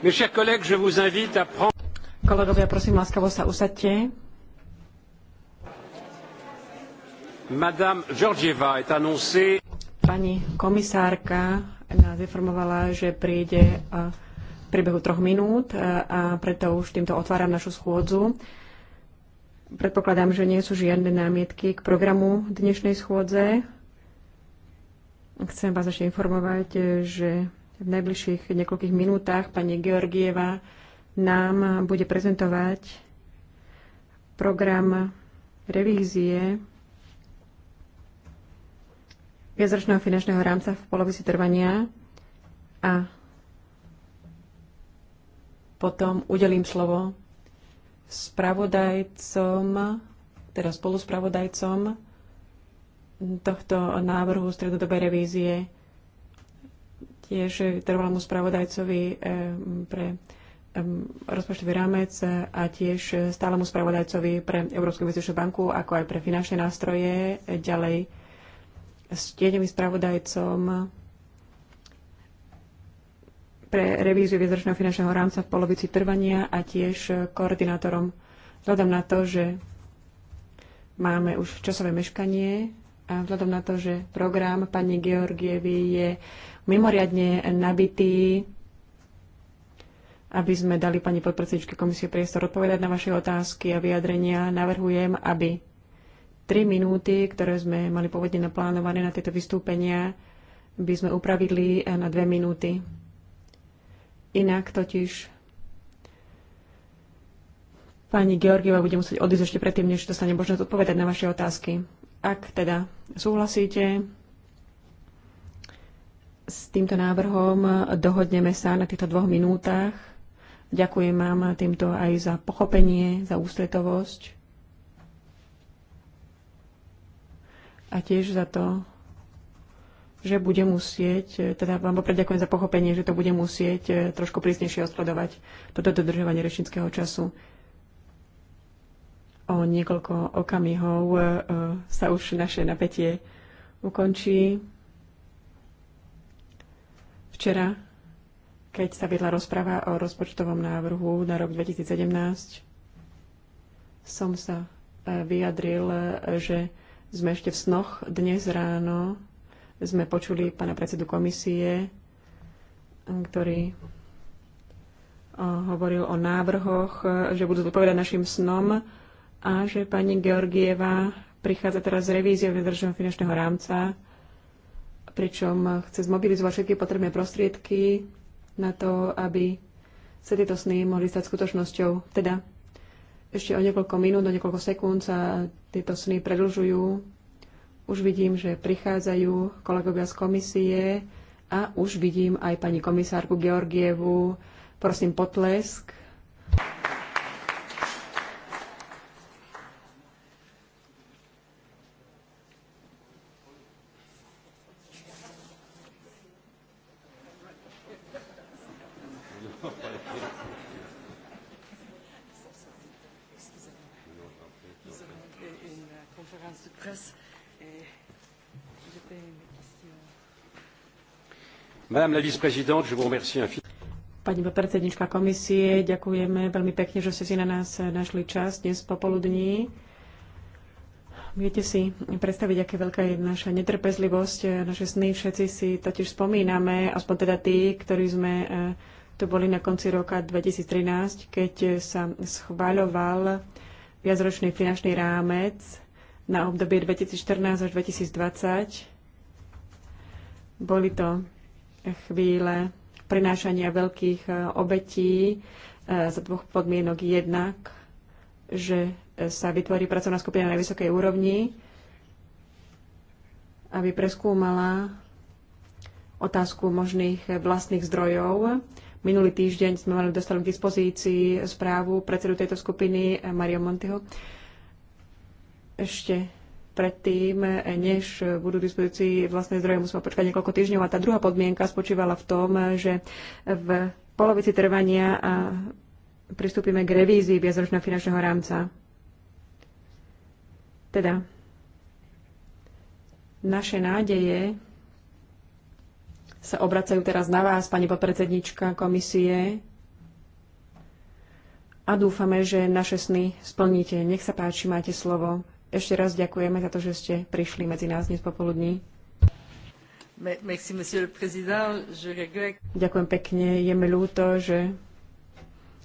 Mes chers collègues, je vous invite à prendre... Kolegovia, prosím, láskavo sa usadte. Madame Georgieva est annoncée... Pani komisárka nás informovala, že príde v priebehu troch minút e, a preto už týmto otváram našu schôdzu. Predpokladám, že nie sú žiadne námietky k programu dnešnej schôdze. Chcem vás ešte informovať, že v najbližších niekoľkých minútach pani Georgieva nám bude prezentovať program revízie viacročného finančného rámca v polovici trvania a potom udelím slovo spravodajcom, teda spoluspravodajcom tohto návrhu stredodobej revízie tiež trvalému spravodajcovi eh, pre rozpočtový rámec a tiež stálemu spravodajcovi pre Európsku investičnú banku, ako aj pre finančné nástroje. Ďalej s tieňovým spravodajcom pre revíziu viezročného finančného rámca v polovici trvania a tiež koordinátorom. Vzhľadom na to, že máme už časové meškanie a vzhľadom na to, že program pani Georgievy je mimoriadne nabitý, aby sme dali pani podpredsedničke komisie priestor odpovedať na vaše otázky a vyjadrenia. Navrhujem, aby tri minúty, ktoré sme mali pôvodne naplánované na tieto vystúpenia, by sme upravili na dve minúty. Inak totiž pani Georgieva bude musieť odísť ešte predtým, než dostane možnosť odpovedať na vaše otázky. Ak teda súhlasíte, s týmto návrhom. Dohodneme sa na týchto dvoch minútach. Ďakujem vám týmto aj za pochopenie, za ústretovosť a tiež za to, že bude musieť, teda vám opäť ďakujem za pochopenie, že to bude musieť eh, trošku prísnejšie osledovať toto dodržovanie rečníckého času. O niekoľko okamihov eh, eh, sa už naše napätie ukončí. Včera, keď sa vedla rozpráva o rozpočtovom návrhu na rok 2017, som sa e, vyjadril, e, že sme ešte v snoch. Dnes ráno sme počuli pána predsedu komisie, ktorý e, hovoril o návrhoch, že budú zodpovedať našim snom a že pani Georgieva prichádza teraz z revízie vedržného finančného rámca pričom chce zmobilizovať všetky potrebné prostriedky na to, aby sa tieto sny mohli stať skutočnosťou. Teda ešte o niekoľko minút, o niekoľko sekúnd sa tieto sny predlžujú. Už vidím, že prichádzajú kolegovia z komisie a už vidím aj pani komisárku Georgievu. Prosím, potlesk. Pani predsednička komisie, ďakujeme veľmi pekne, že ste si na nás eh, našli čas dnes popoludní. Viete si predstaviť, aká veľká je naša netrpezlivosť, eh, naše sny. Všetci si totiž spomíname, aspoň teda tí, ktorí sme eh, tu boli na konci roka 2013, keď sa schváľoval viacročný finančný rámec na obdobie 2014 až 2020. Boli to chvíle prinášania veľkých e, obetí e, za dvoch podmienok. Jednak, že e, sa vytvorí pracovná skupina na vysokej úrovni, aby preskúmala otázku možných vlastných zdrojov. Minulý týždeň sme mali dostali k dispozícii správu predsedu tejto skupiny Mario Montiho. Ešte predtým, než budú k dispozícii vlastné zdroje, musíme počkať niekoľko týždňov. A tá druhá podmienka spočívala v tom, že v polovici trvania pristúpime k revízii viacročného finančného rámca. Teda, naše nádeje sa obracajú teraz na vás, pani podpredsednička komisie, a dúfame, že naše sny splníte. Nech sa páči, máte slovo. Ešte raz ďakujeme za to, že ste prišli medzi nás dnes popoludní. Merci, monsieur le président. Je regrette. Ďakujem pekne. Je mi ľúto, že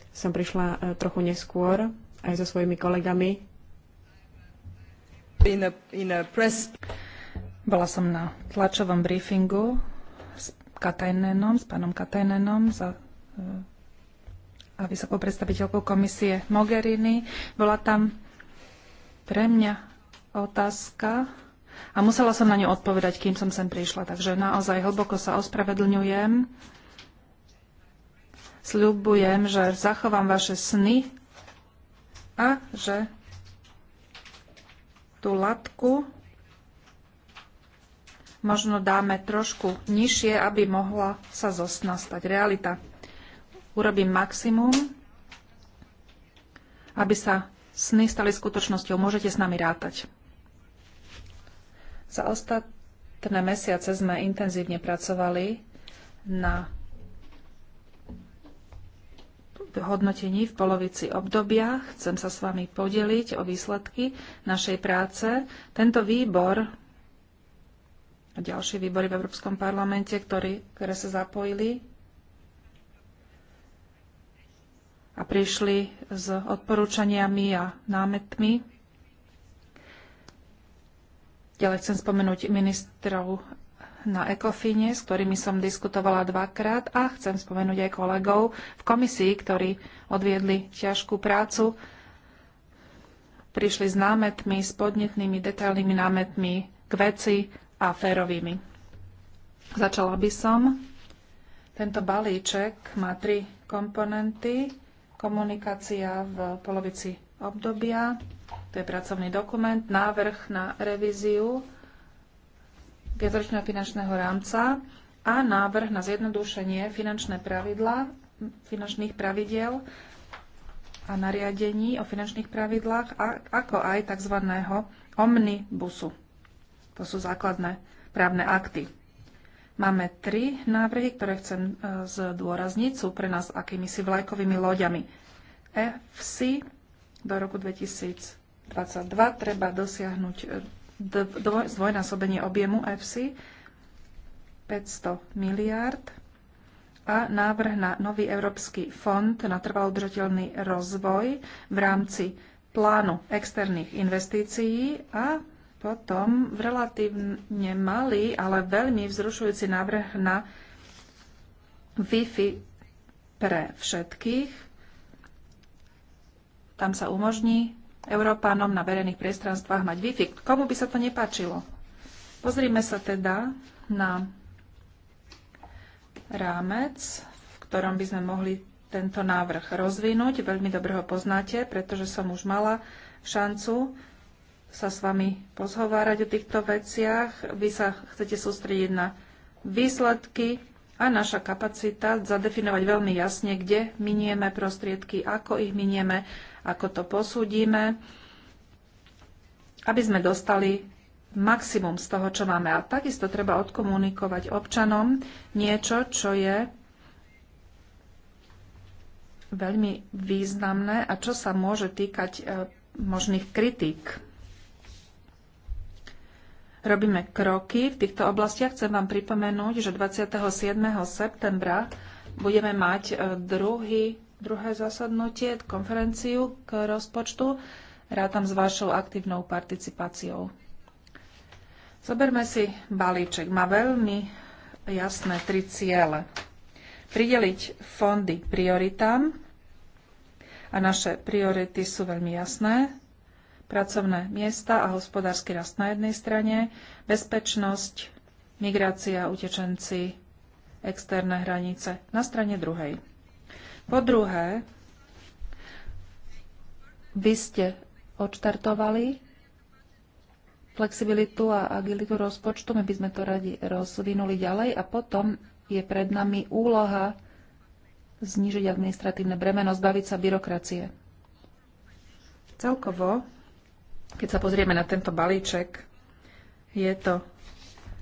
som prišla e, trochu neskôr aj so svojimi kolegami. In a, in a press... Bola som na tlačovom briefingu s Katajnenom, s pánom Katajnenom za e, a vysokou predstaviteľkou komisie Mogherini. Bola tam pre mňa otázka a musela som na ňu odpovedať, kým som sem prišla. Takže naozaj hlboko sa ospravedlňujem. Sľubujem, že zachovám vaše sny a že tú latku možno dáme trošku nižšie, aby mohla sa zosnastať. stať realita. Urobím maximum, aby sa sny stali skutočnosťou. Môžete s nami rátať. Za ostatné mesiace sme intenzívne pracovali na hodnotení v polovici obdobia. Chcem sa s vami podeliť o výsledky našej práce. Tento výbor a ďalšie výbory v Európskom parlamente, ktorý, ktoré sa zapojili a prišli s odporúčaniami a námetmi. Ďalej chcem spomenúť ministrov na ECOFINE, s ktorými som diskutovala dvakrát a chcem spomenúť aj kolegov v komisii, ktorí odviedli ťažkú prácu. Prišli s námetmi, s podnetnými, detailnými námetmi k veci a férovými. Začala by som. Tento balíček má tri komponenty Komunikácia v polovici obdobia, to je pracovný dokument, návrh na revíziu viacročného finančného rámca a návrh na zjednodušenie finančné pravidla, finančných pravidiel a nariadení o finančných pravidlách, a, ako aj tzv. omnibusu. To sú základné právne akty. Máme tri návrhy, ktoré chcem e, zdôrazniť. Sú pre nás akýmisi vlajkovými loďami. FC do roku 2022 treba dosiahnuť e, zdvojnásobenie objemu FC 500 miliárd a návrh na nový Európsky fond na trvalodržateľný rozvoj v rámci plánu externých investícií a potom relatívne malý, ale veľmi vzrušujúci návrh na Wi-Fi pre všetkých. Tam sa umožní Európánom na verejných priestranstvách mať Wi-Fi. Komu by sa to nepáčilo? Pozrime sa teda na rámec, v ktorom by sme mohli tento návrh rozvinúť. Veľmi dobre ho poznáte, pretože som už mala šancu sa s vami pozhovárať o týchto veciach. Vy sa chcete sústrediť na výsledky a naša kapacita zadefinovať veľmi jasne, kde minieme prostriedky, ako ich minieme, ako to posúdime, aby sme dostali maximum z toho, čo máme. A takisto treba odkomunikovať občanom niečo, čo je veľmi významné a čo sa môže týkať e, možných kritík robíme kroky v týchto oblastiach. Chcem vám pripomenúť, že 27. septembra budeme mať e, druhý, druhé zasadnutie, konferenciu k rozpočtu. Rátam s vašou aktívnou participáciou. Zoberme si balíček. Má veľmi jasné tri ciele. Prideliť fondy prioritám a naše priority sú veľmi jasné pracovné miesta a hospodársky rast na jednej strane, bezpečnosť, migrácia, utečenci, externé hranice na strane druhej. Po druhé, vy ste odštartovali flexibilitu a agilitu rozpočtu, my by sme to radi rozvinuli ďalej a potom je pred nami úloha znižiť administratívne bremeno, zbaviť sa byrokracie. Celkovo keď sa pozrieme na tento balíček, je to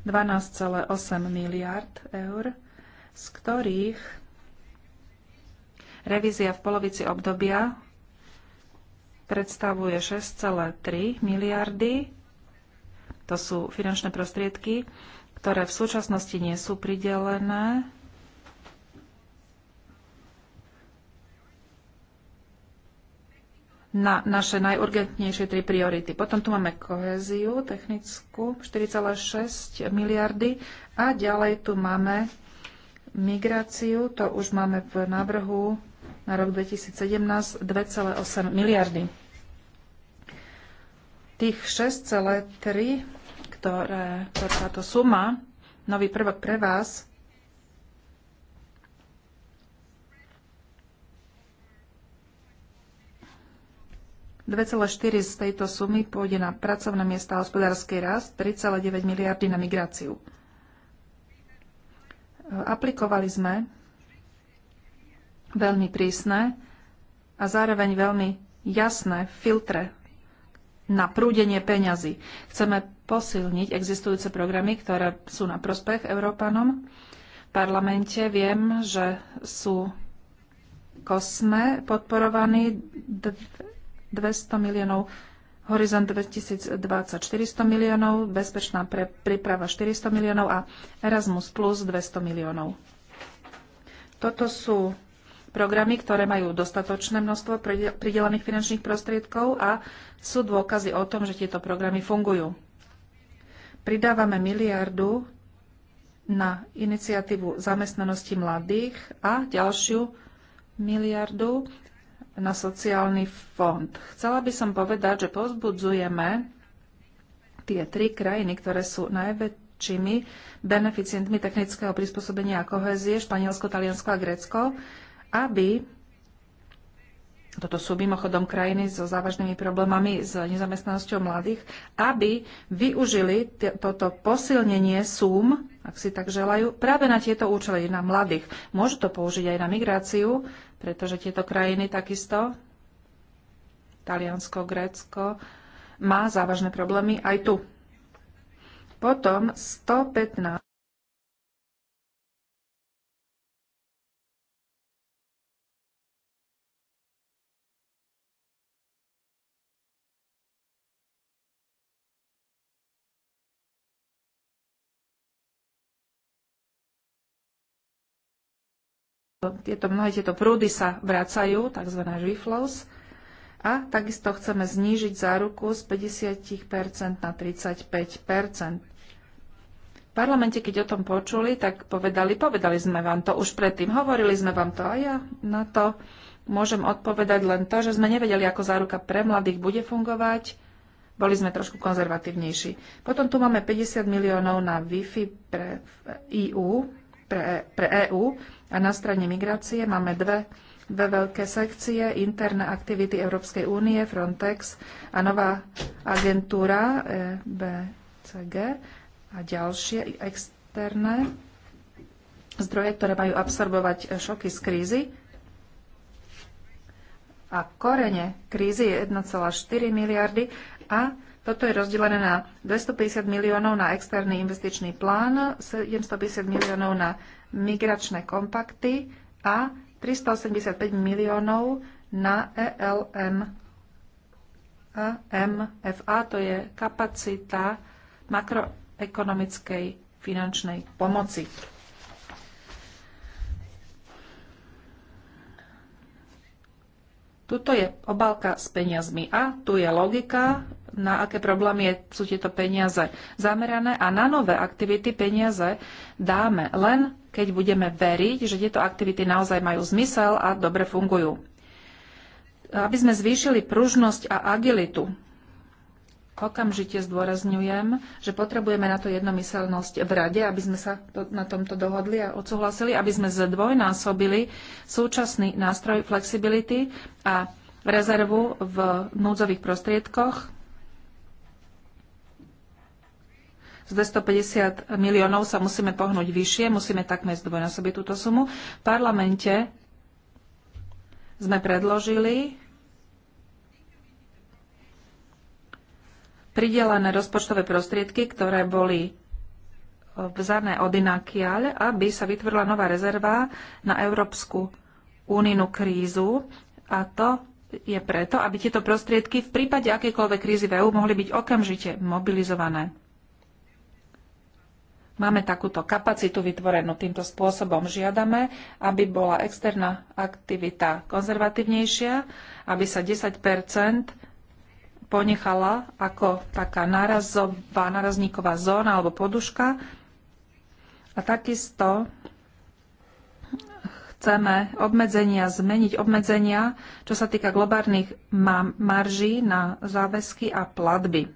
12,8 miliard eur, z ktorých revízia v polovici obdobia predstavuje 6,3 miliardy. To sú finančné prostriedky, ktoré v súčasnosti nie sú pridelené na naše najurgentnejšie tri priority. Potom tu máme koheziu technickú 4,6 miliardy a ďalej tu máme migráciu, to už máme v návrhu na rok 2017 2,8 miliardy. Tých 6,3, ktoré, ktoré táto suma, nový prvok pre vás, 2,4 z tejto sumy pôjde na pracovné miesta a hospodársky rast, 3,9 miliardy na migráciu. Aplikovali sme veľmi prísne a zároveň veľmi jasné filtre na prúdenie peňazí. Chceme posilniť existujúce programy, ktoré sú na prospech Európanom. V parlamente viem, že sú kosme podporovaní 200 miliónov, Horizont 2020 400 miliónov, Bezpečná príprava 400 miliónov a Erasmus Plus 200 miliónov. Toto sú programy, ktoré majú dostatočné množstvo pridelených finančných prostriedkov a sú dôkazy o tom, že tieto programy fungujú. Pridávame miliardu na iniciatívu zamestnanosti mladých a ďalšiu miliardu na sociálny fond. Chcela by som povedať, že pozbudzujeme tie tri krajiny, ktoré sú najväčšími beneficientmi technického prispôsobenia a kohezie, Španielsko, Taliansko a Grécko, aby toto sú mimochodom krajiny so závažnými problémami s nezamestnanosťou mladých, aby využili toto posilnenie súm, ak si tak želajú, práve na tieto účely, na mladých. Môžu to použiť aj na migráciu, pretože tieto krajiny takisto, Taliansko, Grécko, má závažné problémy aj tu. Potom 115. tieto, mnohé tieto prúdy sa vracajú, tzv. reflows, a takisto chceme znížiť záruku z 50% na 35%. V parlamente, keď o tom počuli, tak povedali, povedali sme vám to už predtým, hovorili sme vám to a ja na to môžem odpovedať len to, že sme nevedeli, ako záruka pre mladých bude fungovať, boli sme trošku konzervatívnejší. Potom tu máme 50 miliónov na Wi-Fi pre EU, pre, e, pre EU. A na strane migrácie máme dve, dve veľké sekcie, interné aktivity Európskej únie, Frontex a nová agentúra EBCG a ďalšie externé zdroje, ktoré majú absorbovať e, šoky z krízy. A korene krízy je 1,4 miliardy a toto je rozdelené na 250 miliónov na externý investičný plán, 750 miliónov na migračné kompakty a 385 miliónov na ELM. E MFA to je kapacita makroekonomickej finančnej pomoci. Tuto je obálka s peniazmi a tu je logika, na aké problémy sú tieto peniaze zamerané a na nové aktivity peniaze dáme len keď budeme veriť, že tieto aktivity naozaj majú zmysel a dobre fungujú. Aby sme zvýšili pružnosť a agilitu, okamžite zdôrazňujem, že potrebujeme na to jednomyselnosť v rade, aby sme sa to, na tomto dohodli a odsúhlasili, aby sme zdvojnásobili súčasný nástroj flexibility a rezervu v núdzových prostriedkoch 250 miliónov sa musíme pohnúť vyššie, musíme takmer zdvojnásobiť túto sumu. V parlamente sme predložili pridelené rozpočtové prostriedky, ktoré boli e, vzané od inakiaľ, aby sa vytvorila nová rezerva na Európsku únijnú krízu a to je preto, aby tieto prostriedky v prípade akejkoľvek krízy v EÚ mohli byť okamžite mobilizované. Máme takúto kapacitu vytvorenú týmto spôsobom. Žiadame, aby bola externá aktivita konzervatívnejšia, aby sa 10 ponechala ako taká nárazová, nárazníková zóna alebo poduška. A takisto chceme obmedzenia zmeniť, obmedzenia, čo sa týka globálnych marží na záväzky a platby.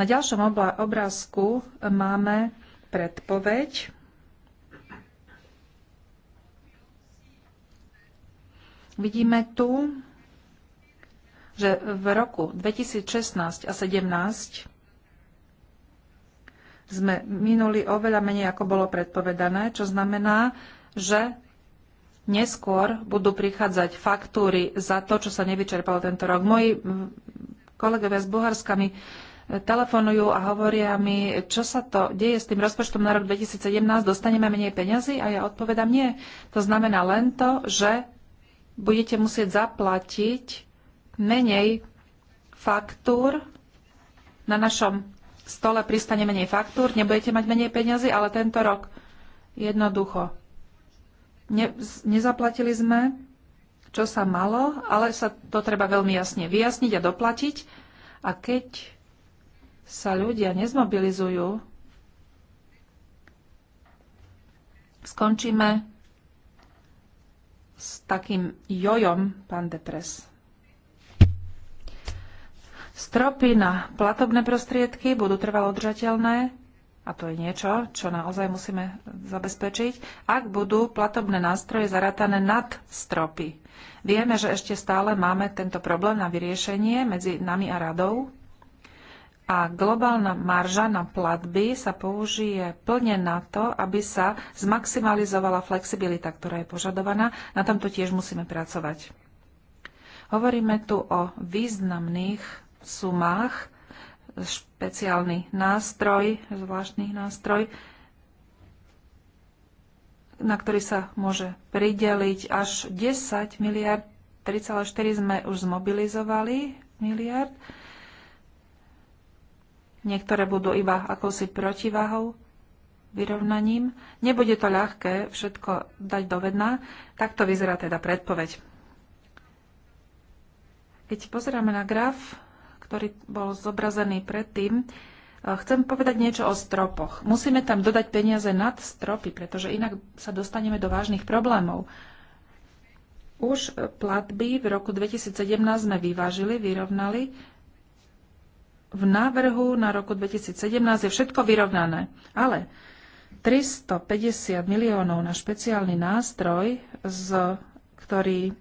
Na ďalšom obrázku máme predpoveď. Vidíme tu, že v roku 2016 a 2017 sme minuli oveľa menej, ako bolo predpovedané, čo znamená, že neskôr budú prichádzať faktúry za to, čo sa nevyčerpalo tento rok. Moji kolegovia z Bulharska mi telefonujú a hovoria mi, čo sa to deje s tým rozpočtom na rok 2017, dostaneme menej peňazí a ja odpovedám nie. To znamená len to, že budete musieť zaplatiť menej faktúr na našom stole pristane menej faktúr, nebudete mať menej peňazí, ale tento rok jednoducho ne, nezaplatili sme, čo sa malo, ale sa to treba veľmi jasne vyjasniť a doplatiť. A keď sa ľudia nezmobilizujú, skončíme s takým jojom, pán Depres. Stropy na platobné prostriedky budú trvalo udržateľné, a to je niečo, čo naozaj musíme zabezpečiť, ak budú platobné nástroje zaratané nad stropy. Vieme, že ešte stále máme tento problém na vyriešenie medzi nami a radou, a globálna marža na platby sa použije plne na to, aby sa zmaximalizovala flexibilita, ktorá je požadovaná. Na tomto tiež musíme pracovať. Hovoríme tu o významných sumách, špeciálny nástroj, zvláštny nástroj, na ktorý sa môže prideliť až 10 miliard, 3,4 sme už zmobilizovali miliard. Niektoré budú iba akousi protivahou vyrovnaním. Nebude to ľahké všetko dať do vedna. Takto vyzerá teda predpoveď. Keď pozeráme na graf, ktorý bol zobrazený predtým, eh, chcem povedať niečo o stropoch. Musíme tam dodať peniaze nad stropy, pretože inak sa dostaneme do vážnych problémov. Už platby v roku 2017 sme vyvážili, vyrovnali v návrhu na roku 2017 je všetko vyrovnané. Ale 350 miliónov na špeciálny nástroj, z, ktorý,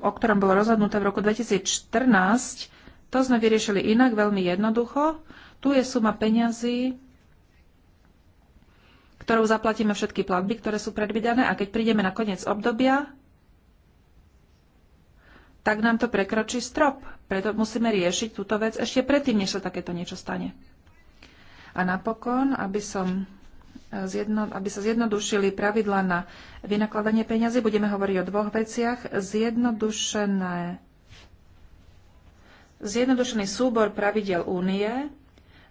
o ktorom bolo rozhodnuté v roku 2014, to sme vyriešili inak veľmi jednoducho. Tu je suma peňazí, ktorou zaplatíme všetky platby, ktoré sú predvydané a keď prídeme na koniec obdobia, tak nám to prekročí strop. Preto musíme riešiť túto vec ešte predtým, než sa takéto niečo stane. A napokon, aby, som eh, zjedno, aby sa zjednodušili pravidla na vynakladanie peňazí, budeme hovoriť o dvoch veciach. Zjednodušené, zjednodušený súbor pravidel únie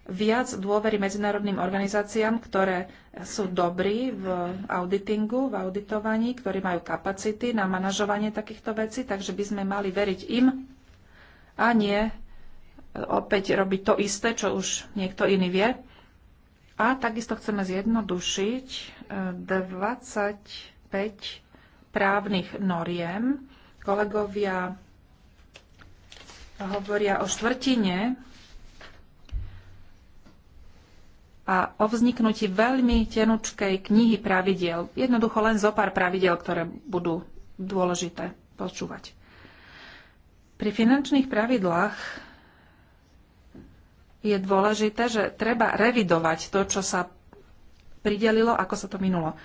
viac dôvery medzinárodným organizáciám, ktoré sú dobrí v auditingu, v auditovaní, ktorí majú kapacity na manažovanie takýchto vecí, takže by sme mali veriť im a nie opäť robiť to isté, čo už niekto iný vie. A takisto chceme zjednodušiť 25 e, právnych noriem. Kolegovia hovoria o štvrtine a o vzniknutí veľmi tenučkej knihy pravidiel. Jednoducho len zo pár pravidiel, ktoré budú dôležité počúvať. Pri finančných pravidlách je dôležité, že treba revidovať to, čo sa pridelilo, ako sa to minulo.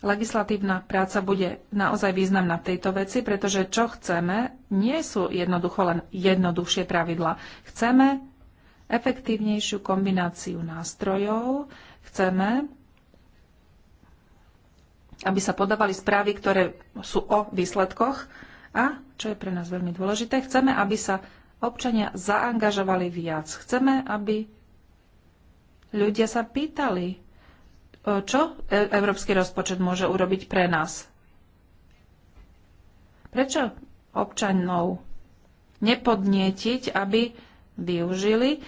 Legislatívna práca bude naozaj významná v tejto veci, pretože čo chceme, nie sú jednoducho len jednoduchšie pravidla. Chceme efektívnejšiu kombináciu nástrojov. Chceme, aby sa podávali správy, ktoré sú o výsledkoch a, čo je pre nás veľmi dôležité, chceme, aby sa občania zaangažovali viac. Chceme, aby ľudia sa pýtali, čo e, európsky rozpočet môže urobiť pre nás. Prečo občanov nepodnietiť, aby využili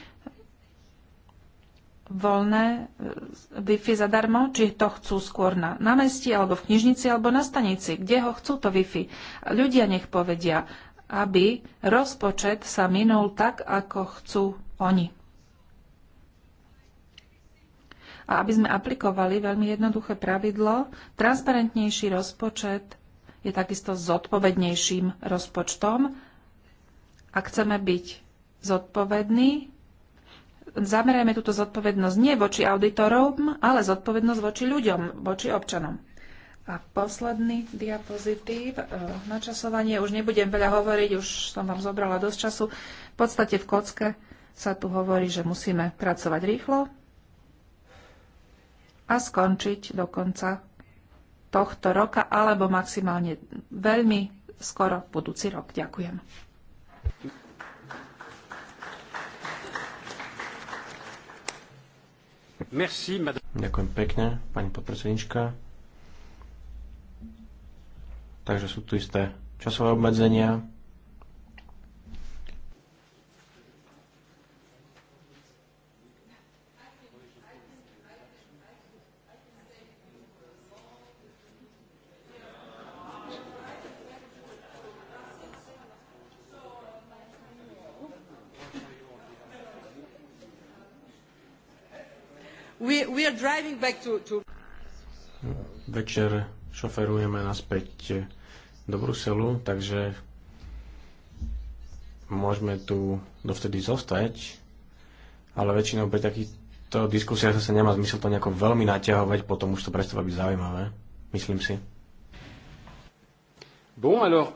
voľné e, Wi-Fi zadarmo, či to chcú skôr na námestí, alebo v knižnici, alebo na stanici, kde ho chcú to Wi-Fi. Ľudia nech povedia, aby rozpočet sa minul tak, ako chcú oni. A aby sme aplikovali veľmi jednoduché pravidlo, transparentnejší rozpočet je takisto zodpovednejším rozpočtom. Ak chceme byť zodpovedný. Zamerajme túto zodpovednosť nie voči auditorom, ale zodpovednosť voči ľuďom, voči občanom. A posledný diapozitív, e, načasovanie, už nebudem veľa hovoriť, už som vám zobrala dosť času. V podstate v kocke sa tu hovorí, že musíme pracovať rýchlo a skončiť do konca tohto roka alebo maximálne veľmi skoro budúci rok. Ďakujem. Merci, madame. Ďakujem pekne, pani podpredsednička. Takže sú tu isté časové obmedzenia. We, are driving back to, to... Večer šoferujeme naspäť do Bruselu, takže môžeme tu dovtedy zostať, ale väčšinou pri takýchto diskusiách sa nemá zmysel to nejako veľmi naťahovať, potom už to prestáva byť zaujímavé, myslím si. Bon, alors,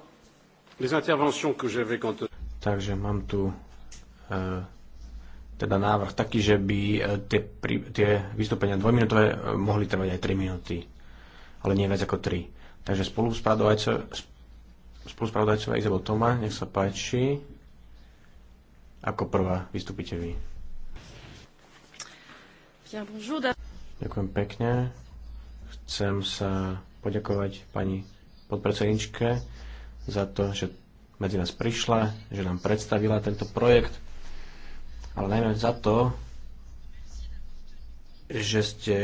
les interventions que j'avais quand... Takže mám tu eh, teda návrh taký, že by e, tie, tie vystúpenia dvojminútové e, mohli trvať aj 3 minúty, ale nie viac ako 3. Takže spoluspravodajcová Izabel Toma, nech sa páči. Ako prvá vystúpite vy. Ďakujem pekne. Chcem sa poďakovať pani podpredsedničke za to, že medzi nás prišla, že nám predstavila tento projekt ale najmä za to, že ste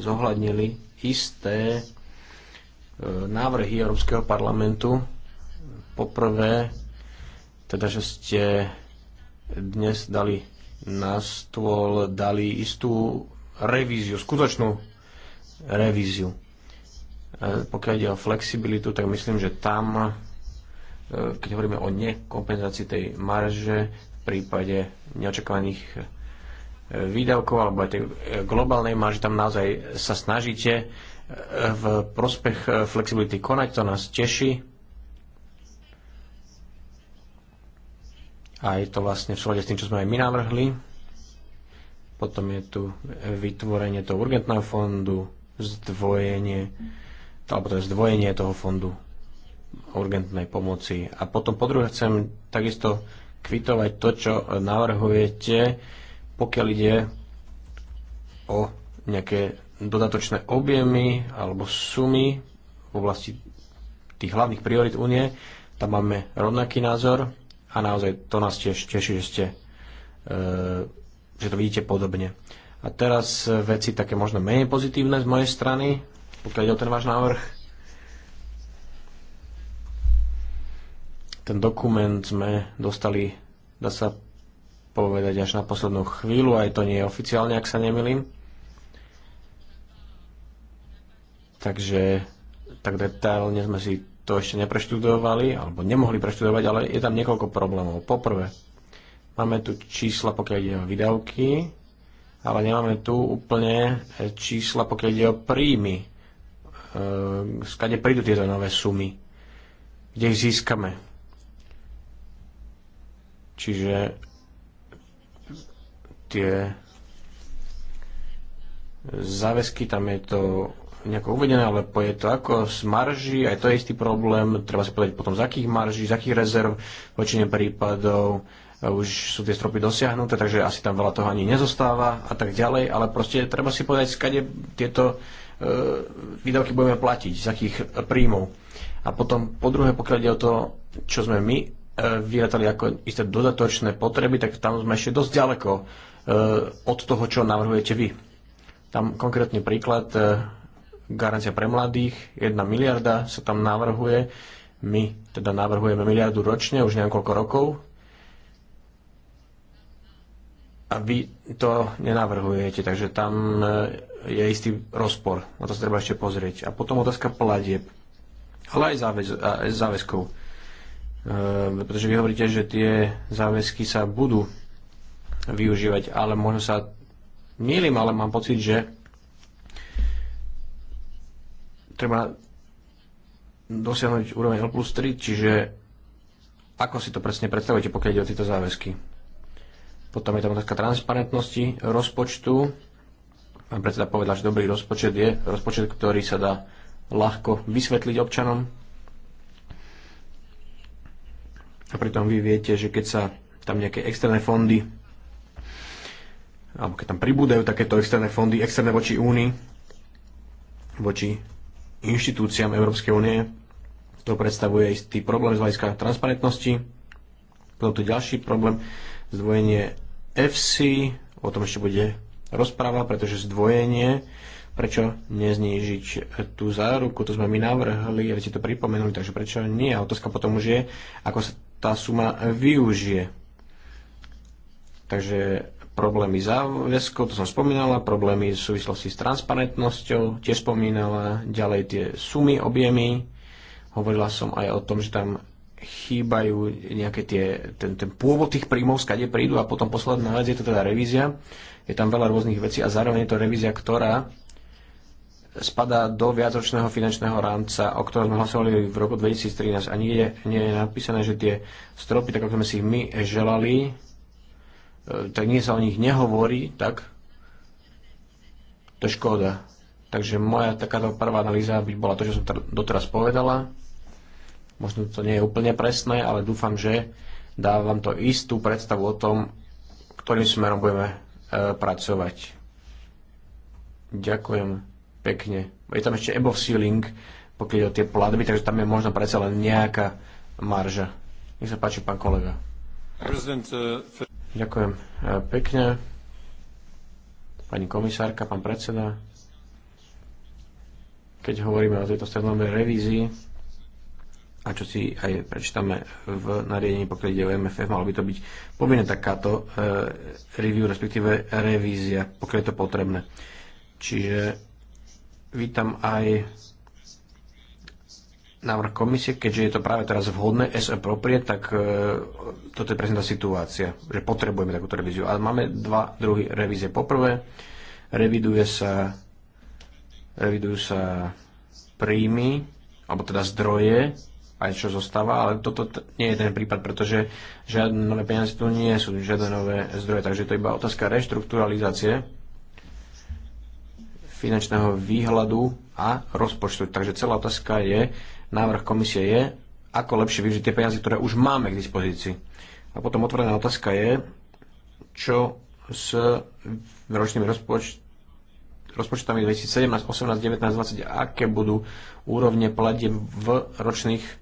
zohľadnili isté e, návrhy Európskeho parlamentu. Poprvé, teda, že ste dnes dali na stôl, dali istú revíziu, skutočnú revíziu. E, pokiaľ ide o flexibilitu, tak myslím, že tam, e, keď hovoríme o nekompenzácii tej marže, prípade neočakovaných e, výdavkov alebo aj tej e, globálnej marži tam naozaj sa snažíte e, v prospech flexibility konať, to nás teší. A je to vlastne v súlade s tým, čo sme aj my navrhli. Potom je tu vytvorenie toho urgentného fondu, zdvojenie, to, alebo to je zdvojenie toho fondu urgentnej pomoci. A potom po druhé chcem takisto kvitovať to, čo navrhujete, pokiaľ ide o nejaké dodatočné objemy alebo sumy v oblasti tých hlavných priorit únie. Tam máme rovnaký názor a naozaj to nás tiež teší, že, ste, e, že to vidíte podobne. A teraz veci také možno menej pozitívne z mojej strany, pokiaľ ide o ten váš návrh Ten dokument sme dostali, dá sa povedať, až na poslednú chvíľu, aj to nie je oficiálne, ak sa nemilím. Takže tak detailne sme si to ešte nepreštudovali, alebo nemohli preštudovať, ale je tam niekoľko problémov. Poprvé, máme tu čísla, pokiaľ ide o výdavky, ale nemáme tu úplne e, čísla, pokiaľ ide o príjmy. E, skade prídu tieto nové sumy? Kde ich získame? Čiže tie záväzky, tam je to nejako uvedené, ale je to ako z marží, aj to je istý problém, treba si povedať potom z akých marží, z akých rezerv, väčšine prípadov e, už sú tie stropy dosiahnuté, takže asi tam veľa toho ani nezostáva a tak ďalej, ale proste treba si povedať, skade tieto e, výdavky budeme platiť, z akých príjmov. A potom po druhé, pokiaľ ide o to, čo sme my E, vyrátali ako isté dodatočné potreby, tak tam sme ešte dosť ďaleko e, od toho, čo navrhujete vy. Tam konkrétny príklad, e, garancia pre mladých, 1 miliarda sa tam navrhuje. My teda navrhujeme miliardu ročne, už neviem koľko rokov. A vy to nenavrhujete, takže tam je istý rozpor. Na to sa treba ešte pozrieť. A potom otázka pladieb, ale aj záväz, Ehm, pretože vy hovoríte, že tie záväzky sa budú využívať, ale možno sa mýlim, ale mám pocit, že treba dosiahnuť úroveň L plus 3, čiže ako si to presne predstavujete, pokiaľ ide o tieto záväzky? Potom je tam otázka transparentnosti rozpočtu. Pán predseda povedal, že dobrý rozpočet je rozpočet, ktorý sa dá ľahko vysvetliť občanom, A pritom vy viete, že keď sa tam nejaké externé fondy alebo keď tam pribúdajú takéto externé fondy, externé voči Únii, voči inštitúciám Európskej únie, to predstavuje istý problém z hľadiska transparentnosti. Potom tu ďalší problém, zdvojenie FC, o tom ešte bude rozpráva, pretože zdvojenie, prečo neznížiť tú záruku, to sme my navrhli, aby ste to pripomenuli, takže prečo nie. A otázka potom už je, ako sa tá suma využije. Takže problémy záväzkov, to som spomínala, problémy v súvislosti s transparentnosťou, tiež spomínala, ďalej tie sumy, objemy, hovorila som aj o tom, že tam chýbajú nejaké tie, ten, ten pôvod tých príjmov, skade prídu a potom posledná vec je to teda revízia. Je tam veľa rôznych vecí a zároveň je to revízia, ktorá spadá do viacročného finančného rámca, o ktorom sme hlasovali v roku 2013 a nie je, nie je napísané, že tie stropy, tak ako sme si ich my želali, e, tak nie sa o nich nehovorí, tak to je škoda. Takže moja takáto prvá analýza by bola to, čo som doteraz povedala. Možno to nie je úplne presné, ale dúfam, že dávam to istú predstavu o tom, ktorým smerom budeme e, pracovať. Ďakujem pekne. Je tam ešte above ceiling, pokiaľ o tie platby, takže tam je možno predsa len nejaká marža. Nech sa páči, pán kolega. Eh, Ďakujem eh, pekne. Pani komisárka, pán predseda. Keď hovoríme o tejto strednodobej revízii, a čo si aj prečítame v nariadení, pokiaľ ide o MFF, malo by to byť povinné takáto eh, review, respektíve revízia, pokiaľ je to potrebné. Čiže Vítam aj návrh komisie, keďže je to práve teraz vhodné, as appropriate, tak e, toto je presne tá situácia, že potrebujeme takúto revíziu. Ale máme dva druhy revízie. Poprvé, reviduje sa, revidujú sa príjmy, alebo teda zdroje, aj čo zostáva, ale toto nie je ten prípad, pretože žiadne nové peniaze tu nie sú, žiadne nové zdroje, takže to je iba otázka reštrukturalizácie finančného výhľadu a rozpočtu. Takže celá otázka je, návrh komisie je, ako lepšie využiť tie peniaze, ktoré už máme k dispozícii. A potom otvorená otázka je, čo s ročnými rozpočt- rozpočtami 2017, 18, 19, 20, aké budú úrovne platie v ročných e,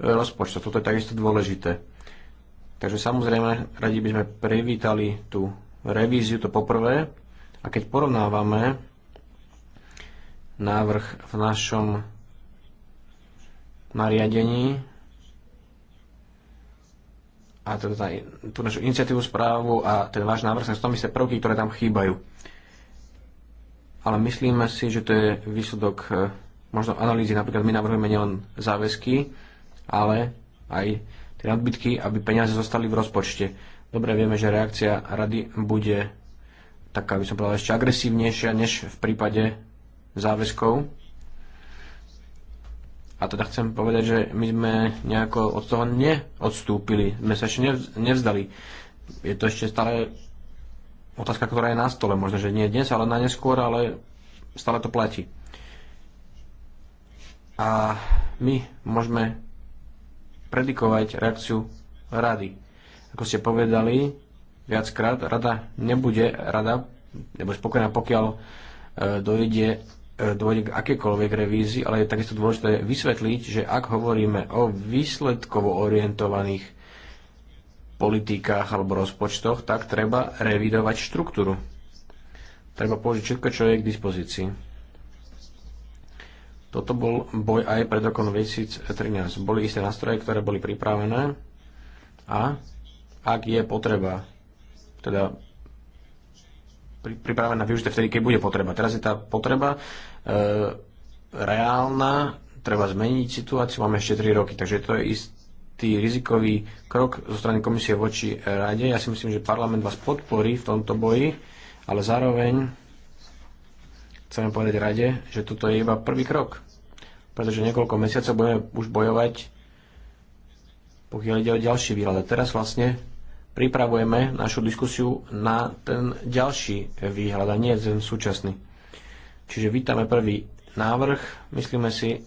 rozpočtoch. Toto je takisto dôležité. Takže samozrejme, radi by sme privítali tú revíziu, to poprvé. A keď porovnávame návrh v našom nariadení a teda tú našu iniciatívu správu a ten váš návrh sa tam isté prvky, ktoré tam chýbajú. Ale myslíme si, že to je výsledok e, možno analýzy. Napríklad my navrhujeme nielen záväzky, ale aj tie nadbytky, aby peniaze zostali v rozpočte. Dobre vieme, že reakcia rady bude taká, by som povedal, ešte agresívnejšia, než v prípade záväzkov. A teda chcem povedať, že my sme nejako od toho neodstúpili, sme sa ešte nevzdali. Je to ešte stále otázka, ktorá je na stole. Možno, že nie dnes, ale na neskôr, ale stále to platí. A my môžeme predikovať reakciu rady. Ako ste povedali viackrát, rada nebude rada, nebo spokojná, pokiaľ e, dojde dôjde k akékoľvek revízii, ale je takisto dôležité vysvetliť, že ak hovoríme o výsledkovo orientovaných politikách alebo rozpočtoch, tak treba revidovať štruktúru. Treba použiť všetko, čo je k dispozícii. Toto bol boj aj pred rokom 2013. Boli isté nástroje, ktoré boli pripravené a ak je potreba, teda pripravená využiť vtedy, keď bude potreba. Teraz je tá potreba e, reálna, treba zmeniť situáciu, máme ešte 3 roky, takže to je istý rizikový krok zo strany komisie voči rade. Ja si myslím, že parlament vás podporí v tomto boji, ale zároveň chceme povedať rade, že toto je iba prvý krok, pretože niekoľko mesiacov budeme už bojovať, pokiaľ ide o ďalší výhľad. A teraz vlastne pripravujeme našu diskusiu na ten ďalší výhľad a nie ten súčasný. Čiže vítame prvý návrh. Myslíme si,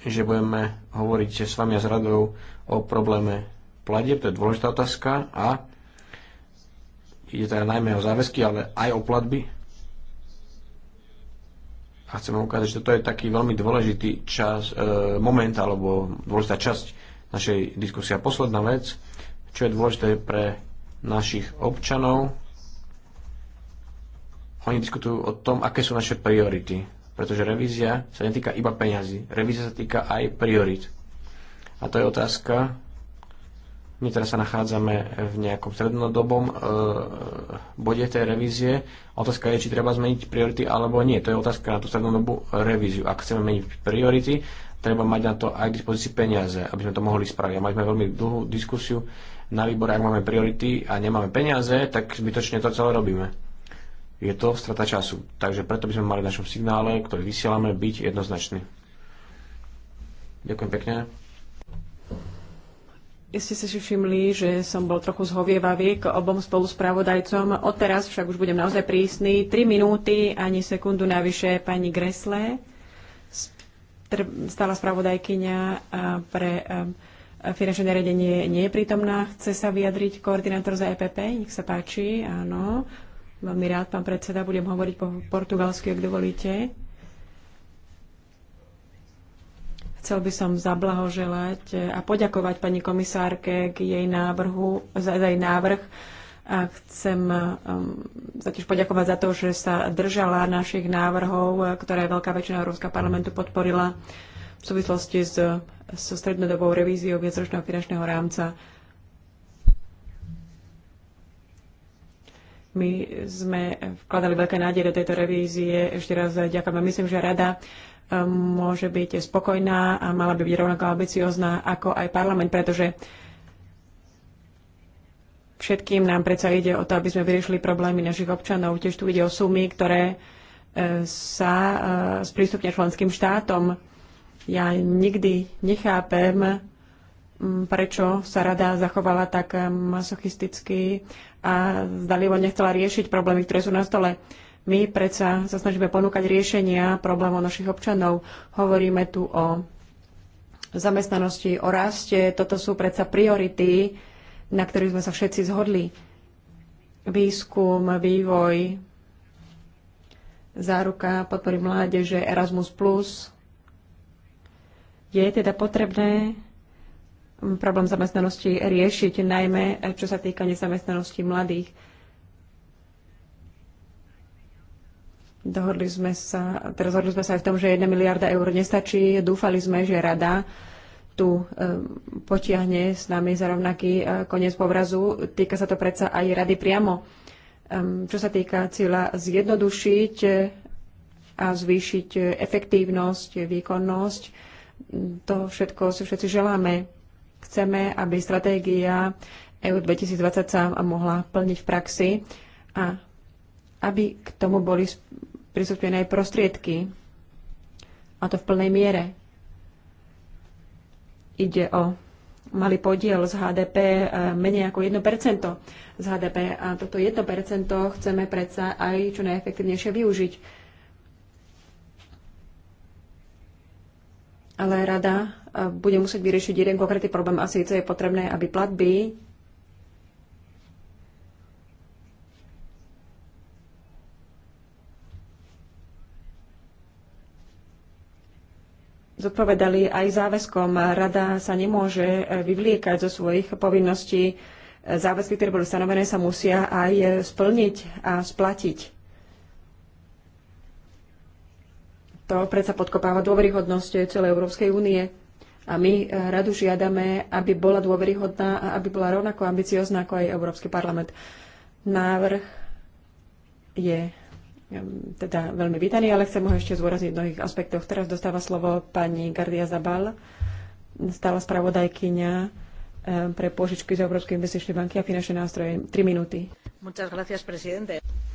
že budeme hovoriť s vami a s radou o probléme plade, to je dôležitá otázka a ide teda najmä o záväzky, ale aj o platby. A chcem vám ukázať, že toto je taký veľmi dôležitý čas, e, moment alebo dôležitá časť našej diskusie. A posledná vec, čo je dôležité pre našich občanov. Oni diskutujú o tom, aké sú naše priority, pretože revízia sa netýka iba peňazí, revízia sa týka aj priorit. A to je otázka, my teraz sa nachádzame v nejakom strednodobom e, bode tej revízie. Otázka je, či treba zmeniť priority alebo nie. To je otázka na tú strednodobú revíziu. Ak chceme meniť priority, treba mať na to aj k dispozícii peniaze, aby sme to mohli spraviť. A mali sme veľmi dlhú diskusiu na výbore, ak máme priority a nemáme peniaze, tak zbytočne to celé robíme. Je to strata času. Takže preto by sme mali v našom signále, ktorý vysielame, byť jednoznačný. Ďakujem pekne. Ste si všimli, že som bol trochu zhovievavý k obom spoluspravodajcom. Odteraz však už budem naozaj prísny. 3 minúty ani sekundu navyše pani Gresle, stála spravodajkyňa eh, pre eh, finančné nariadenie nie je prítomná. Chce sa vyjadriť koordinátor za EPP? Nech sa páči, áno. Veľmi rád, pán predseda, budem hovoriť po portugalsky, ak dovolíte. Chcel by som zablahoželať a poďakovať pani komisárke k jej návrhu, za, za jej návrh. A chcem um, tiež poďakovať za to, že sa držala našich návrhov, ktoré veľká väčšina Európskeho parlamentu podporila. Uh, v súvislosti s, so strednodobou revíziou viacročného finančného rámca. My sme vkladali veľké nádeje do tejto revízie. Ešte raz ďakujem. Myslím, že rada um, môže byť spokojná a mala by byť rovnako ambiciozná ako aj parlament, pretože všetkým nám predsa ide o to, aby sme vyriešili problémy našich občanov. Tiež tu ide o sumy, ktoré e, sa e, sprístupne členským štátom ja nikdy nechápem, mm, prečo sa rada zachovala tak masochisticky a zdalivo nechcela riešiť problémy, ktoré sú na stole. My predsa sa snažíme ponúkať riešenia problémov našich občanov. Hovoríme tu o zamestnanosti, o raste. Toto sú predsa priority, na ktorých sme sa všetci zhodli. Výskum, vývoj, záruka podpory mládeže, Erasmus+, je teda potrebné mm, problém zamestnanosti riešiť, najmä eh, čo sa týka nezamestnanosti mladých. Dohodli sme sa, teraz dohodli sme sa aj v tom, že 1 miliarda eur nestačí. Dúfali sme, že rada tu eh, potiahne s nami za rovnaký eh, koniec povrazu. Týka sa to predsa aj rady priamo. Čo sa týka cieľa zjednodušiť a zvýšiť efektívnosť, výkonnosť, to všetko si všetci želáme. Chceme, aby stratégia EU 2020 sa mohla plniť v praxi a aby k tomu boli prisúpené prostriedky, a to v plnej miere. Ide o malý podiel z HDP, e, menej ako 1% z HDP a toto 1% chceme predsa aj čo najefektívnejšie využiť. ale rada e, bude musieť vyriešiť jeden konkrétny problém a síce je potrebné, aby platby zodpovedali aj záväzkom. Rada sa nemôže e, vyvliekať zo svojich povinností. E, záväzky, ktoré boli stanovené, sa musia aj splniť a splatiť. to predsa podkopáva dôveryhodnosť celej Európskej únie. A my eh, radu žiadame, aby bola dôveryhodná a aby bola rovnako ambiciozná ako aj Európsky parlament. Návrh je teda veľmi vítaný, ale chcem ho ešte zúrazniť v mnohých aspektoch. Teraz dostáva slovo pani Gardia Zabal, stála spravodajkyňa pre pôžičky z Európskej investičnej banky a finančné nástroje. 3 minúty.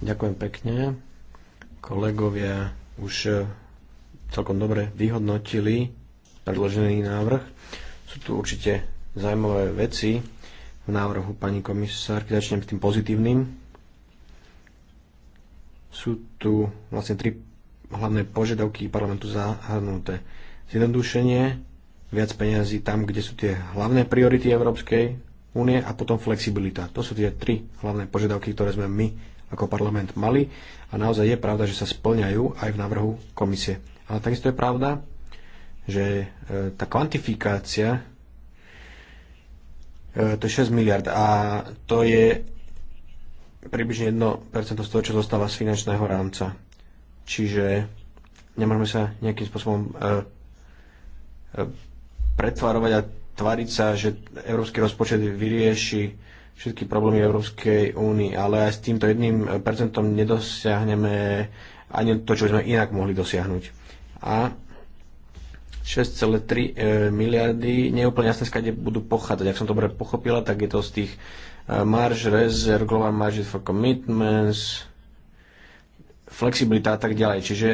Ďakujem pekne. Kolegovia už celkom dobre vyhodnotili predložený návrh. Sú tu určite zaujímavé veci v návrhu pani komisárky. Začnem s tým pozitívnym. Sú tu vlastne tri hlavné požiadavky parlamentu zahrnuté. Zjednodušenie, viac peňazí tam, kde sú tie hlavné priority Európskej únie a potom flexibilita. To sú tie tri hlavné požiadavky, ktoré sme my ako parlament mali a naozaj je pravda, že sa splňajú aj v návrhu komisie. Ale takisto je pravda, že e, tá kvantifikácia e, to je 6 miliard a to je približne 1% z toho, čo zostáva z finančného rámca. Čiže nemôžeme sa nejakým spôsobom e, pretvárovať a tvariť sa, že európsky rozpočet vyrieši všetky problémy Európskej únie, ale aj s týmto jedným percentom nedosiahneme ani to, čo by sme inak mohli dosiahnuť. A 6,3 eh, miliardy, neúplne jasné, skade budú pochádzať. Ak som dobre pochopila, tak je to z tých eh, marž, rezerv, global margin for commitments, flexibilita a tak ďalej. Čiže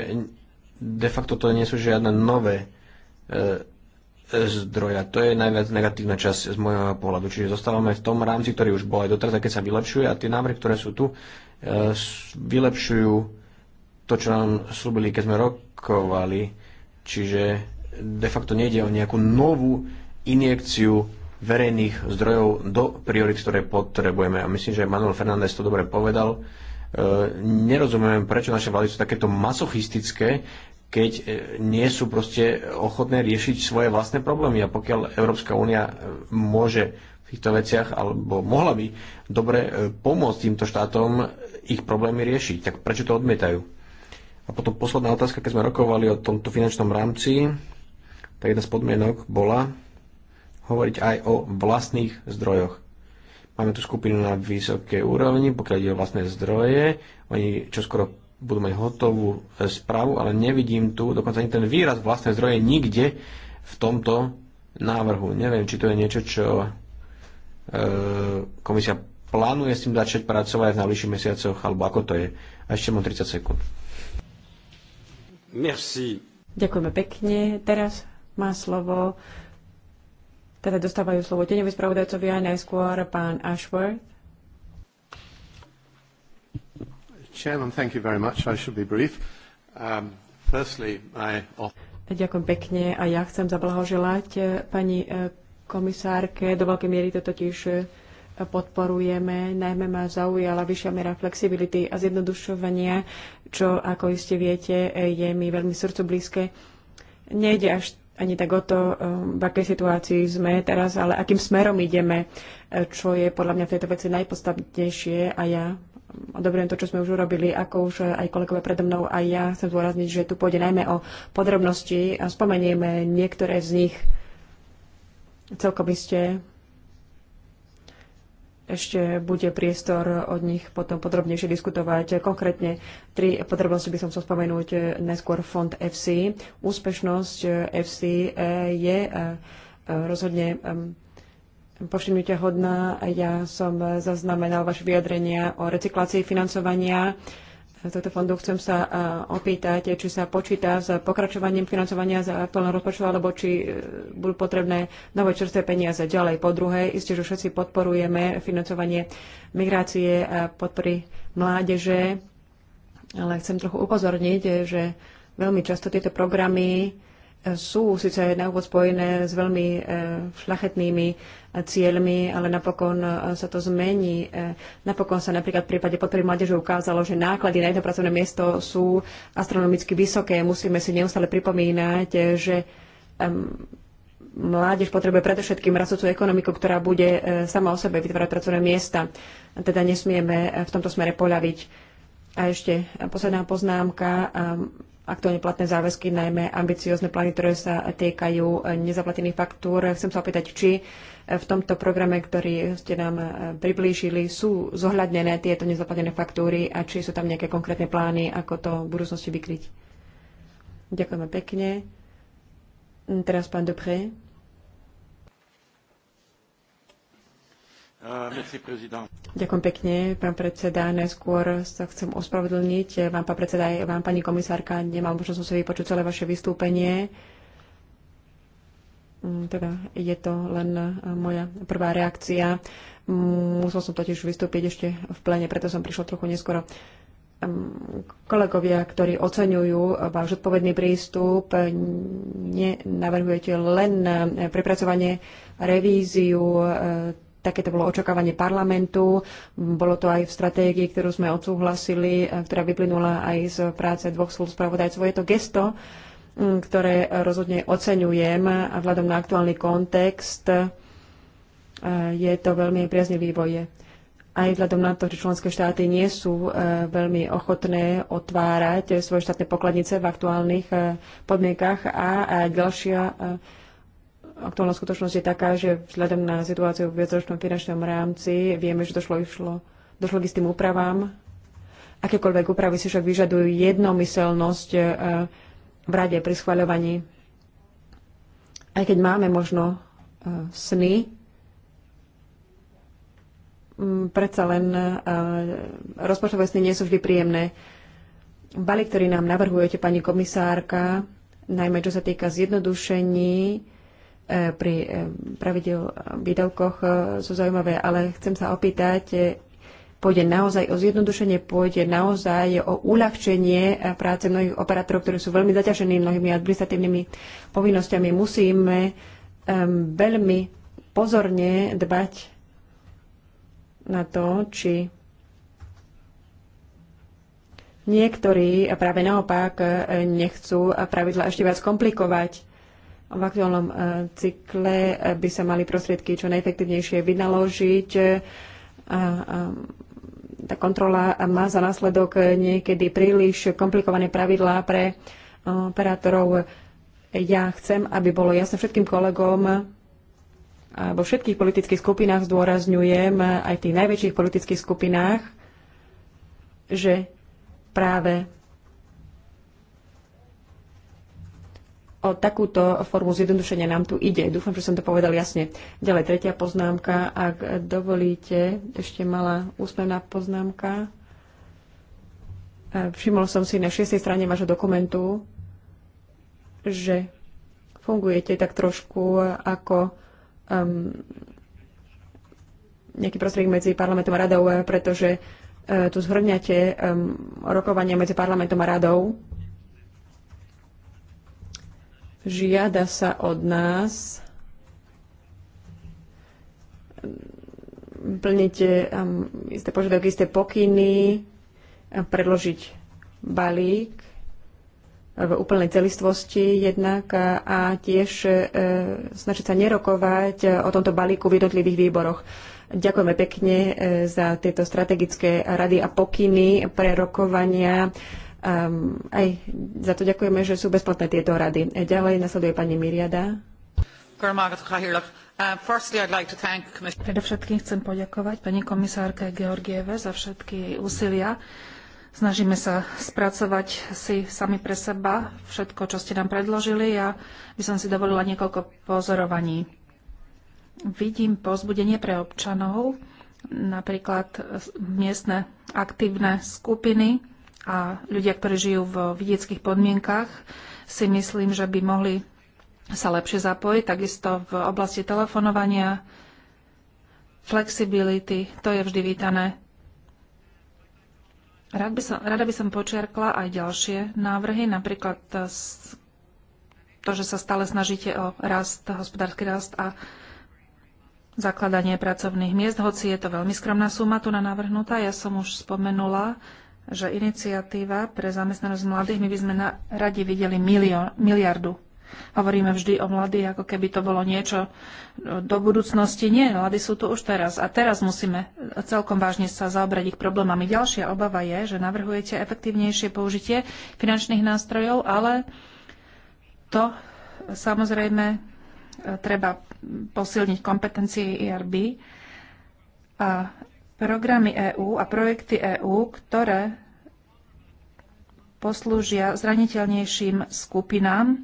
de facto to nie sú žiadne nové eh, zdroja. To je najviac negatívna časť z môjho pohľadu. Čiže zostávame v tom rámci, ktorý už bol aj doteraz, a keď sa vylepšuje a tie návrhy, ktoré sú tu, e, vylepšujú to, čo nám slúbili, keď sme rokovali. Čiže de facto nejde o nejakú novú injekciu verejných zdrojov do priorit, ktoré potrebujeme. A myslím, že Manuel Fernández to dobre povedal e, Nerozumiem, prečo naše vlády sú takéto masochistické keď e, nie sú proste ochotné riešiť svoje vlastné problémy. A pokiaľ Európska únia e, môže v týchto veciach, alebo mohla by dobre e, pomôcť týmto štátom ich problémy riešiť, tak prečo to odmietajú? A potom posledná otázka, keď sme rokovali o tomto finančnom rámci, tak jedna z podmienok bola hovoriť aj o vlastných zdrojoch. Máme tu skupinu na vysokej úrovni, pokiaľ ide o vlastné zdroje. Oni čoskoro budú mať hotovú e, správu, ale nevidím tu dokonca ani ten výraz vlastné zdroje nikde v tomto návrhu. Neviem, či to je niečo, čo e, komisia plánuje s tým začať pracovať v najbližších mesiacoch, alebo ako to je. A ešte mám 30 sekúnd. Merci. Ďakujeme pekne. Teraz má slovo, teda dostávajú slovo tenevi spravodajcovia, najskôr pán Ashworth Chairman, thank you very much. I should be brief. Um, firstly, I... Ďakujem pekne a ja chcem zablahoželať eh, pani eh, komisárke. Do veľkej miery to totiž eh, podporujeme. Najmä ma zaujala vyššia mera flexibility a zjednodušovania, čo, ako iste viete, je mi veľmi srdcu blízke. Nejde až ani tak o to, v akej situácii sme teraz, ale akým smerom ideme, čo je podľa mňa v tejto veci najpodstatnejšie a ja dobre to, čo sme už urobili, ako už aj kolegovia predo mnou, aj ja chcem zdôrazniť, že tu pôjde najmä o podrobnosti a spomenieme niektoré z nich. Celkom iste ešte bude priestor od nich potom podrobnejšie diskutovať. Konkrétne tri podrobnosti by som chcel spomenúť. neskôr fond FC. Úspešnosť FC e je eh, eh, rozhodne povšimnutia hodná. Ja som zaznamenal vaše vyjadrenia o recyklácii financovania tohto fondu. Chcem sa opýtať, či sa počíta s pokračovaním financovania za aktuálneho rozpočtu, alebo či e, budú potrebné nové čerstvé peniaze ďalej. Po druhé, isté, že všetci podporujeme financovanie migrácie a podpory mládeže, ale chcem trochu upozorniť, že veľmi často tieto programy sú síce na úvod spojené s veľmi e, šlachetnými cieľmi, ale napokon e, sa to zmení. E, napokon sa napríklad v prípade podpory mládeže ukázalo, že náklady na jedno pracovné miesto sú astronomicky vysoké. Musíme si neustále pripomínať, že mládež potrebuje predovšetkým rastúcu ekonomiku, ktorá bude e, sama o sebe vytvárať pracovné miesta. Teda nesmieme v tomto smere poľaviť. A ešte posledná poznámka aktuálne platné záväzky, najmä ambiciozne plány, ktoré sa týkajú nezaplatených faktúr. Chcem sa opýtať, či v tomto programe, ktorý ste nám e, priblížili, sú zohľadnené tieto nezaplatené faktúry a či sú tam nejaké konkrétne plány, ako to v budúcnosti vykryť. Ďakujeme pekne. Teraz pán dobre. Uh, Ďakujem pekne, pán predseda. Najskôr sa chcem ospravedlniť vám, pán predseda, aj vám, pani komisárka, nemám možnosť sa vypočuť celé vaše vystúpenie. Mm, teda je to len e, moja prvá reakcia. Musel som totiž vystúpiť ešte v plene, preto som prišla trochu neskoro. Kolegovia, ktorí oceňujú e, váš odpovedný prístup, e, nenavrhujete len prepracovanie, revíziu, také to bolo očakávanie parlamentu, bolo to aj v stratégii, ktorú sme odsúhlasili, ktorá vyplynula aj z práce dvoch spravodajcov, Je to gesto, ktoré rozhodne oceňujem a vzhľadom na aktuálny kontext e, je to veľmi priaznivý vývoj. Aj vzhľadom na to, že členské štáty nie sú e, veľmi ochotné otvárať svoje štátne pokladnice v aktuálnych e, podmienkach a ďalšia aktuálna skutočnosť je taká, že vzhľadom na situáciu v viacročnom finančnom rámci vieme, že došlo, išlo, došlo k istým úpravám. Akékoľvek úpravy si však vyžadujú jednomyselnosť v rade pri schvaľovaní. Aj keď máme možno e, sny, predsa len e, rozpočtové sny nie sú vždy príjemné. Bali, ktorý nám navrhujete, pani komisárka, najmä čo sa týka zjednodušení e, pri pravidel výdavkoch, sú zaujímavé, ale chcem sa opýtať, Pôjde naozaj o zjednodušenie, pôjde naozaj o uľahčenie eh, práce mnohých operátorov, ktorí sú veľmi zaťažení mnohými administratívnymi povinnosťami. Musíme um, veľmi pozorne dbať na to, či niektorí práve naopak eh, nechcú pravidla ešte viac komplikovať. V aktuálnom eh, cykle by sa mali prostriedky čo najefektívnejšie vynaložiť a, a tá kontrola má za následok niekedy príliš komplikované pravidlá pre eh, operátorov. Ja chcem, aby bolo jasné všetkým kolegom, a vo všetkých politických skupinách zdôrazňujem, aj v tých najväčších politických skupinách, že práve O takúto formu zjednodušenia nám tu ide. Dúfam, že som to povedal jasne. Ďalej, tretia poznámka. Ak dovolíte, ešte malá úsmevná poznámka. E, všimol som si na šiestej strane vášho dokumentu, že fungujete tak trošku ako um, nejaký prostriek medzi parlamentom a radou, pretože uh, tu zhrňate um, rokovania medzi parlamentom a radou Žiada sa od nás plniť um, isté požiadavky, isté pokyny, um, predložiť balík v úplnej celistvosti jednak a tiež e, snažiť sa nerokovať o tomto balíku v jednotlivých výboroch. Ďakujeme pekne e, za tieto strategické rady a pokyny pre rokovania Um, aj za to ďakujeme, že sú bezplatné tieto rady. E, ďalej nasleduje pani Miriada. Predovšetkým chcem poďakovať pani komisárke Georgieve za všetky jej úsilia. Snažíme sa spracovať si sami pre seba všetko, čo ste nám predložili a ja by som si dovolila niekoľko pozorovaní. Vidím pozbudenie pre občanov, napríklad miestne aktívne skupiny, a ľudia, ktorí žijú v vidieckých podmienkach, si myslím, že by mohli sa lepšie zapojiť. Takisto v oblasti telefonovania, flexibility, to je vždy vítané. Rád by som, rada by som počiarkla aj ďalšie návrhy, napríklad eh, to, že sa stále snažíte o rast, hospodársky rast a zakladanie pracovných miest, hoci je to veľmi skromná suma tu na navrhnutá. Ja som už spomenula že iniciatíva pre zamestnanosť mladých, my by sme na, radi videli milio, miliardu. Hovoríme vždy o mladých, ako keby to bolo niečo e, do budúcnosti. Nie, mladí sú tu už teraz. A teraz musíme celkom vážne sa zaobrať ich problémami. Ďalšia obava je, že navrhujete efektívnejšie použitie finančných nástrojov, ale to samozrejme e, treba posilniť kompetencie IRB e a programy EÚ a projekty EÚ, ktoré poslúžia zraniteľnejším skupinám.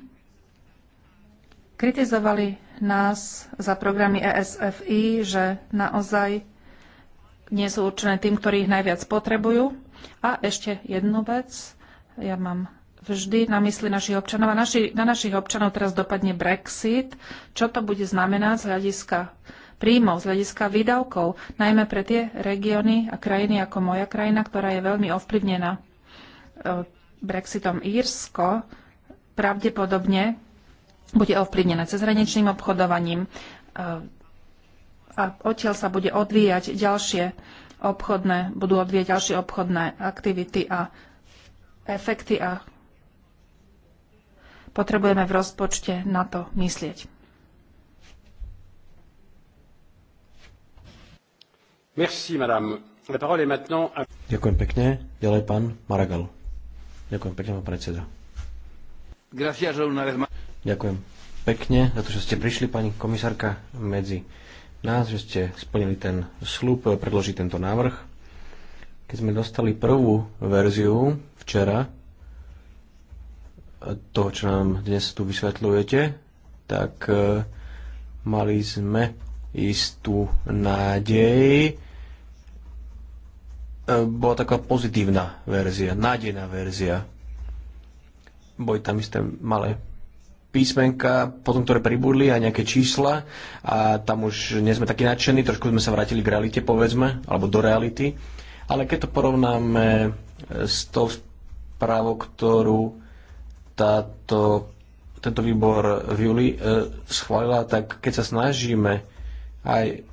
Kritizovali nás za programy ESFI, že naozaj nie sú určené tým, ktorí ich najviac potrebujú. A ešte jednu vec. Ja mám vždy na mysli našich občanov. A naši, na našich občanov teraz dopadne Brexit. Čo to bude znamenať z hľadiska príjmov, z hľadiska výdavkov, najmä pre tie regióny a krajiny ako moja krajina, ktorá je veľmi ovplyvnená e, Brexitom Írsko, pravdepodobne bude ovplyvnené cezhraničným obchodovaním e, a odtiaľ sa bude odvíjať ďalšie obchodné, budú odvíjať ďalšie obchodné aktivity a efekty a potrebujeme v rozpočte na to myslieť. Merci, madame. La parole est maintenant... A... Ďakujem pekne. Ďalej pán Maragal. Ďakujem pekne, pán predseda. Gracias, Ďakujem pekne za to, že ste prišli, pani komisárka, medzi nás, že ste splnili ten slúb, predložiť tento návrh. Keď sme dostali prvú verziu včera, toho, čo nám dnes tu vysvetľujete, tak eh, mali sme istú nádej, bola taká pozitívna verzia, nádejná verzia. Boli tam isté malé písmenka, potom ktoré pribudli a nejaké čísla a tam už nie sme takí nadšení, trošku sme sa vrátili k realite, povedzme, alebo do reality. Ale keď to porovnáme eh, s tou správou, ktorú táto, tento výbor v júli e, schválila, tak keď sa snažíme aj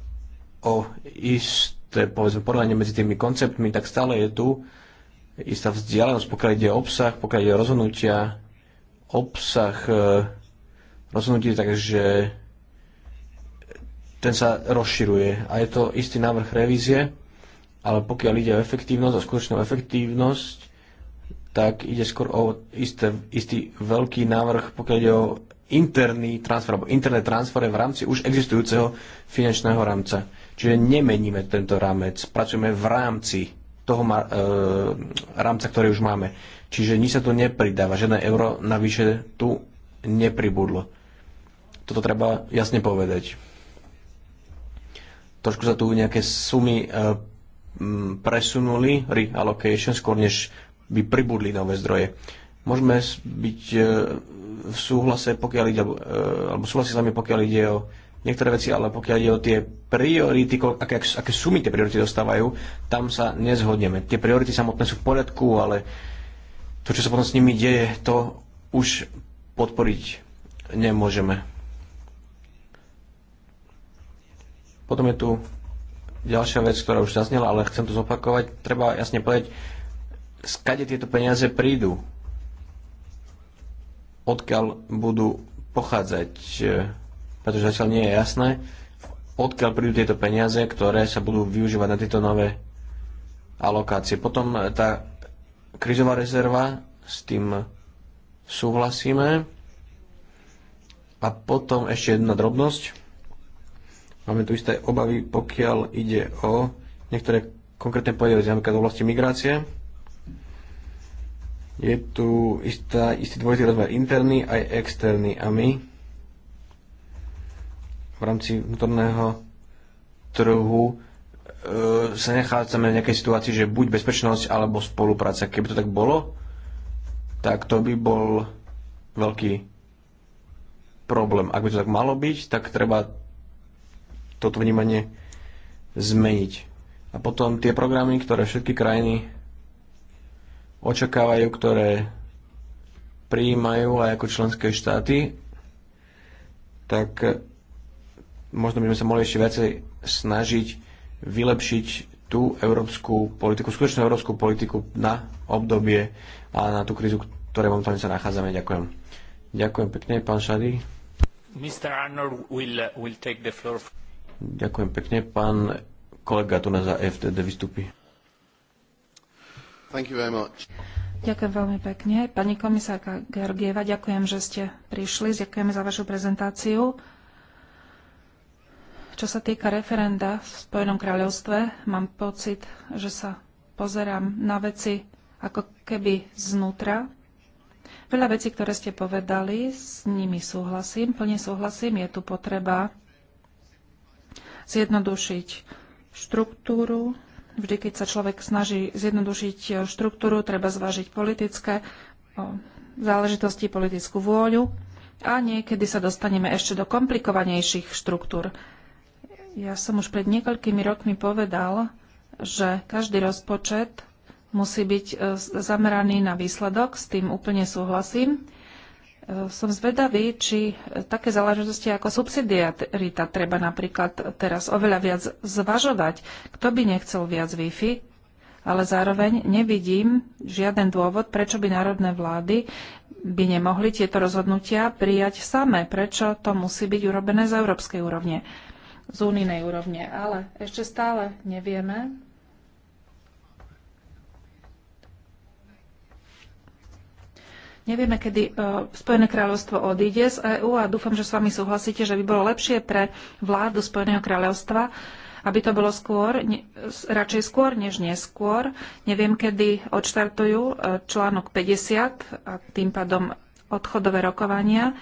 o istú je povedzme, porovnanie medzi tými konceptmi, tak stále je tu istá vzdialenosť, pokiaľ ide o obsah, pokiaľ ide o rozhodnutia, obsah e, rozhodnutí, takže ten sa rozširuje a je to istý návrh revízie, ale pokiaľ ide o efektívnosť, o skutočnú efektívnosť, tak ide skôr o isté, istý veľký návrh, pokiaľ ide o interný transfer alebo interné transfere v rámci už existujúceho finančného rámca. Čiže nemeníme tento rámec, pracujeme v rámci toho e, rámca, ktorý už máme. Čiže nič sa tu nepridáva, žiadne euro navyše tu nepribudlo. Toto treba jasne povedať. Trošku sa tu nejaké sumy e, presunuli, reallocation, skôr než by pribudli nové zdroje. Môžeme byť e, v súhlase, pokiaľ ide, e, alebo súhlasiť s nami, pokiaľ ide o niektoré veci, ale pokiaľ ide o tie priority, aké, aké sumy tie priority dostávajú, tam sa nezhodneme. Tie priority samotné sú v poriadku, ale to, čo sa potom s nimi deje, to už podporiť nemôžeme. Potom je tu ďalšia vec, ktorá už zaznela, ale chcem to zopakovať. Treba jasne povedať, skade tieto peniaze prídu. Odkiaľ budú pochádzať eh, pretože zatiaľ nie je jasné, odkiaľ prídu tieto peniaze, ktoré sa budú využívať na tieto nové alokácie. Potom e, tá krizová rezerva, s tým súhlasíme. A potom ešte jedna drobnosť. Máme tu isté obavy, pokiaľ ide o niektoré konkrétne podiely, napríklad v oblasti migrácie. Je tu istá, istý dvojitý rozmer interný aj externý a my v rámci vnútorného trhu e, sa nechádzame v nejakej situácii, že buď bezpečnosť alebo spolupráca. Keby to tak bolo, tak to by bol veľký problém. Ak by to tak malo byť, tak treba toto vnímanie zmeniť. A potom tie programy, ktoré všetky krajiny očakávajú, ktoré prijímajú aj ako členské štáty, tak možno by sme sa mohli ešte viacej snažiť vylepšiť tú európsku politiku, skutočnú európsku politiku na obdobie a na tú krízu, ktoré momentálne sa nachádzame. Ďakujem. Ďakujem pekne, pán Šady. Mr. Arnold will, will take the floor. Ďakujem pekne. Pán kolega tu na za FTD vystupí. Thank you very much. Ďakujem veľmi pekne. Pani komisárka Georgieva, ďakujem, že ste prišli. Ďakujeme za vašu prezentáciu. Čo sa týka referenda v Spojenom kráľovstve, mám pocit, že sa pozerám na veci ako keby znútra. Veľa vecí, ktoré ste povedali, s nimi súhlasím, plne súhlasím. Je tu potreba zjednodušiť štruktúru. Vždy, keď sa človek snaží zjednodušiť e, štruktúru, treba zvážiť politické záležitosti, politickú vôľu a niekedy sa dostaneme ešte do komplikovanejších štruktúr. Ja som už pred niekoľkými rokmi povedal, že každý rozpočet musí byť e, zameraný na výsledok, s tým úplne súhlasím. E, som zvedavý, či e, také záležitosti ako subsidiarita treba napríklad teraz oveľa viac zvažovať. Kto by nechcel viac Wi-Fi, ale zároveň nevidím žiaden dôvod, prečo by národné vlády by nemohli tieto rozhodnutia prijať samé, prečo to musí byť urobené z európskej úrovne z unijnej úrovne. Ale ešte stále nevieme, Nevieme, kedy e, Spojené kráľovstvo odíde z EÚ a dúfam, že s vami súhlasíte, že by bolo lepšie pre vládu Spojeného kráľovstva, aby to bolo skôr, ne, radšej skôr než neskôr. Neviem, kedy odštartujú e, článok 50 a tým pádom odchodové rokovania.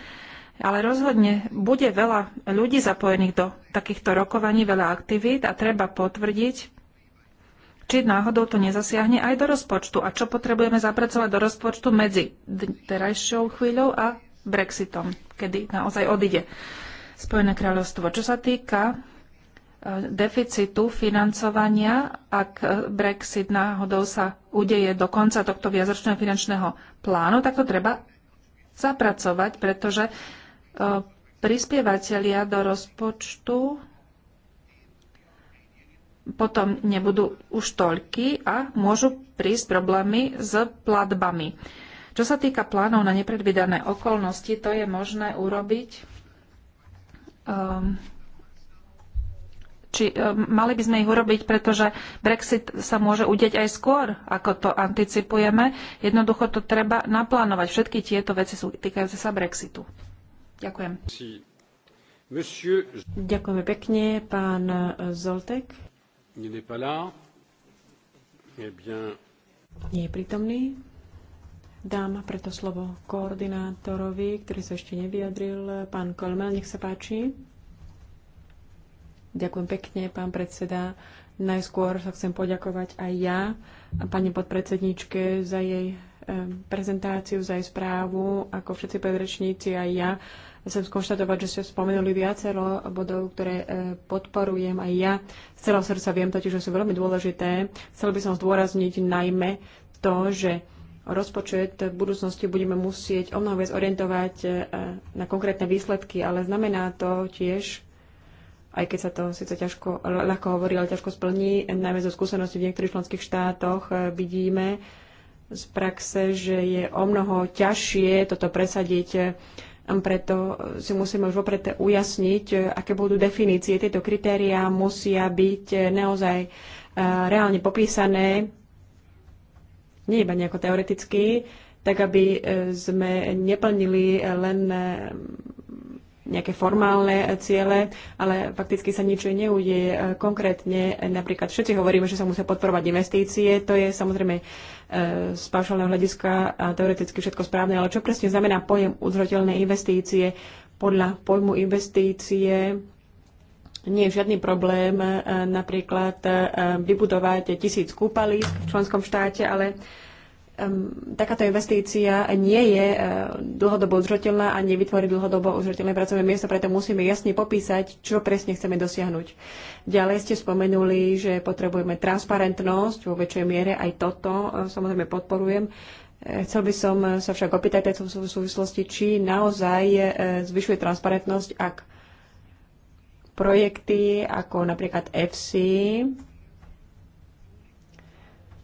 Ale rozhodne bude veľa ľudí zapojených do takýchto rokovaní, veľa aktivít a treba potvrdiť, či náhodou to nezasiahne aj do rozpočtu a čo potrebujeme zapracovať do rozpočtu medzi terajšou chvíľou a Brexitom, kedy naozaj odíde Spojené kráľovstvo. Čo sa týka e, deficitu financovania, ak e, Brexit náhodou sa udeje do konca tohto viacročného finančného plánu, tak to treba zapracovať, pretože prispievateľia do rozpočtu potom nebudú už toľky a môžu prísť problémy s platbami. Čo sa týka plánov na nepredvídané okolnosti, to je možné urobiť. Um, či um, mali by sme ich urobiť, pretože Brexit sa môže udeť aj skôr, ako to anticipujeme. Jednoducho to treba naplánovať. Všetky tieto veci sú týkajúce sa Brexitu. Ďakujem. Ďakujeme pekne, pán e, Zoltek. Eh Nie je prítomný. Dám preto slovo koordinátorovi, ktorý sa ešte nevyjadril, pán Kolmel, nech sa páči. Ďakujem pekne, pán predseda. Najskôr sa chcem poďakovať aj ja a pani podpredsedničke za jej e, prezentáciu, za jej správu, ako všetci predrečníci aj ja chcem skonštatovať, že ste spomenuli viacero bodov, ktoré e, podporujem aj ja. Z celého srdca viem totiž, že sú veľmi dôležité. Chcel by som zdôrazniť najmä to, že rozpočet v budúcnosti budeme musieť o mnoho viac orientovať e, na konkrétne výsledky, ale znamená to tiež, aj keď sa to síce ťažko, ľahko hovorí, ale ťažko splní, najmä zo skúseností v niektorých členských štátoch e, vidíme z praxe, že je o mnoho ťažšie toto presadiť Hm, preto eh, si musíme už vopred ujasniť, eh, aké budú definície. Tieto kritériá musia byť eh, naozaj reálne popísané, nie iba nejako teoreticky, tak aby sme neplnili len nejaké formálne ciele, ale fakticky sa nič neudeje. E, konkrétne e, napríklad všetci hovoríme, že sa musia podporovať investície, to je samozrejme e, z paušálneho hľadiska a teoreticky všetko správne, ale čo presne znamená pojem udržateľné investície? Podľa pojmu investície nie je žiadny problém napríklad vybudovať tisíc kúpalísk v členskom štáte, ale um, takáto investícia nie je uh, dlhodobo udržateľná a nevytvorí dlhodobo udržateľné pracovné miesto, preto musíme jasne popísať, čo presne chceme dosiahnuť. Ďalej ste spomenuli, že potrebujeme transparentnosť vo väčšej miere, aj toto uh, samozrejme podporujem. E, chcel by som sa však opýtať aj v súvislosti, či naozaj zvyšuje transparentnosť, ak projekty ako napríklad EFSI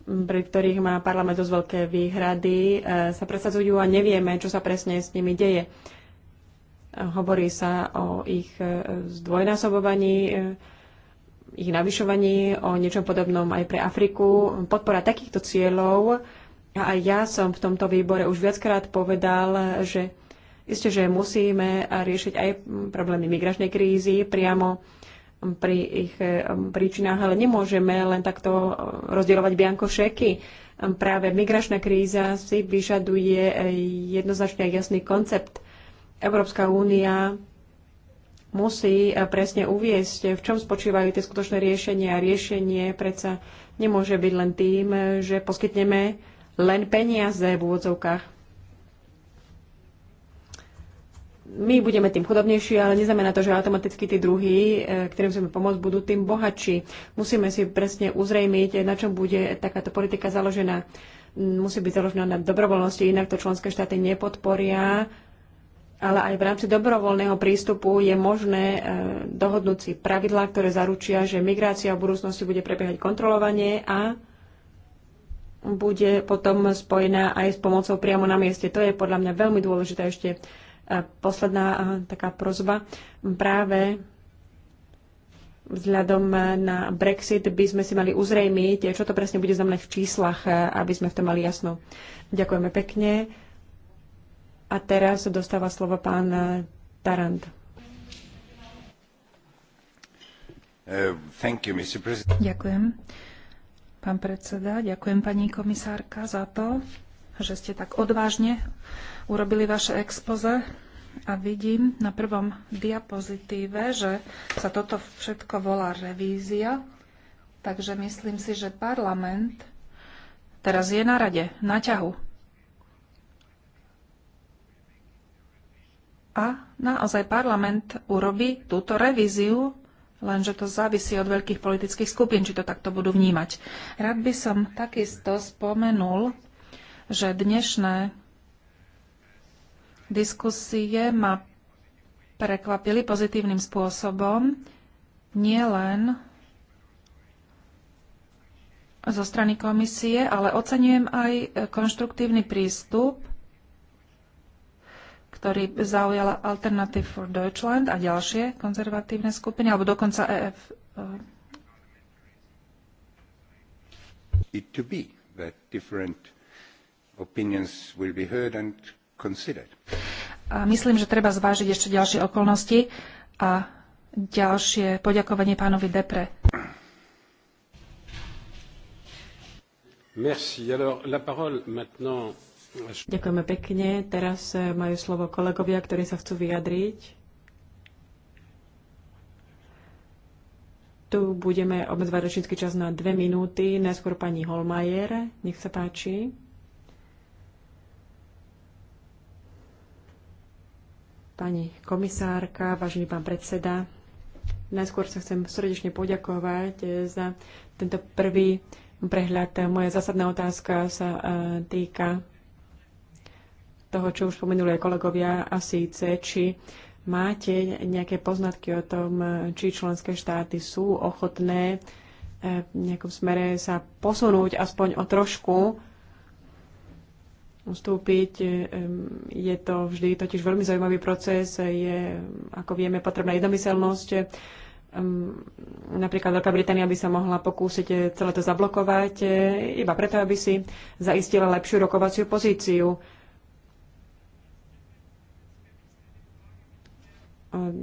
pre ktorých má parlament dosť veľké výhrady, e, sa presadzujú a nevieme, čo sa presne s nimi deje. Hovorí sa o ich e, zdvojnásobovaní, e, ich navyšovaní, o niečom podobnom aj pre Afriku. Podpora takýchto cieľov, a aj ja som v tomto výbore už viackrát povedal, že isté, že musíme riešiť aj problémy migračnej krízy priamo pri ich um, príčinách, ale nemôžeme len takto uh, rozdielovať bianko šeky. Um, práve migračná kríza si vyžaduje eh, jednoznačne jasný koncept. Európska únia musí eh, presne uviesť, v čom spočívajú tie skutočné riešenia. Riešenie predsa nemôže byť len tým, eh, že poskytneme len peniaze v úvodzovkách. my budeme tým chudobnejší, ale neznamená to, že automaticky tí druhí, e, ktorým chceme pomôcť, budú tým bohatší. Musíme si presne uzrejmiť, na čom bude takáto politika založená. Musí byť založená na dobrovoľnosti, inak to členské štáty nepodporia. Ale aj v rámci dobrovoľného prístupu je možné e, dohodnúť si pravidlá, ktoré zaručia, že migrácia v budúcnosti bude prebiehať kontrolovanie a bude potom spojená aj s pomocou priamo na mieste. To je podľa mňa veľmi dôležité ešte Posledná taká prozba. Práve vzhľadom na Brexit by sme si mali uzrejmiť, čo to presne bude znamenať v číslach, aby sme v tom mali jasno. Ďakujeme pekne. A teraz dostáva slovo pán Tarant. ďakujem. Pán predseda, ďakujem pani komisárka za to, že ste tak odvážne urobili vaše expoze a vidím na prvom diapozitíve, že sa toto všetko volá revízia. Takže myslím si, že parlament teraz je na rade, na ťahu. A naozaj parlament urobí túto revíziu, lenže to závisí od veľkých politických skupín, či to takto budú vnímať. Rád by som takisto spomenul, že dnešné Diskusie ma prekvapili pozitívnym spôsobom, nielen zo strany komisie, ale oceňujem aj konštruktívny prístup, ktorý zaujala Alternative for Deutschland a ďalšie konzervatívne skupiny, alebo dokonca EF. It to be that different opinions will be heard and considered. A myslím, že treba zvážiť ešte ďalšie okolnosti a ďalšie poďakovanie pánovi Depre. Merci. Alors, la parole maintenant... Ďakujeme pekne. Teraz e, majú slovo kolegovia, ktorí sa chcú vyjadriť. Tu budeme obzvať ročnícky čas na dve minúty. Najskôr pani Holmajer. Nech sa páči. pani komisárka, vážený pán predseda. Najskôr sa chcem srdečne poďakovať eh, za tento prvý prehľad. Moja zásadná otázka sa eh, týka toho, čo už spomenuli aj kolegovia, a síce, či máte nejaké poznatky o tom, eh, či členské štáty sú ochotné v nejakom smere sa posunúť aspoň o trošku ustúpiť. Je to vždy totiž veľmi zaujímavý proces, je, ako vieme, potrebná jednomyselnosť. Napríklad Veľká Británia by sa mohla pokúsiť eh, celé to zablokovať, eh, iba preto, aby si zaistila lepšiu rokovaciu pozíciu.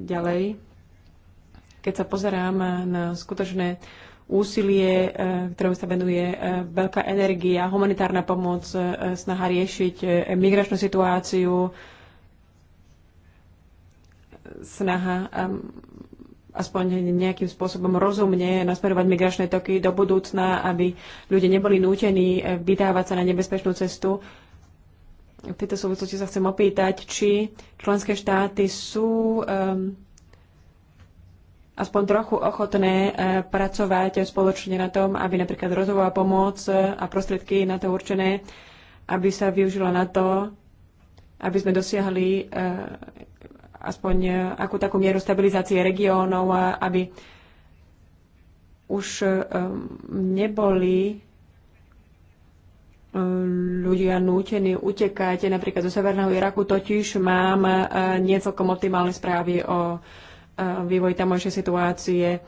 Ďalej, keď sa pozerám na skutočné úsilie, e, ktorému sa venuje e, veľká energia, humanitárna pomoc, e, snaha riešiť migračnú situáciu, snaha aspoň nejakým spôsobom rozumne nasmerovať migračné toky do budúcna, aby ľudia neboli nútení vydávať sa na nebezpečnú cestu. V tejto súvislosti sa chcem opýtať, či členské štáty sú um, aspoň trochu ochotné e, pracovať spoločne na tom, aby napríklad rozvojová pomoc e, a prostriedky na to určené, aby sa využila na to, aby sme dosiahli e, aspoň akú takú mieru stabilizácie regiónov, aby už neboli ľudia nútení utekať. Napríklad zo Severného Iraku totiž mám niecelkom optimálne správy o vývoj tamojšej situácie e,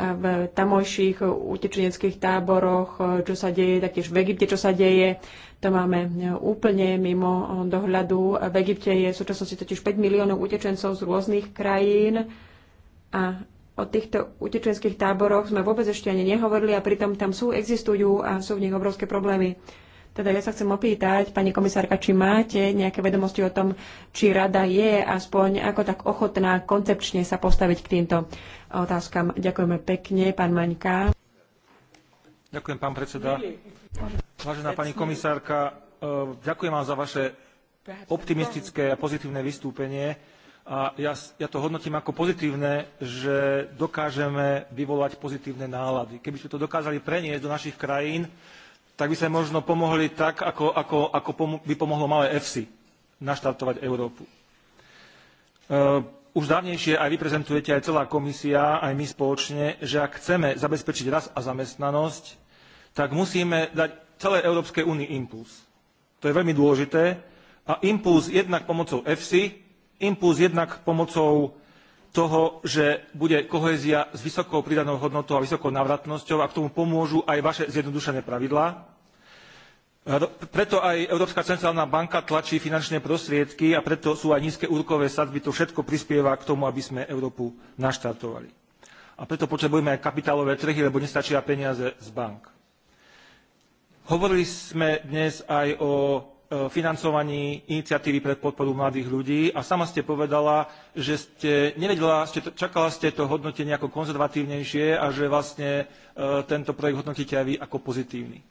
v tamojších utečeneckých táboroch, e, čo sa deje, taktiež v Egypte, čo sa deje. To máme e, úplne mimo dohľadu. V Egypte je v súčasnosti totiž 5 miliónov utečencov z rôznych krajín a o týchto utečenských táboroch sme vôbec ešte ani nehovorili a pritom tam sú, existujú a sú v nich obrovské problémy. Teda ja sa chcem opýtať, pani komisárka, či máte nejaké vedomosti o tom, či rada je aspoň ako tak ochotná koncepčne sa postaviť k týmto otázkam. Ďakujeme pekne, pán Maňka. Ďakujem, pán predseda. Vážená pani komisárka, e, ďakujem vám za vaše optimistické a pozitívne vystúpenie. A ja, ja to hodnotím ako pozitívne, že dokážeme vyvolať pozitívne nálady. Keby sme to dokázali preniesť do našich krajín, tak by sme možno pomohli tak, ako, ako, ako by pomohlo malé EFSI naštartovať Európu. E, už dávnejšie aj vyprezentujete aj celá komisia, aj my spoločne, že ak chceme zabezpečiť rast a zamestnanosť, tak musíme dať celej Európskej únii impuls. To je veľmi dôležité. A impuls jednak pomocou EFSI, impuls jednak pomocou toho, že bude kohézia s vysokou pridanou hodnotou a vysokou návratnosťou a k tomu pomôžu aj vaše zjednodušené pravidlá. Preto aj Európska centrálna banka tlačí finančné prostriedky a preto sú aj nízke úrokové sadzby. To všetko prispieva k tomu, aby sme Európu naštartovali. A preto potrebujeme aj kapitálové trhy, lebo nestačia peniaze z bank. Hovorili sme dnes aj o E, financovaní iniciatívy pre podporu mladých ľudí a sama ste povedala, že ste nevedela, ste, čakala ste to hodnotenie ako konzervatívnejšie a že vlastne e, tento projekt hodnotíte aj vy ako pozitívny.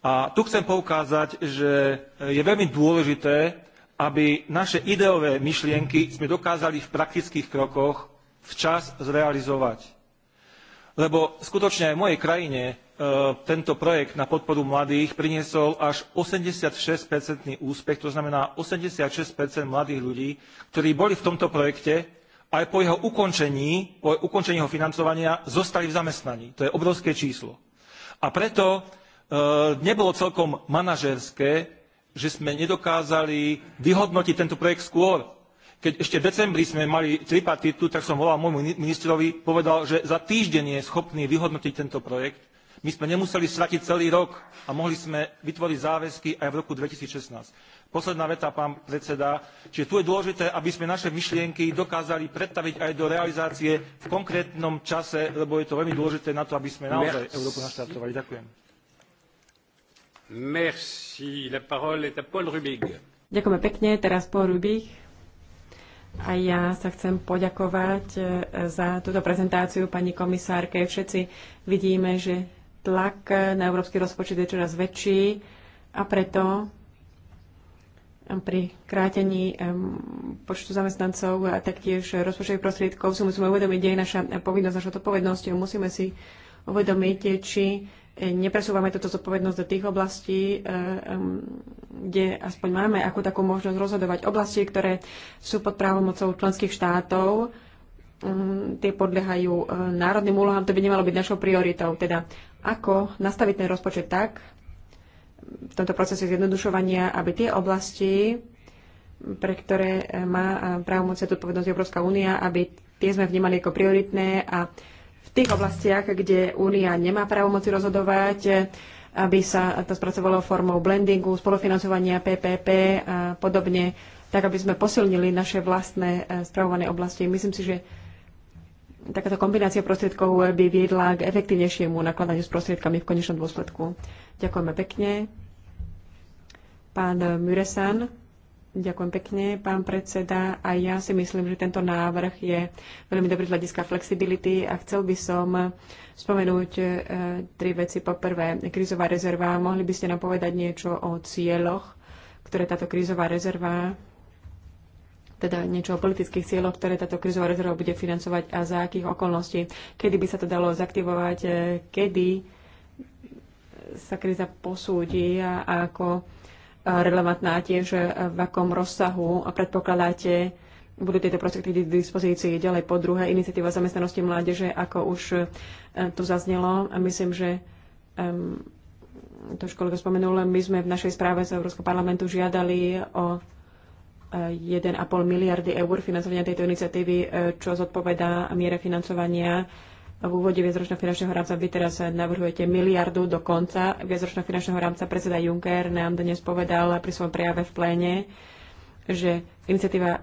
A tu chcem poukázať, že je veľmi dôležité, aby naše ideové myšlienky sme dokázali v praktických krokoch včas zrealizovať. Lebo skutočne aj v mojej krajine E, tento projekt na podporu mladých priniesol až 86-percentný úspech, to znamená 86 mladých ľudí, ktorí boli v tomto projekte, aj po jeho ukončení, po ukončení jeho financovania, zostali v zamestnaní. To je obrovské číslo. A preto e, nebolo celkom manažérske, že sme nedokázali vyhodnotiť tento projekt skôr. Keď ešte v decembri sme mali tripartitu, tak som volal môjmu ministrovi, povedal, že za týždeň je schopný vyhodnotiť tento projekt my sme nemuseli stratiť celý rok a mohli sme vytvoriť záväzky aj v roku 2016. Posledná veta, pán predseda. Čiže tu je dôležité, aby sme naše myšlienky dokázali pretaviť aj do realizácie v konkrétnom čase, lebo je to veľmi dôležité na to, aby sme naozaj Merci. Európu naštartovali. Ďakujem. Ďakujeme pekne. Teraz Paul Rubik. A ja sa chcem poďakovať eh, za túto prezentáciu pani komisárke. Všetci vidíme, že tlak na európsky rozpočet je čoraz väčší a preto pri krátení počtu zamestnancov a taktiež rozpočtových prostriedkov si musíme uvedomiť, kde je naša povinnosť, naša zodpovednosť. Musíme si uvedomiť, či e, nepresúvame túto zodpovednosť do tých oblastí, e, kde aspoň máme ako takú možnosť rozhodovať. Oblasti, ktoré sú pod právomocou členských štátov, tie podliehajú e, národným úlohám, to by nemalo byť našou prioritou. Teda ako nastaviť ten rozpočet tak, v tomto procese zjednodušovania, aby tie oblasti, pre ktoré e, má e, právomoc a zodpovednosť Európska únia, aby tie sme vnímali ako prioritné a v tých oblastiach, kde únia nemá právomoci rozhodovať, e, aby sa to spracovalo formou blendingu, spolufinancovania PPP a podobne, tak aby sme posilnili naše vlastné spravované oblasti. Myslím si, že takáto kombinácia prostriedkov by viedla k efektívnejšiemu nakladaniu s prostriedkami v konečnom dôsledku. Ďakujeme pekne. Pán Muresan, ďakujem pekne, pán predseda. A ja si myslím, že tento návrh je veľmi dobrý z hľadiska flexibility a chcel by som spomenúť e, tri veci. Po prvé, krízová rezerva. Mohli by ste nám povedať niečo o cieľoch, ktoré táto krízová rezerva teda niečo o politických cieľoch, ktoré táto krizová rezerva bude financovať a za akých okolností, kedy by sa to dalo zaktivovať, e, kedy sa kríza posúdi a ako e, relevantná tiež e, v akom rozsahu predpokladáte budú tieto prostriedky k dispozícii ďalej po druhé iniciatíva zamestnanosti mládeže, ako už tu zaznelo. A myslím, že um, to už kolega spomenul, my sme v našej správe z Európskeho parlamentu žiadali o 1,5 miliardy eur financovania tejto iniciatívy, e, čo zodpovedá miere financovania v úvode viacročného finančného rámca. Vy teraz navrhujete miliardu do konca viacročného finančného rámca. Predseda Juncker nám dnes povedal pri svojom prejave v pléne, že iniciatíva e,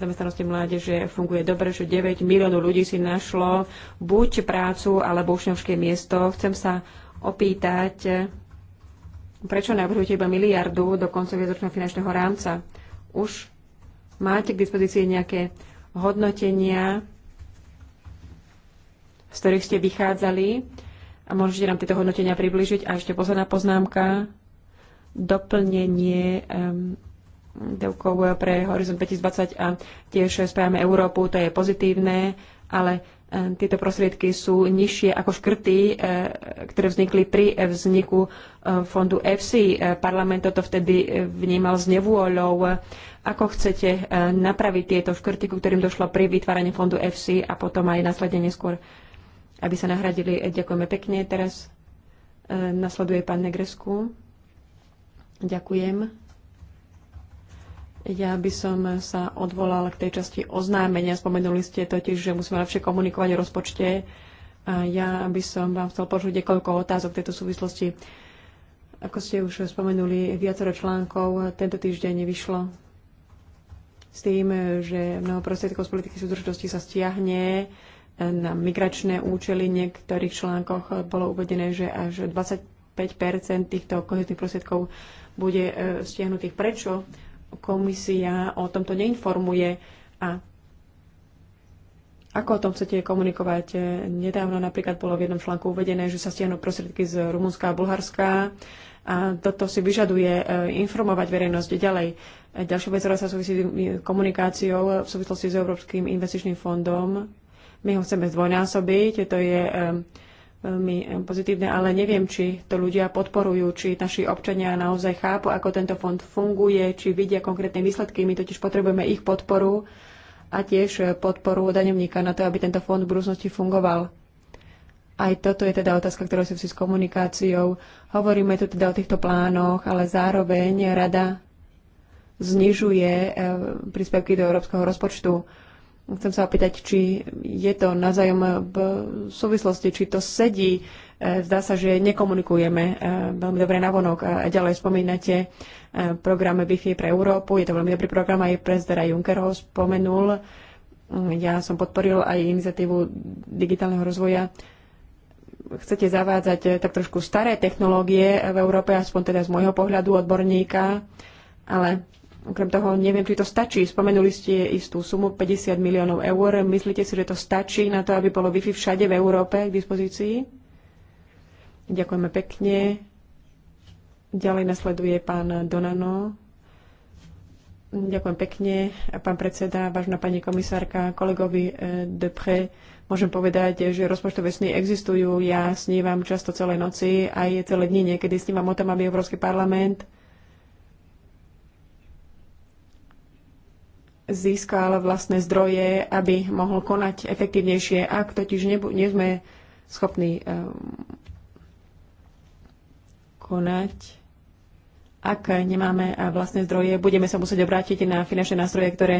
zamestnanosti mládeže funguje dobre, že 9 miliónov ľudí si našlo buď prácu alebo učňovské miesto. Chcem sa opýtať, prečo navrhujete iba miliardu do konca viacročného finančného rámca? Už máte k dispozícii nejaké hodnotenia, z ktorých ste vychádzali a môžete nám tieto hodnotenia približiť. A ešte posledná poznámka, doplnenie um, devkov pre Horizon 2020 a tiež spájame Európu, to je pozitívne, ale Ehm, tieto prostriedky sú nižšie ako škrty, e, ktoré vznikli pri vzniku e, fondu EFSI. E, parlament toto vtedy vnímal s nevôľou. Ako chcete napraviť tieto škrty, ku ktorým došlo pri vytváraní fondu EFSI a potom aj následne neskôr, aby sa nahradili? Ďakujeme pekne. Teraz nasleduje pán Negresku. Ďakujem. Ja by som sa odvolal k tej časti oznámenia. Spomenuli ste totiž, že musíme lepšie komunikovať o rozpočte. A ja by som vám chcel počuť niekoľko otázok v tejto súvislosti. Ako ste už spomenuli, viacero článkov tento týždeň vyšlo s tým, že mnoho prostriedkov z politiky súdržnosti sa stiahne na migračné účely. V niektorých článkoch bolo uvedené, že až 25 týchto kohezných prostriedkov bude e, stiahnutých. Prečo komisia o tomto neinformuje a ako o tom chcete komunikovať? Nedávno napríklad bolo v jednom článku uvedené, že sa stiahnu prostriedky z Rumunska a Bulharska a toto si vyžaduje e, informovať verejnosť ďalej. Ďalšia vec, ktorá sa súvisí s komunikáciou v súvislosti s Európskym investičným fondom, my ho chceme zdvojnásobiť, to je e, veľmi eh, pozitívne, ale neviem, či to ľudia podporujú, či naši občania naozaj chápu, ako tento fond funguje, či vidia konkrétne výsledky. My totiž potrebujeme ich podporu a tiež eh, podporu daňovníka na to, aby tento fond v budúcnosti fungoval. Aj toto je teda otázka, ktorá si s komunikáciou. Hovoríme tu teda o týchto plánoch, ale zároveň rada znižuje eh, príspevky do európskeho rozpočtu. Chcem sa opýtať, či je to nazajom v súvislosti, či to sedí. E, zdá sa, že nekomunikujeme e, veľmi dobre navonok. A e, ďalej spomínate program Wi-Fi pre Európu. Je to veľmi dobrý program, aj prezidera Juncker ho spomenul. Mm, ja som podporil aj iniciatívu digitálneho rozvoja. Chcete zavádzať tak trošku staré technológie v Európe, aspoň teda z môjho pohľadu odborníka, ale Okrem toho, neviem, či to stačí. Spomenuli ste istú sumu 50 miliónov eur. Myslíte si, že to stačí na to, aby bolo Wi-Fi všade v Európe k dispozícii? Ďakujeme pekne. Ďalej nasleduje pán Donano. Ďakujem pekne, pán predseda, vážna pani komisárka, kolegovi eh, Depre. Môžem povedať, že rozpočtové sny existujú. Ja snívam často celé noci, aj celé dni. Niekedy snívam o tom, aby Európsky parlament získal vlastné zdroje, aby mohol konať efektívnejšie. Ak totiž nebu- nie sme schopní um, konať, ak nemáme eh, vlastné zdroje, budeme sa musieť obrátiť na finančné nástroje, ktoré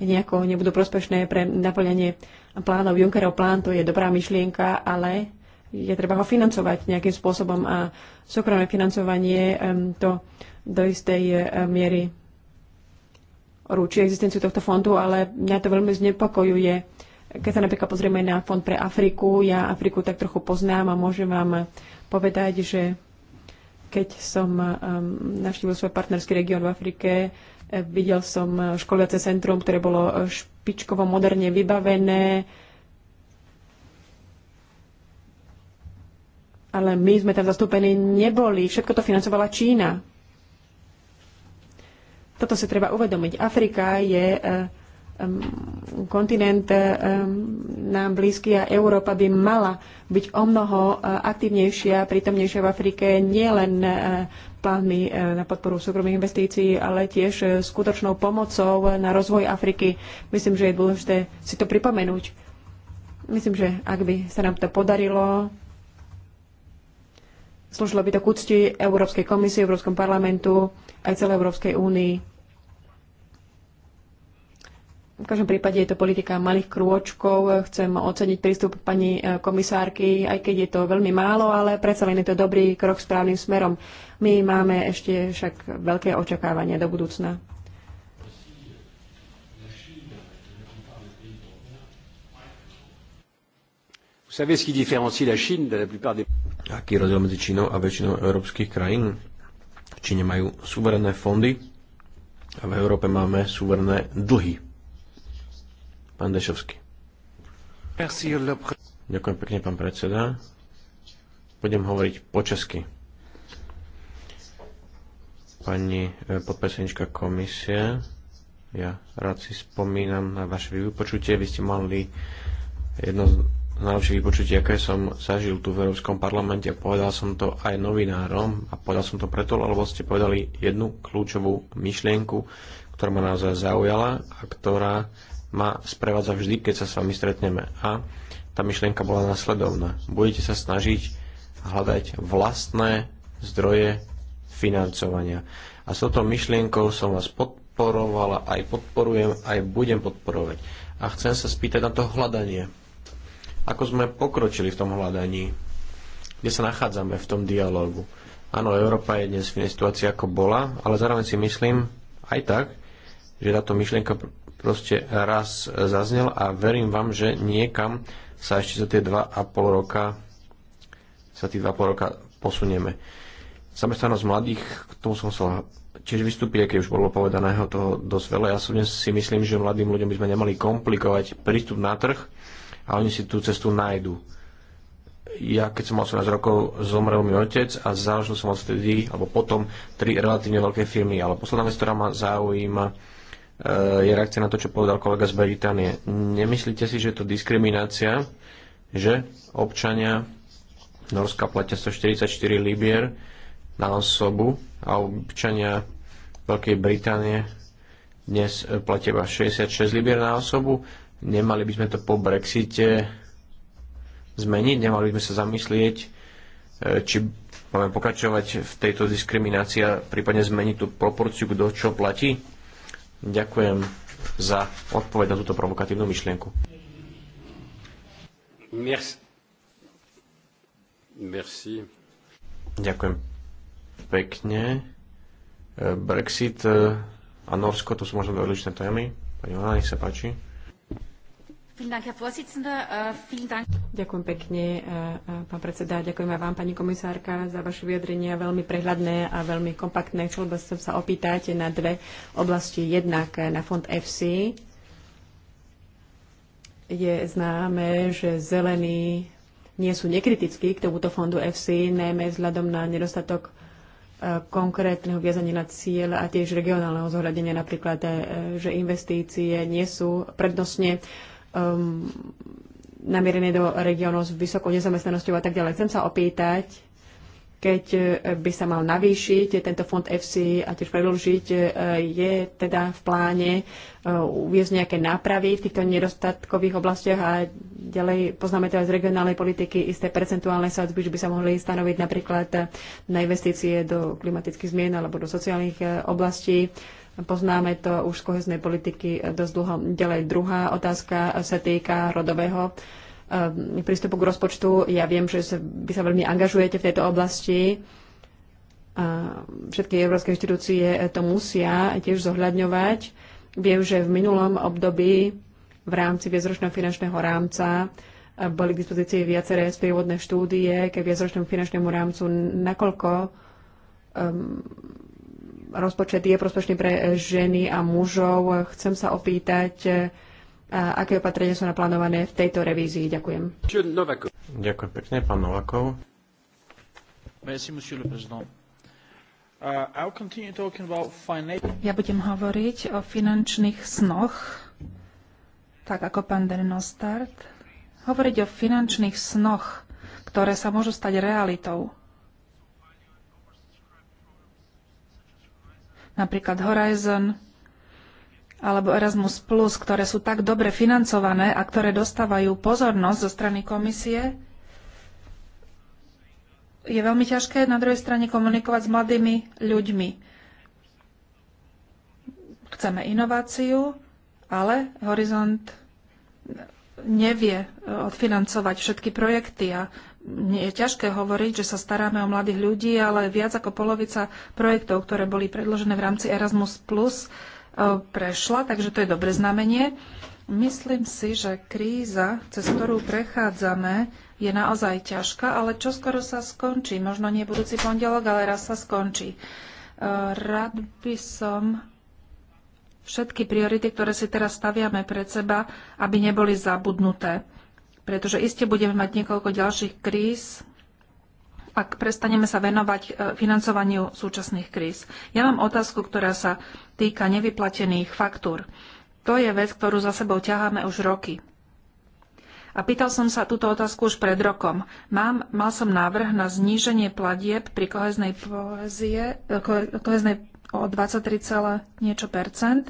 nejako nebudú prospešné pre naplňanie plánov. Junckerov plán to je dobrá myšlienka, ale je treba ho financovať nejakým spôsobom a súkromné financovanie ehm, to do istej eh, miery ručí existenciu tohto fondu, ale mňa to veľmi znepokojuje. Keď sa napríklad pozrieme na fond pre Afriku, ja Afriku tak trochu poznám a môžem vám povedať, že keď som um, navštívil svoj partnerský región v Afrike, eh, videl som eh, školiace centrum, ktoré bolo eh, špičkovo moderne vybavené, ale my sme tam zastúpení neboli. Všetko to financovala Čína. Toto si treba uvedomiť. Afrika je eh, kontinent eh, nám blízky a Európa by mala byť o mnoho eh, aktívnejšia, prítomnejšia v Afrike, nielen plánmi na podporu súkromných investícií, ale tiež skutočnou pomocou na rozvoj Afriky. Myslím, že je dôležité si to pripomenúť. Myslím, že ak by sa nám to podarilo, Slúžilo by to k úcti Európskej komisie, Európskom parlamentu aj celej Európskej únii. V každom prípade je to politika malých krôčkov. Chcem oceniť prístup pani e, komisárky, aj keď je to veľmi málo, ale predsa len je to dobrý krok správnym smerom. My máme ešte však veľké očakávania do budúcna. Vous savez Aký rozdiel medzi Čínou a väčšinou európskych krajín? V Číne majú suverené fondy a v Európe máme suverené dlhy. Pán Dešovský. Ďakujem pekne, pán predseda. Budem hovoriť po česky. Pani e, podpredsednička komisie, ja rád si spomínam na vaše vypočutie. Vy ste mali jedno z najlepšie vypočutie, aké som zažil tu v Európskom parlamente. Povedal som to aj novinárom a povedal som to preto, lebo ste povedali jednu kľúčovú myšlienku, ktorá ma naozaj zaujala a ktorá ma sprevádza vždy, keď sa s vami stretneme. A tá myšlienka bola následovná. Budete sa snažiť hľadať vlastné zdroje financovania. A s touto myšlienkou som vás podporovala, aj podporujem, aj budem podporovať. A chcem sa spýtať na to hľadanie ako sme pokročili v tom hľadaní, kde sa nachádzame v tom dialógu. Áno, Európa je dnes v nej situácii ako bola, ale zároveň si myslím aj tak, že táto myšlienka proste raz zaznel a verím vám, že niekam sa ešte za tie 2,5 roka sa tých 2,5 roka posunieme. Zamestnanosť mladých, k tomu som sa tiež vystúpil, keď už bolo povedaného toho dosť veľa. Ja som si myslím, že mladým ľuďom by sme nemali komplikovať prístup na trh, a oni si tú cestu nájdu. Ja, keď som mal 18 rokov, zomrel mi otec a založil som odtedy, alebo potom, tri relatívne veľké firmy. Ale posledná vec, ktorá ma zaujíma, e, je reakcia na to, čo povedal kolega z Británie. Nemyslíte si, že je to diskriminácia, že občania Norska platia 144 libier na osobu a občania Veľkej Británie dnes platia 66 libier na osobu. Nemali by sme to po Brexite zmeniť, nemali by sme sa zamyslieť, e, či máme pokračovať v tejto diskriminácii a prípadne zmeniť tú proporciu, kto čo platí. Ďakujem za odpoveď na túto provokatívnu myšlienku. Merci. Merci. Ďakujem pekne. E, Brexit e, a Norsko, to sú možno dve odlišné témy. Pani Vána, nech sa páči. Äh, Ďakujem pekne, äh, äh, pán predseda. Ďakujem aj vám, pani komisárka, za vaše vyjadrenia. Veľmi prehľadné a veľmi kompaktné. Chcel by som sa opýtať na dve oblasti. Jednak na fond FC. Je známe, že zelení nie sú nekritickí k tomuto fondu FC, najmä vzhľadom na nedostatok konkrétneho viazania na cieľ a tiež regionálneho zohľadenia napríklad, že investície nie sú prednostne um, namierené do regiónov s vysokou nezamestnanosťou a tak ďalej. Chcem sa opýtať, keď e, by sa mal navýšiť tento fond FC a tiež predlžiť, e, je teda v pláne e, uviezť nejaké nápravy v týchto nedostatkových oblastiach a ďalej poznáme to teda aj z regionálnej politiky, isté percentuálne sadzby, že by sa mohli stanoviť napríklad na investície do klimatických zmien alebo do sociálnych oblastí. Poznáme to už z koheznej politiky dosť dlho. Ďalej druhá otázka sa týka rodového eh, prístupu k rozpočtu. Ja viem, že vy sa veľmi angažujete v tejto oblasti. Všetky európske inštitúcie to musia tiež zohľadňovať. Viem, že v minulom období v rámci viacročného finančného rámca eh, boli k dispozícii viaceré sprievodné štúdie ke viacročnému finančnému rámcu, nakoľko um, rozpočet je prospešný pre ženy a mužov. Chcem sa opýtať, e, aké opatrenia sú naplánované v tejto revízii. Ďakujem. Ďakujem pekne, pán Novakov. Uh, ja budem hovoriť o finančných snoch, tak ako pán Denostart. Hovoriť o finančných snoch, ktoré sa môžu stať realitou. napríklad Horizon alebo Erasmus+, ktoré sú tak dobre financované a ktoré dostávajú pozornosť zo strany komisie, je veľmi ťažké na druhej strane komunikovať s mladými ľuďmi. Chceme inováciu, ale Horizont nevie eh, odfinancovať všetky projekty a je ťažké hovoriť, že sa staráme o mladých ľudí, ale viac ako polovica projektov, ktoré boli predložené v rámci Erasmus+, plus, e, prešla, takže to je dobre znamenie. Myslím si, že kríza, cez ktorú prechádzame, je naozaj ťažká, ale čo skoro sa skončí. Možno nie budúci pondelok, ale raz sa skončí. E, rád by som všetky priority, ktoré si teraz staviame pred seba, aby neboli zabudnuté pretože iste budeme mať niekoľko ďalších kríz, ak prestaneme sa venovať e, financovaniu súčasných kríz. Ja mám otázku, ktorá sa týka nevyplatených faktúr. To je vec, ktorú za sebou ťaháme už roky. A pýtal som sa túto otázku už pred rokom. Mám, mal som návrh na zníženie platieb pri koheznej, poezie, e, koheznej o 23, niečo percent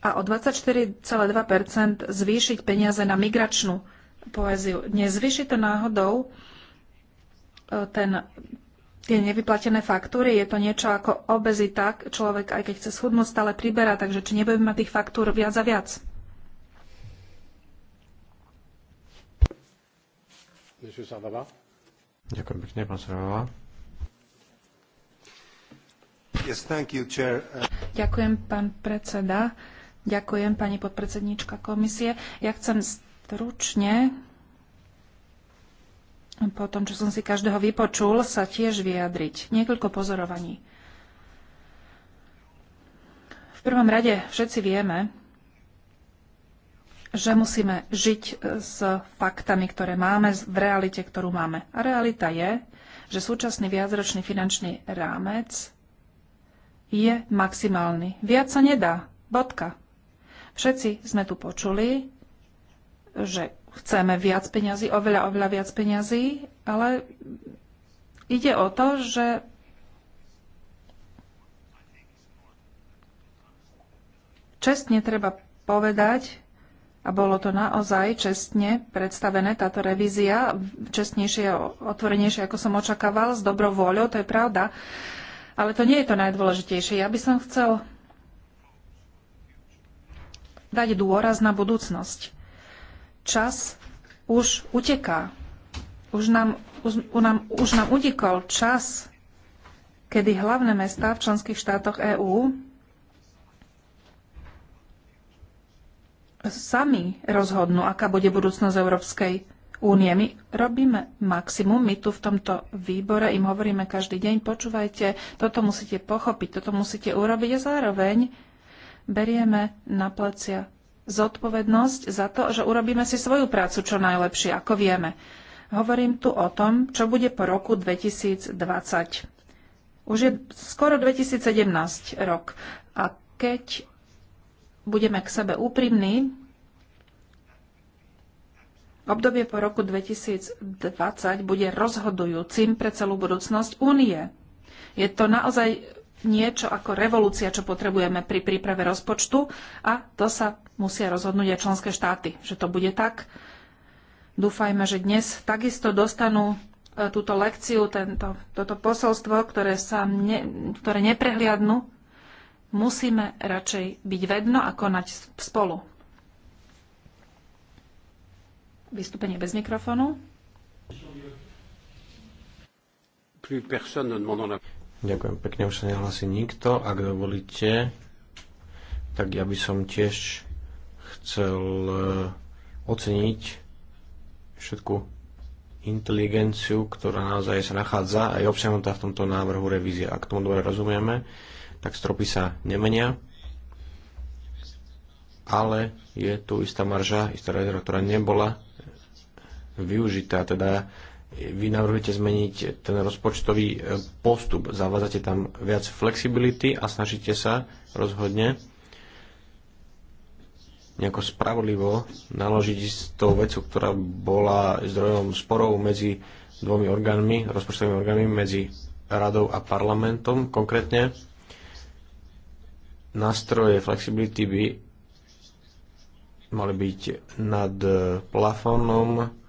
a o 24,2 zvýšiť peniaze na migračnú poéziu. Nezvýši to náhodou e, ten, tie nevyplatené faktúry? Je to niečo ako obezita. Človek, aj keď chce schudnúť, stále priberá, takže či nebudeme mať tých faktúr viac a viac? Ďakujem pekne, pán Sarvava. Yes, Ďakujem, pán predseda. Ďakujem, pani podpredsedníčka komisie. Ja chcem stručne po tom, čo som si každého vypočul, sa tiež vyjadriť. Niekoľko pozorovaní. V prvom rade všetci vieme, že musíme žiť s faktami, ktoré máme, v realite, ktorú máme. A realita je, že súčasný viacročný finančný rámec je maximálny. Viac sa nedá. Bodka. Všetci sme tu počuli, že chceme viac peňazí, oveľa, oveľa viac peňazí, ale ide o to, že čestne treba povedať, a bolo to naozaj čestne predstavené, táto revízia, čestnejšie a otvorenejšie, ako som očakával, s dobrou vôľou, to je pravda. Ale to nie je to najdôležitejšie. Ja by som chcel dať dôraz na budúcnosť. Čas už uteká. Už nám, už, nám, už nám utekol čas, kedy hlavné mestá v členských štátoch EÚ sami rozhodnú, aká bude budúcnosť Európskej únie. My robíme maximum, my tu v tomto výbore im hovoríme každý deň, počúvajte, toto musíte pochopiť, toto musíte urobiť a zároveň berieme na plecia zodpovednosť za to, že urobíme si svoju prácu čo najlepšie, ako vieme. Hovorím tu o tom, čo bude po roku 2020. Už je skoro 2017 rok a keď budeme k sebe úprimní, obdobie po roku 2020 bude rozhodujúcim pre celú budúcnosť únie. Je to naozaj niečo ako revolúcia, čo potrebujeme pri príprave rozpočtu a to sa musia rozhodnúť aj členské štáty, že to bude tak. Dúfajme, že dnes takisto dostanú e, túto lekciu, tento, toto posolstvo, ktoré, sa ne, ktoré neprehliadnú. Musíme radšej byť vedno a konať spolu. Vystúpenie bez mikrofónu. Ďakujem pekne, už sa nehlási nikto. Ak dovolíte, tak ja by som tiež chcel eh, oceniť všetku inteligenciu, ktorá naozaj sa nachádza a je obsiahnutá v tomto návrhu revízie. Ak tomu dobre rozumieme, tak stropy sa nemenia, ale je tu istá marža, istá rezerva, ktorá nebola využitá. Teda vy navrhujete zmeniť ten rozpočtový e, postup. Zavádzate tam viac flexibility a snažíte sa rozhodne nejako spravodlivo naložiť s tou vecou, ktorá bola zdrojom sporov medzi dvomi orgánmi, rozpočtovými orgánmi, medzi radou a parlamentom konkrétne. Nástroje flexibility by mali byť nad e, plafónom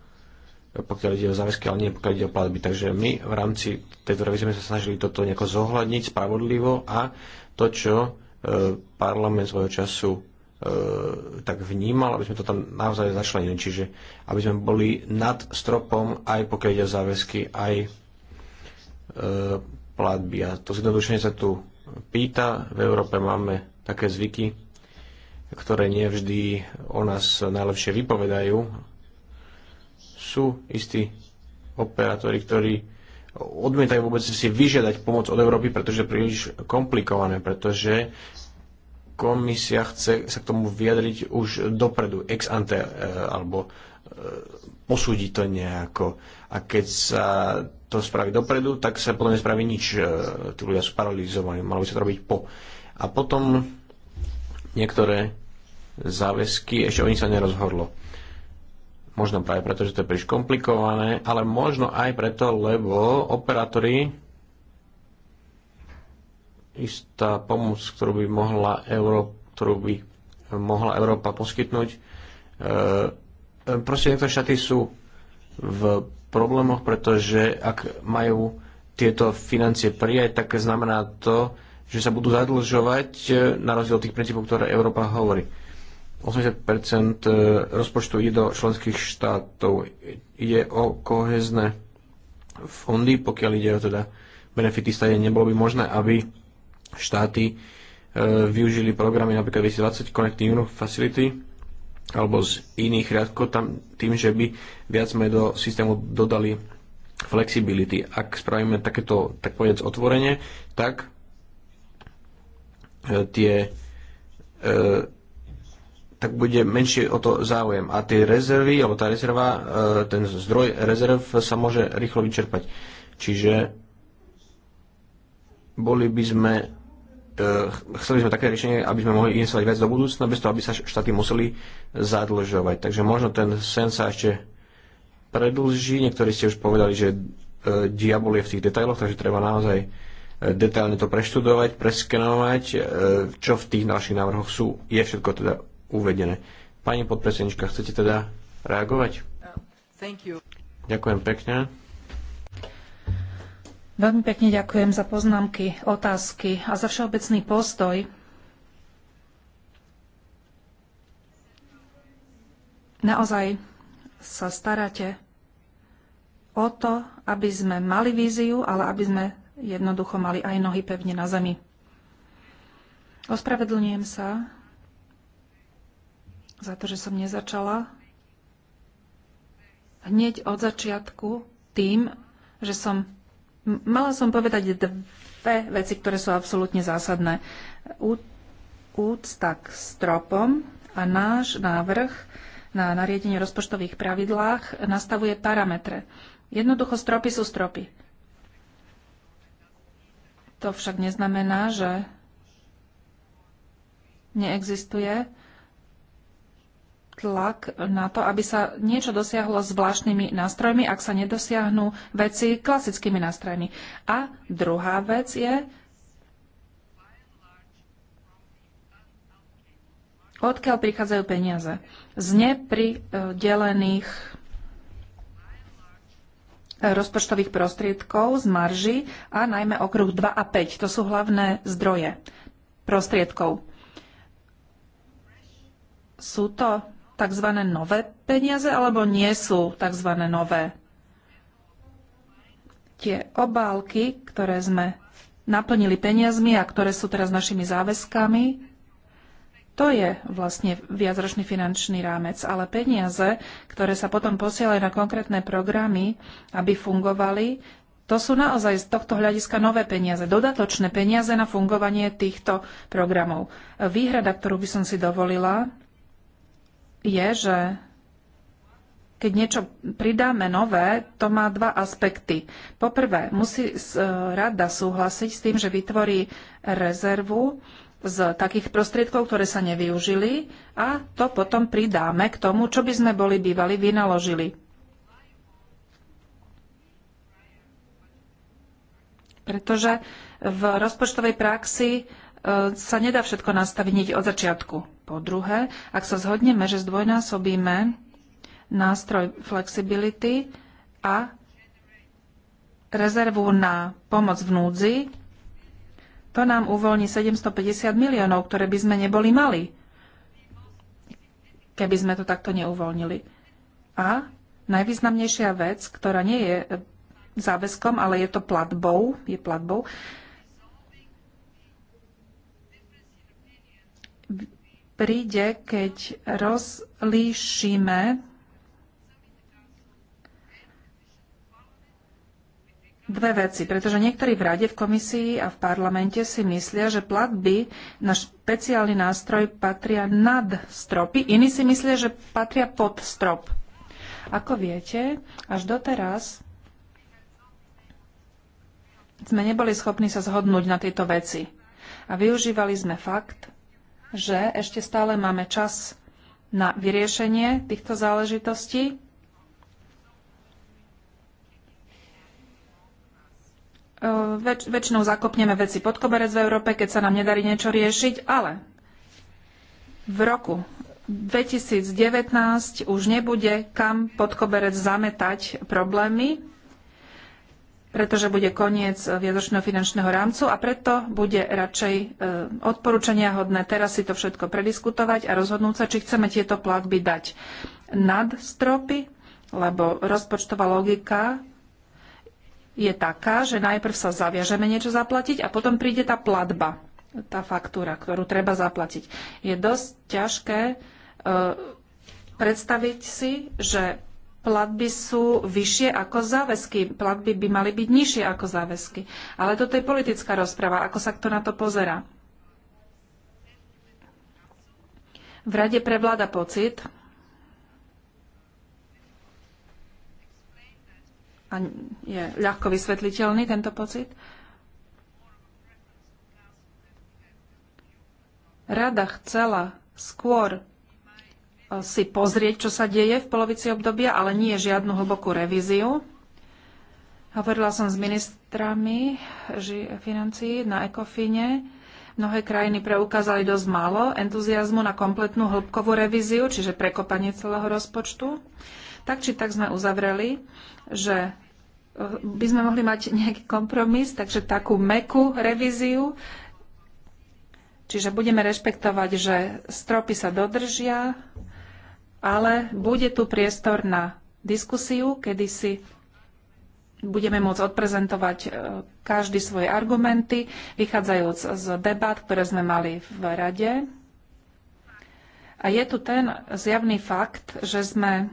pokiaľ ide o záväzky, ale nie pokiaľ ide o platby. Takže my v rámci tejto revízie sme sa snažili toto nejako zohľadniť spravodlivo a to, čo e, parlament svojho času e, tak vnímal, aby sme to tam naozaj začlenili, čiže aby sme boli nad stropom aj pokiaľ ide o záväzky, aj e, platby. A to zjednodušenie sa tu pýta. V Európe máme také zvyky, ktoré nevždy o nás najlepšie vypovedajú, sú istí operátori, ktorí odmietajú vôbec si vyžiadať pomoc od Európy, pretože je príliš komplikované, pretože komisia chce sa k tomu vyjadriť už dopredu, ex ante, e, alebo e, posúdi to nejako. A keď sa to spraví dopredu, tak sa potom nespraví nič. E, tí ľudia sú paralizovaní, malo by sa to robiť po. A potom niektoré záväzky, ešte o nich sa nerozhodlo. Možno práve preto, že to je príliš komplikované, ale možno aj preto, lebo operátori istá pomoc, ktorú by mohla Európa, ktorú by mohla Európa poskytnúť. E, e proste niektoré štáty sú v problémoch, pretože ak majú tieto financie prijať, tak znamená to, že sa budú zadlžovať e, na rozdiel tých princípov, ktoré Európa hovorí. 80% eh, rozpočtu ide do členských štátov. Ide o kohezné fondy, pokiaľ ide o teda benefity stade, nebolo by možné, aby štáty eh, využili programy napríklad 2020 Connecting Europe Facility alebo z iných riadkov tam, tým, že by viac sme do systému dodali flexibility. Ak spravíme takéto, tak povedať, otvorenie, tak eh, tie e, tak bude menšie o to záujem. A tie rezervy, alebo tá rezerva, e, ten zdroj rezerv sa môže rýchlo vyčerpať. Čiže boli by sme, e, chceli sme také riešenie, aby sme mohli investovať viac do budúcna, bez toho, aby sa štáty museli zadlžovať. Takže možno ten sen sa ešte predlží. Niektorí ste už povedali, že e, diabol je v tých detailoch, takže treba naozaj detailne to preštudovať, preskenovať, čo v tých našich návrhoch sú. Je všetko teda uvedené. Pani podpredsednička, chcete teda reagovať? Ďakujem pekne. Veľmi pekne ďakujem za poznámky, otázky a za všeobecný postoj. Naozaj sa staráte o to, aby sme mali víziu, ale aby sme jednoducho mali aj nohy pevne na zemi. Ospravedlňujem sa za to, že som nezačala hneď od začiatku tým, že som mala som povedať dve veci, ktoré sú absolútne zásadné. Úcta k stropom a náš návrh na nariadenie rozpočtových pravidlách nastavuje parametre. Jednoducho stropy sú stropy. To však neznamená, že neexistuje tlak na to, aby sa niečo dosiahlo s zvláštnymi nástrojmi, ak sa nedosiahnu veci klasickými nástrojmi. A druhá vec je, odkiaľ prichádzajú peniaze. Z nepridelených e, rozpočtových prostriedkov z marží a najmä okruh 2 a 5. To sú hlavné zdroje prostriedkov. Sú to tzv. nové peniaze alebo nie sú tzv. nové. Tie obálky, ktoré sme naplnili peniazmi a ktoré sú teraz našimi záväzkami, to je vlastne viacročný finančný rámec, ale peniaze, ktoré sa potom posielajú na konkrétne programy, aby fungovali, to sú naozaj z tohto hľadiska nové peniaze, dodatočné peniaze na fungovanie týchto programov. Výhrada, ktorú by som si dovolila, je, že keď niečo pridáme nové, to má dva aspekty. Poprvé, musí e, rada súhlasiť s tým, že vytvorí rezervu z takých prostriedkov, ktoré sa nevyužili a to potom pridáme k tomu, čo by sme boli bývali vynaložili. Pretože v rozpočtovej praxi E, sa nedá všetko nastaviť hneď od začiatku. Po druhé, ak sa zhodneme, že zdvojnásobíme nástroj flexibility a rezervu na pomoc v núdzi, to nám uvoľní 750 miliónov, ktoré by sme neboli mali, keby sme to takto neuvoľnili. A najvýznamnejšia vec, ktorá nie je e, záväzkom, ale je to platbou, je platbou, príde, keď rozlíšime dve veci, pretože niektorí v rade, v komisii a v parlamente si myslia, že platby na špeciálny nástroj patria nad stropy, iní si myslia, že patria pod strop. Ako viete, až doteraz sme neboli schopní sa zhodnúť na tieto veci. A využívali sme fakt, že ešte stále máme čas na vyriešenie týchto záležitostí. E, väč- väčšinou zakopneme veci pod koberec v Európe, keď sa nám nedarí niečo riešiť, ale v roku 2019 už nebude kam pod koberec zametať problémy pretože bude koniec viacročného finančného rámcu a preto bude radšej e, odporúčania hodné teraz si to všetko prediskutovať a rozhodnúť sa, či chceme tieto platby dať nad stropy, lebo rozpočtová logika je taká, že najprv sa zaviažeme niečo zaplatiť a potom príde tá platba, tá faktúra, ktorú treba zaplatiť. Je dosť ťažké e, predstaviť si, že platby sú vyššie ako záväzky. Platby by mali byť nižšie ako záväzky. Ale toto je politická rozprava, ako sa kto na to pozera. V rade prevláda pocit, a je ľahko vysvetliteľný tento pocit, Rada chcela skôr si pozrieť, čo sa deje v polovici obdobia, ale nie žiadnu hlbokú revíziu. Hovorila som s ministrami financí na ECOFINE. Mnohé krajiny preukázali dosť málo entuziasmu na kompletnú hĺbkovú revíziu, čiže prekopanie celého rozpočtu. Tak či tak sme uzavreli, že eh, by sme mohli mať nejaký kompromis, takže takú mekú revíziu. Čiže budeme rešpektovať, že stropy sa dodržia, ale bude tu priestor na diskusiu, kedy si budeme môcť odprezentovať e, každý svoje argumenty, vychádzajúc z debat, ktoré sme mali v rade. A je tu ten zjavný fakt, že sme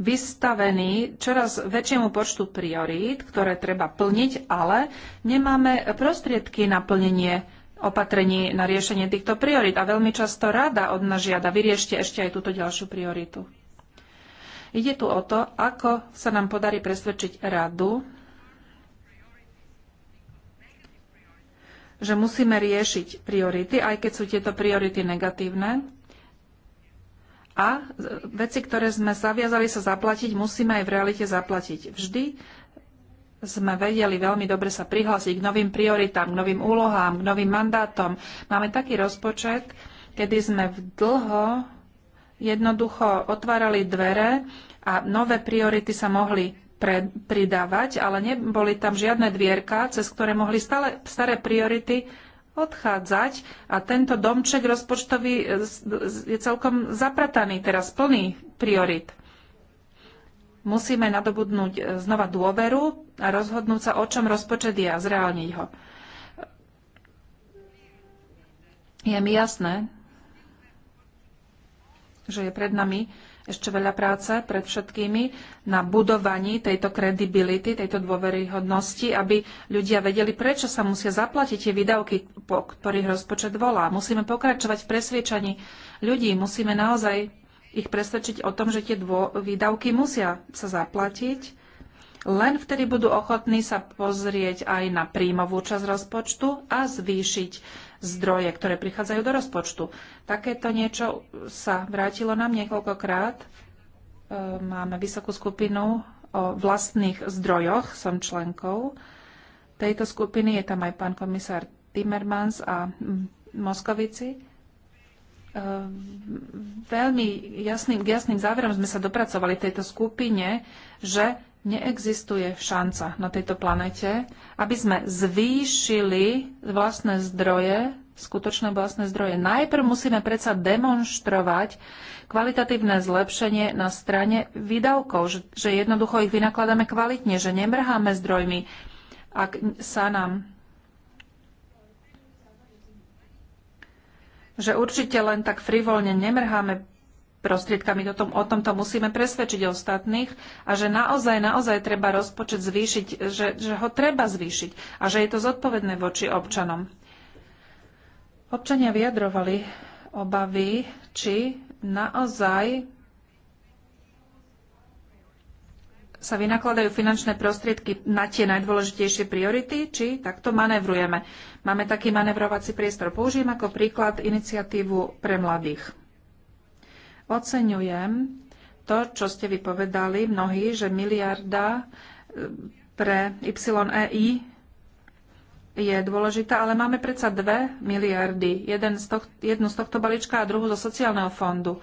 vystavení čoraz väčšiemu počtu priorít, ktoré treba plniť, ale nemáme prostriedky na plnenie opatrení na riešenie týchto priorit. A veľmi často rada od nás žiada, vyriešte ešte aj túto ďalšiu prioritu. Ide tu o to, ako sa nám podarí presvedčiť radu, že musíme riešiť priority, aj keď sú tieto priority negatívne. A veci, ktoré sme zaviazali sa zaplatiť, musíme aj v realite zaplatiť. Vždy sme vedeli veľmi dobre sa prihlásiť k novým prioritám, k novým úlohám, k novým mandátom. Máme taký rozpočet, kedy sme v dlho jednoducho otvárali dvere a nové priority sa mohli pre, pridávať, ale neboli tam žiadne dvierka, cez ktoré mohli stále, staré priority odchádzať a tento domček rozpočtový eh, je celkom zaprataný teraz, plný priorit. Musíme nadobudnúť e, znova dôveru a rozhodnúť sa, o čom rozpočet je a zreálniť ho. Je mi jasné, že je pred nami ešte veľa práce pred všetkými na budovaní tejto kredibility, tejto dôveryhodnosti, aby ľudia vedeli, prečo sa musia zaplatiť tie výdavky, po ktorých rozpočet volá. Musíme pokračovať v presviečaní ľudí, musíme naozaj ich presvedčiť o tom, že tie výdavky musia sa zaplatiť. Len vtedy budú ochotní sa pozrieť aj na príjmovú časť rozpočtu a zvýšiť zdroje, ktoré prichádzajú do rozpočtu. Takéto niečo sa vrátilo nám niekoľkokrát. E, máme vysokú skupinu o vlastných zdrojoch, som členkou tejto skupiny. Je tam aj pán komisár Timmermans a Moskovici. Ehm, veľmi jasným, jasným záverom sme sa dopracovali v tejto skupine, že neexistuje šanca na tejto planete, aby sme zvýšili vlastné zdroje, skutočné vlastné zdroje. Najprv musíme predsa demonstrovať kvalitatívne zlepšenie na strane výdavkov, že, že jednoducho ich vynakladáme kvalitne, že nemrháme zdrojmi. Ak sa nám že určite len tak frivolne nemrháme prostriedkami, o, tom, o tomto musíme presvedčiť ostatných a že naozaj, naozaj treba rozpočet zvýšiť, že, že ho treba zvýšiť a že je to zodpovedné voči občanom. Občania vyjadrovali obavy, či naozaj sa vynakladajú finančné prostriedky na tie najdôležitejšie priority, či takto manevrujeme. Máme taký manevrovací priestor. Použijem ako príklad iniciatívu pre mladých. Oceňujem to, čo ste vypovedali mnohí, že miliarda e, pre YEI je dôležitá, ale máme predsa dve miliardy. Jeden z jednu z tohto balíčka a druhú zo sociálneho fondu.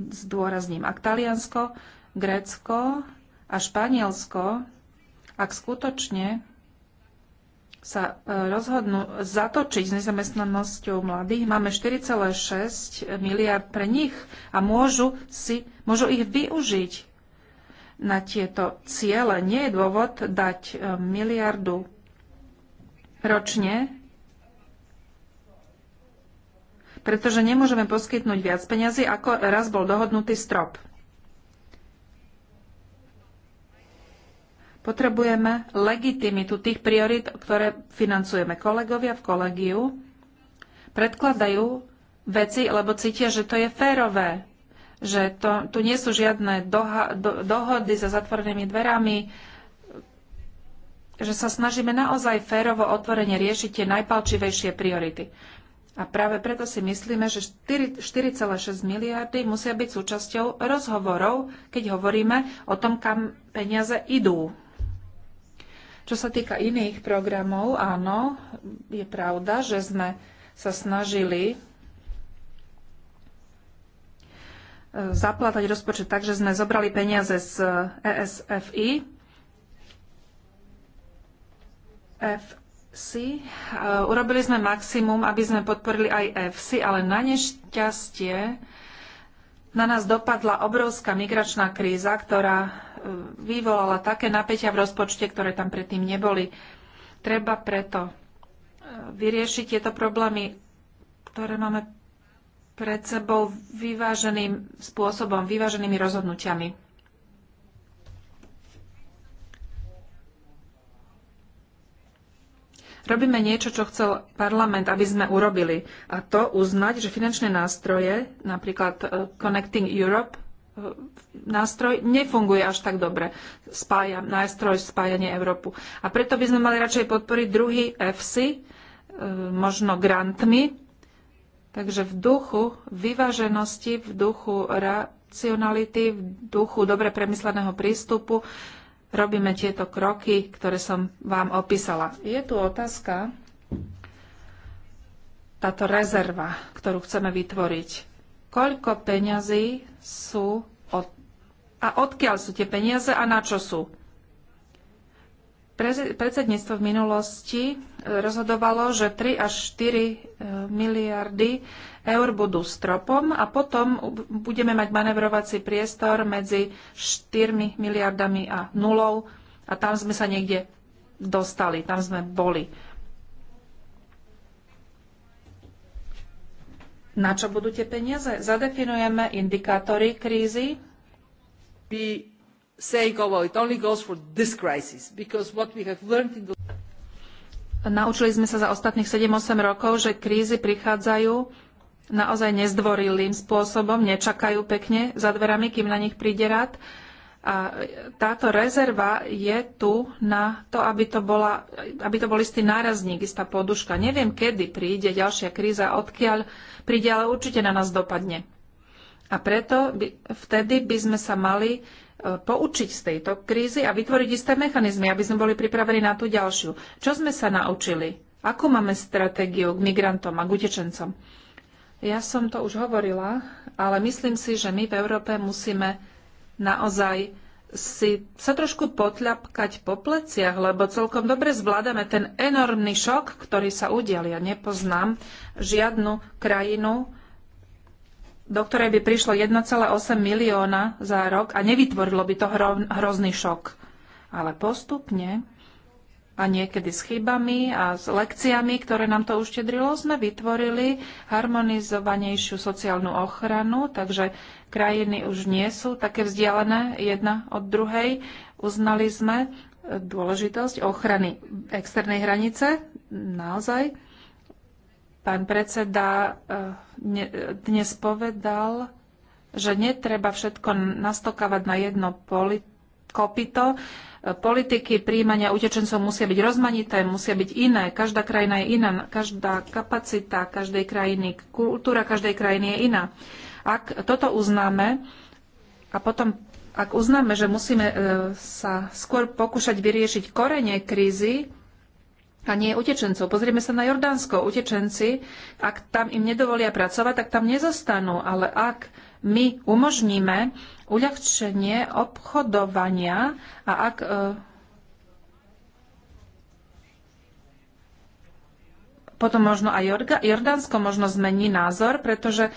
Zdôrazním. Ak Taliansko, Grécko a Španielsko, ak skutočne sa e, rozhodnú zatočiť s nezamestnanosťou mladých, máme 4,6 miliard pre nich a môžu, si, môžu ich využiť na tieto ciele. Nie je dôvod dať e, miliardu ročne, pretože nemôžeme poskytnúť viac peňazí, ako raz bol dohodnutý strop. Potrebujeme legitimitu tých priorit, ktoré financujeme. Kolegovia v kolegiu predkladajú veci, lebo cítia, že to je férové, že to, tu nie sú žiadne doha, do, dohody za zatvorenými dverami, že sa snažíme naozaj férovo otvorene riešiť tie najpalčivejšie priority. A práve preto si myslíme, že 4,6 miliardy musia byť súčasťou rozhovorov, keď hovoríme o tom, kam peniaze idú. Čo sa týka iných programov, áno, je pravda, že sme sa snažili e, zaplatať rozpočet tak, že sme zobrali peniaze z ESFI, e FC. E, urobili sme maximum, aby sme podporili aj FC, ale na nešťastie na nás dopadla obrovská migračná kríza, ktorá vyvolala také napätia v rozpočte, ktoré tam predtým neboli. Treba preto e, vyriešiť tieto problémy, ktoré máme pred sebou vyváženým spôsobom, vyváženými rozhodnutiami. Robíme niečo, čo chcel parlament, aby sme urobili. A to uznať, že finančné nástroje, napríklad e, Connecting Europe, nástroj nefunguje až tak dobre. Spája, nástroj spájanie Európu. A preto by sme mali radšej podporiť druhý EFSI, možno grantmi. Takže v duchu vyváženosti, v duchu racionality, v duchu dobre premysleného prístupu robíme tieto kroky, ktoré som vám opísala. Je tu otázka, táto rezerva, ktorú chceme vytvoriť koľko peňazí sú od, a odkiaľ sú tie peniaze a na čo sú. Predsedníctvo v minulosti e, rozhodovalo, že 3 až 4 e, miliardy eur budú stropom a potom budeme mať manevrovací priestor medzi 4 miliardami a nulou a tam sme sa niekde dostali, tam sme boli. na čo budú tie peniaze? Zadefinujeme indikátory krízy. well, oh, it only goes for this crisis, because what we have learned in the... Naučili sme sa za ostatných 7-8 rokov, že krízy prichádzajú naozaj nezdvorilým spôsobom, nečakajú pekne za dverami, kým na nich príde rád. A táto rezerva je tu na to, aby to, bola, aby to bol istý nárazník, istá poduška. Neviem, kedy príde ďalšia kríza, odkiaľ príde, ale určite na nás dopadne. A preto by, vtedy by sme sa mali e, poučiť z tejto krízy a vytvoriť isté mechanizmy, aby sme boli pripravení na tú ďalšiu. Čo sme sa naučili? ako máme stratégiu k migrantom a k utečencom? Ja som to už hovorila, ale myslím si, že my v Európe musíme naozaj si sa trošku potľapkať po pleciach, lebo celkom dobre zvládame ten enormný šok, ktorý sa udial. Ja nepoznám žiadnu krajinu, do ktorej by prišlo 1,8 milióna za rok a nevytvorilo by to hro, hrozný šok. Ale postupne a niekedy s chybami a s lekciami, ktoré nám to uštedrilo, sme vytvorili harmonizovanejšiu sociálnu ochranu, takže krajiny už nie sú také vzdialené jedna od druhej. Uznali sme e, dôležitosť ochrany externej hranice, naozaj. Pán predseda e, dnes povedal, že netreba všetko nastokávať na jedno politi- kopito politiky príjmania utečencov musia byť rozmanité, musia byť iné. Každá krajina je iná, každá kapacita každej krajiny, kultúra každej krajiny je iná. Ak toto uznáme a potom ak uznáme, že musíme e, sa skôr pokúšať vyriešiť korene krízy a nie utečencov. Pozrieme sa na Jordánsko. Utečenci, ak tam im nedovolia pracovať, tak tam nezostanú. Ale ak my umožníme uľahčenie obchodovania a ak e, potom možno aj Jordánsko možno zmení názor, pretože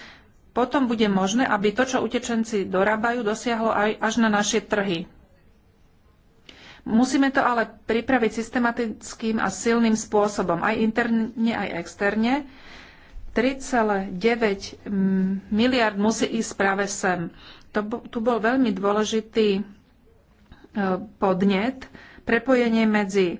potom bude možné, aby to, čo utečenci dorábajú, dosiahlo aj až na naše trhy. Musíme to ale pripraviť systematickým a silným spôsobom, aj interne, aj externe, 3,9 mm, miliard musí ísť práve sem. To, tu bol veľmi dôležitý e, podnet, prepojenie medzi e,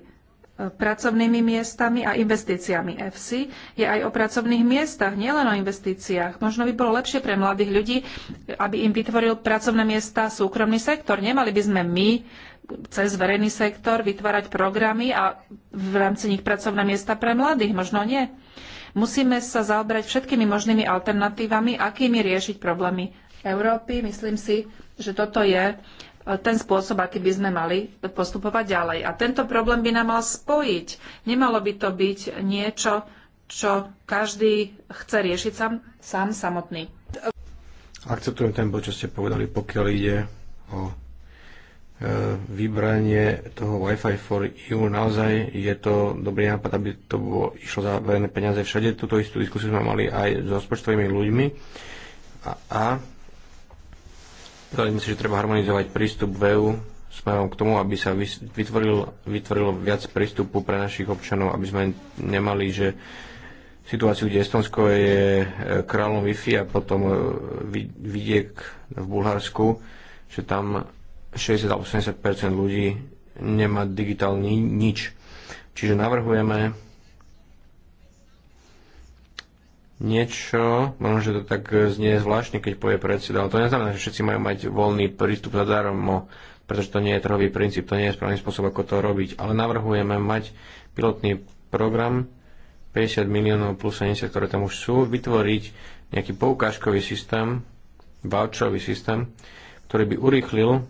pracovnými miestami a investíciami FC je aj o pracovných miestach, nielen o investíciách. Možno by bolo lepšie pre mladých ľudí, aby im vytvoril pracovné miesta súkromný sektor. Nemali by sme my cez verejný sektor vytvárať programy a v rámci nich pracovné miesta pre mladých. Možno nie. Musíme sa zaoberať všetkými možnými alternatívami, akými riešiť problémy Európy. Myslím si, že toto je e, ten spôsob, aký by sme mali postupovať ďalej. A tento problém by nám mal spojiť. Nemalo by to byť niečo, čo každý chce riešiť sám, sám samotný. Akceptujem ten bod, čo ste povedali, pokiaľ ide o E, vybranie toho Wi-Fi for EU naozaj je to dobrý nápad, aby to bolo, išlo za verejné peniaze všade. Tuto istú diskusiu sme mali aj s rozpočtovými ľuďmi a, a myslím si, že treba harmonizovať prístup v EU smerom k tomu, aby sa vytvoril, vytvorilo viac prístupu pre našich občanov, aby sme nemali, že situáciu, kde Estonsko je e, kráľom Wi-Fi a potom e, vidiek v Bulharsku, že tam 60 80 ľudí nemá digitálny nič. Čiže navrhujeme niečo, možno, že to tak znie zvláštne, keď povie predseda, ale to neznamená, že všetci majú mať voľný prístup zadarmo, pretože to nie je trhový princíp, to nie je správny spôsob, ako to robiť. Ale navrhujeme mať pilotný program 50 miliónov plus 70, ktoré tam už sú, vytvoriť nejaký poukážkový systém, voucherový systém, ktorý by urýchlil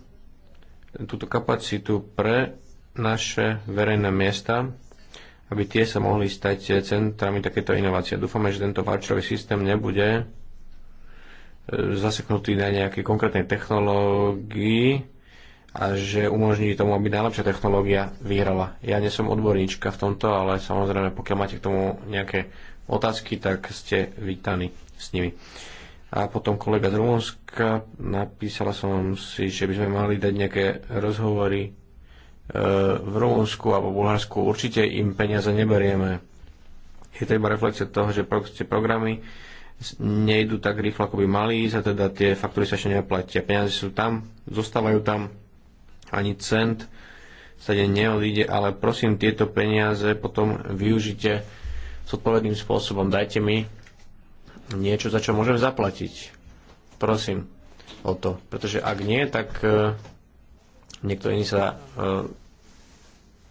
túto kapacitu pre naše verejné miesta, aby tie sa mohli stať centrami takéto inovácie. Dúfame, že tento varčový systém nebude e, zaseknutý na nejakej konkrétnej technológii a že umožní tomu, aby najlepšia technológia vyhrala. Ja nie som odborníčka v tomto, ale samozrejme, pokiaľ máte k tomu nejaké otázky, tak ste vítaní s nimi. A potom kolega z Rumunska, napísala som si, že by sme mali dať nejaké rozhovory e, v Rumunsku alebo Bulharsku. Určite im peniaze neberieme. Je to iba reflexia toho, že tie programy nejdú tak rýchlo, ako by mali ísť a teda tie faktúry sa ešte neplatia. Peniaze sú tam, zostávajú tam, ani cent sa deň neodíde, ale prosím tieto peniaze potom využite zodpovedným spôsobom. Dajte mi niečo, za čo môžem zaplatiť. Prosím o to. Pretože ak nie, tak uh, niekto iný sa uh,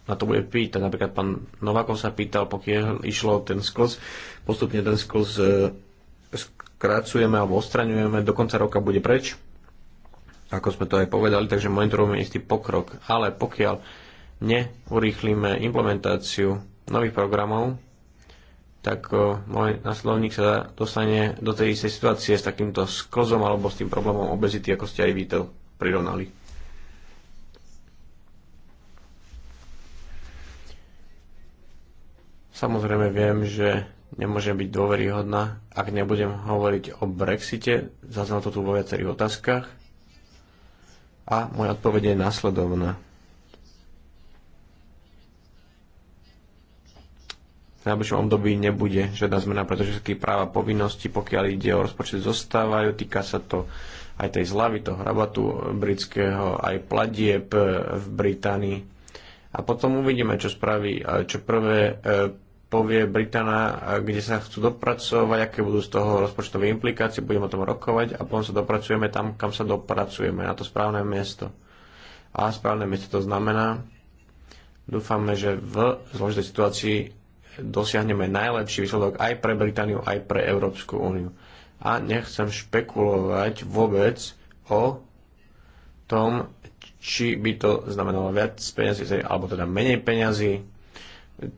na to bude pýtať. Napríklad pán Novakov sa pýtal, pokiaľ išlo ten sklz, postupne ten sklz uh, skracujeme alebo ostraňujeme, do konca roka bude preč, ako sme to aj povedali, takže monitorujeme istý pokrok. Ale pokiaľ neurýchlíme implementáciu nových programov, tak eh, môj naslovník sa dostane do tej istej situácie s takýmto sklzom alebo s tým problémom obezity, ako ste aj vy to prirovnali. Samozrejme viem, že nemôžem byť dôveryhodná, ak nebudem hovoriť o Brexite. Zaznal to tu vo viacerých otázkach. A moja odpoveď je následovná. v najbližšom období nebude žiadna zmena, pretože všetky práva povinnosti, pokiaľ ide o rozpočet, zostávajú. Týka sa to aj tej zlavy, toho hrabatu britského, aj pladieb v Británii. A potom uvidíme, čo spraví, čo prvé e, povie Britána, kde sa chcú dopracovať, aké budú z toho rozpočtové implikácie, budeme o tom rokovať a potom sa dopracujeme tam, kam sa dopracujeme, na to správne miesto. A správne miesto to znamená, dúfame, že v zložitej situácii dosiahneme najlepší výsledok aj pre Britániu, aj pre Európsku úniu. A nechcem špekulovať vôbec o tom, či by to znamenalo viac peňazí, alebo teda menej peňazí,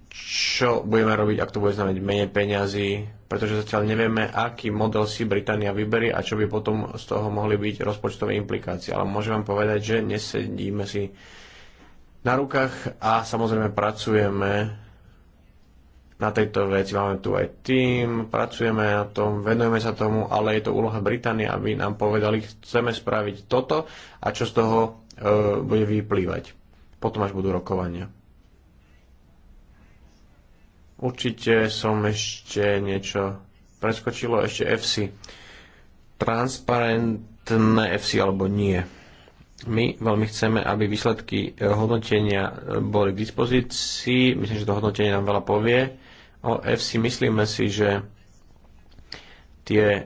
čo budeme robiť, ak to bude znamenať menej peňazí, pretože zatiaľ nevieme, aký model si Británia vyberie a čo by potom z toho mohli byť rozpočtové implikácie. Ale môžem vám povedať, že nesedíme si na rukách a samozrejme pracujeme na tejto veci, máme tu aj tým, pracujeme na tom, venujeme sa tomu, ale je to úloha Británie, aby nám povedali, chceme spraviť toto a čo z toho e, bude vyplývať. Potom až budú rokovania. Určite som ešte niečo preskočilo, ešte FC. Transparentné FC alebo nie. My veľmi chceme, aby výsledky e, hodnotenia e, boli k dispozícii. Myslím, že to hodnotenie nám veľa povie o FC myslíme si, že tie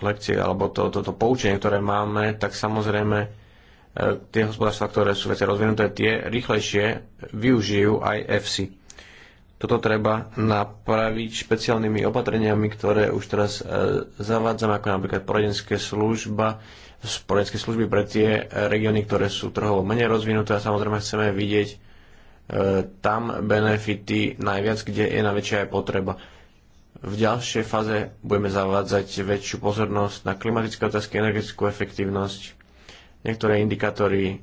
lekcie alebo to, toto to poučenie, ktoré máme, tak samozrejme e, tie hospodárstva, ktoré sú viacej rozvinuté, tie rýchlejšie využijú aj FC. Toto treba napraviť špeciálnymi opatreniami, ktoré už teraz e, zavádzame, ako napríklad poradenské služba, poradenské služby pre tie regióny, ktoré sú trhovo menej rozvinuté a samozrejme chceme vidieť E, tam benefity najviac, kde je najväčšia aj potreba. V ďalšej fáze budeme zavádzať väčšiu pozornosť na klimatické otázky, energetickú efektívnosť. Niektoré indikátory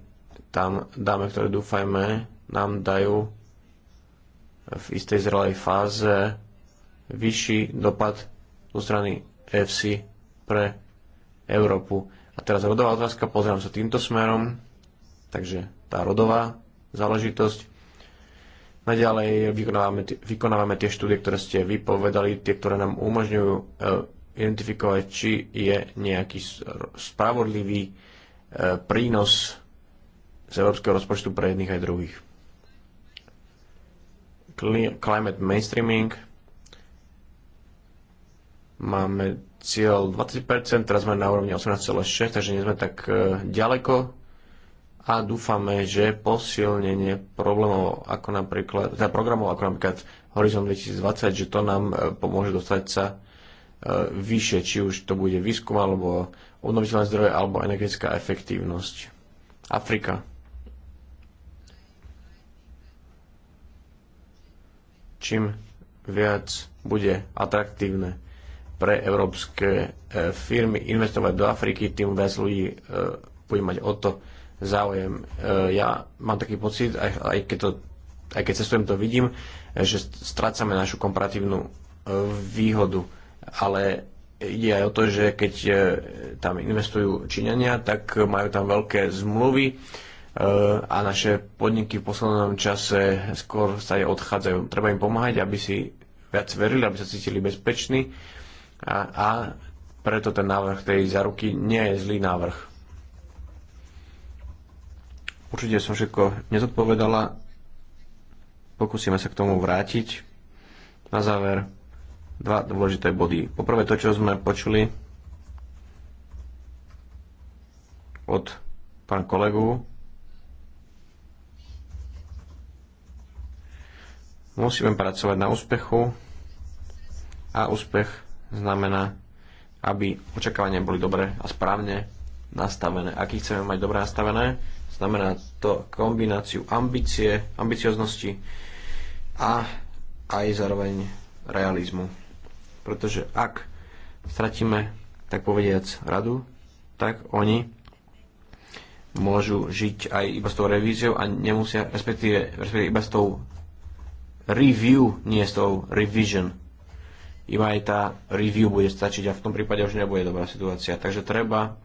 tam dáme, ktoré dúfajme, nám dajú v istej zrelej fáze vyšší dopad zo strany FC pre Európu. A teraz rodová otázka, pozerám sa týmto smerom, takže tá rodová záležitosť. Naďalej vykonávame, vykonávame tie štúdie, ktoré ste vypovedali, tie, ktoré nám umožňujú eh, identifikovať, či je nejaký spravodlivý eh, prínos z európskeho rozpočtu pre jedných aj druhých. Climate mainstreaming. Máme cieľ 20%, teraz sme na úrovni 18,6, takže nie sme tak eh, ďaleko a dúfame, že posilnenie problémov ako napríklad, teda programov ako napríklad Horizon 2020, že to nám e, pomôže dostať sa e, vyššie, či už to bude výskum alebo obnoviteľné zdroje alebo energetická efektívnosť. Afrika. Čím viac bude atraktívne pre európske e, firmy investovať do Afriky, tým viac ľudí bude mať o to záujem. E, ja mám taký pocit, aj, aj, keď, to, aj keď cestujem, to vidím, že strácame našu komparatívnu e, výhodu. Ale ide aj o to, že keď e, tam investujú Číňania, tak majú tam veľké zmluvy a naše podniky v poslednom čase skôr sa aj odchádzajú. Treba im pomáhať, aby si viac verili, aby sa cítili bezpeční a, a preto ten návrh tej záruky nie je zlý návrh. Určite som všetko nezodpovedala. Pokúsime sa k tomu vrátiť. Na záver dva dôležité body. Poprvé to, čo sme počuli od pán kolegu. Musíme pracovať na úspechu a úspech znamená, aby očakávania boli dobre a správne nastavené. Aký chceme mať dobre nastavené? Znamená to kombináciu ambície, ambicioznosti a aj zároveň realizmu. Pretože ak stratíme, tak povediac, radu, tak oni môžu žiť aj iba s tou revíziou a nemusia, respektíve, respektíve iba s tou review, nie s tou revision. Iba aj tá review bude stačiť a v tom prípade už nebude dobrá situácia. Takže treba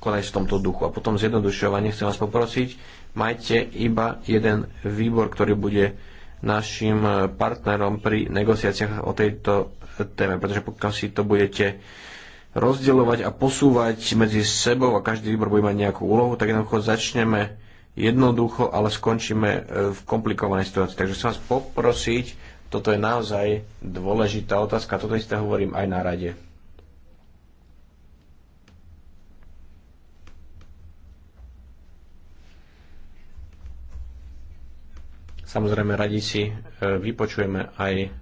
konať v tomto duchu. A potom zjednodušovanie chcem vás poprosiť, majte iba jeden výbor, ktorý bude našim e, partnerom pri negociáciách o tejto e, téme, pretože pokiaľ si to budete rozdielovať a posúvať medzi sebou a každý výbor bude mať nejakú úlohu, tak jednoducho začneme jednoducho, ale skončíme e, v komplikovanej situácii. Takže chcem vás poprosiť, toto je naozaj dôležitá otázka, toto isté hovorím aj na rade. Samozrejme, radi si e, vypočujeme aj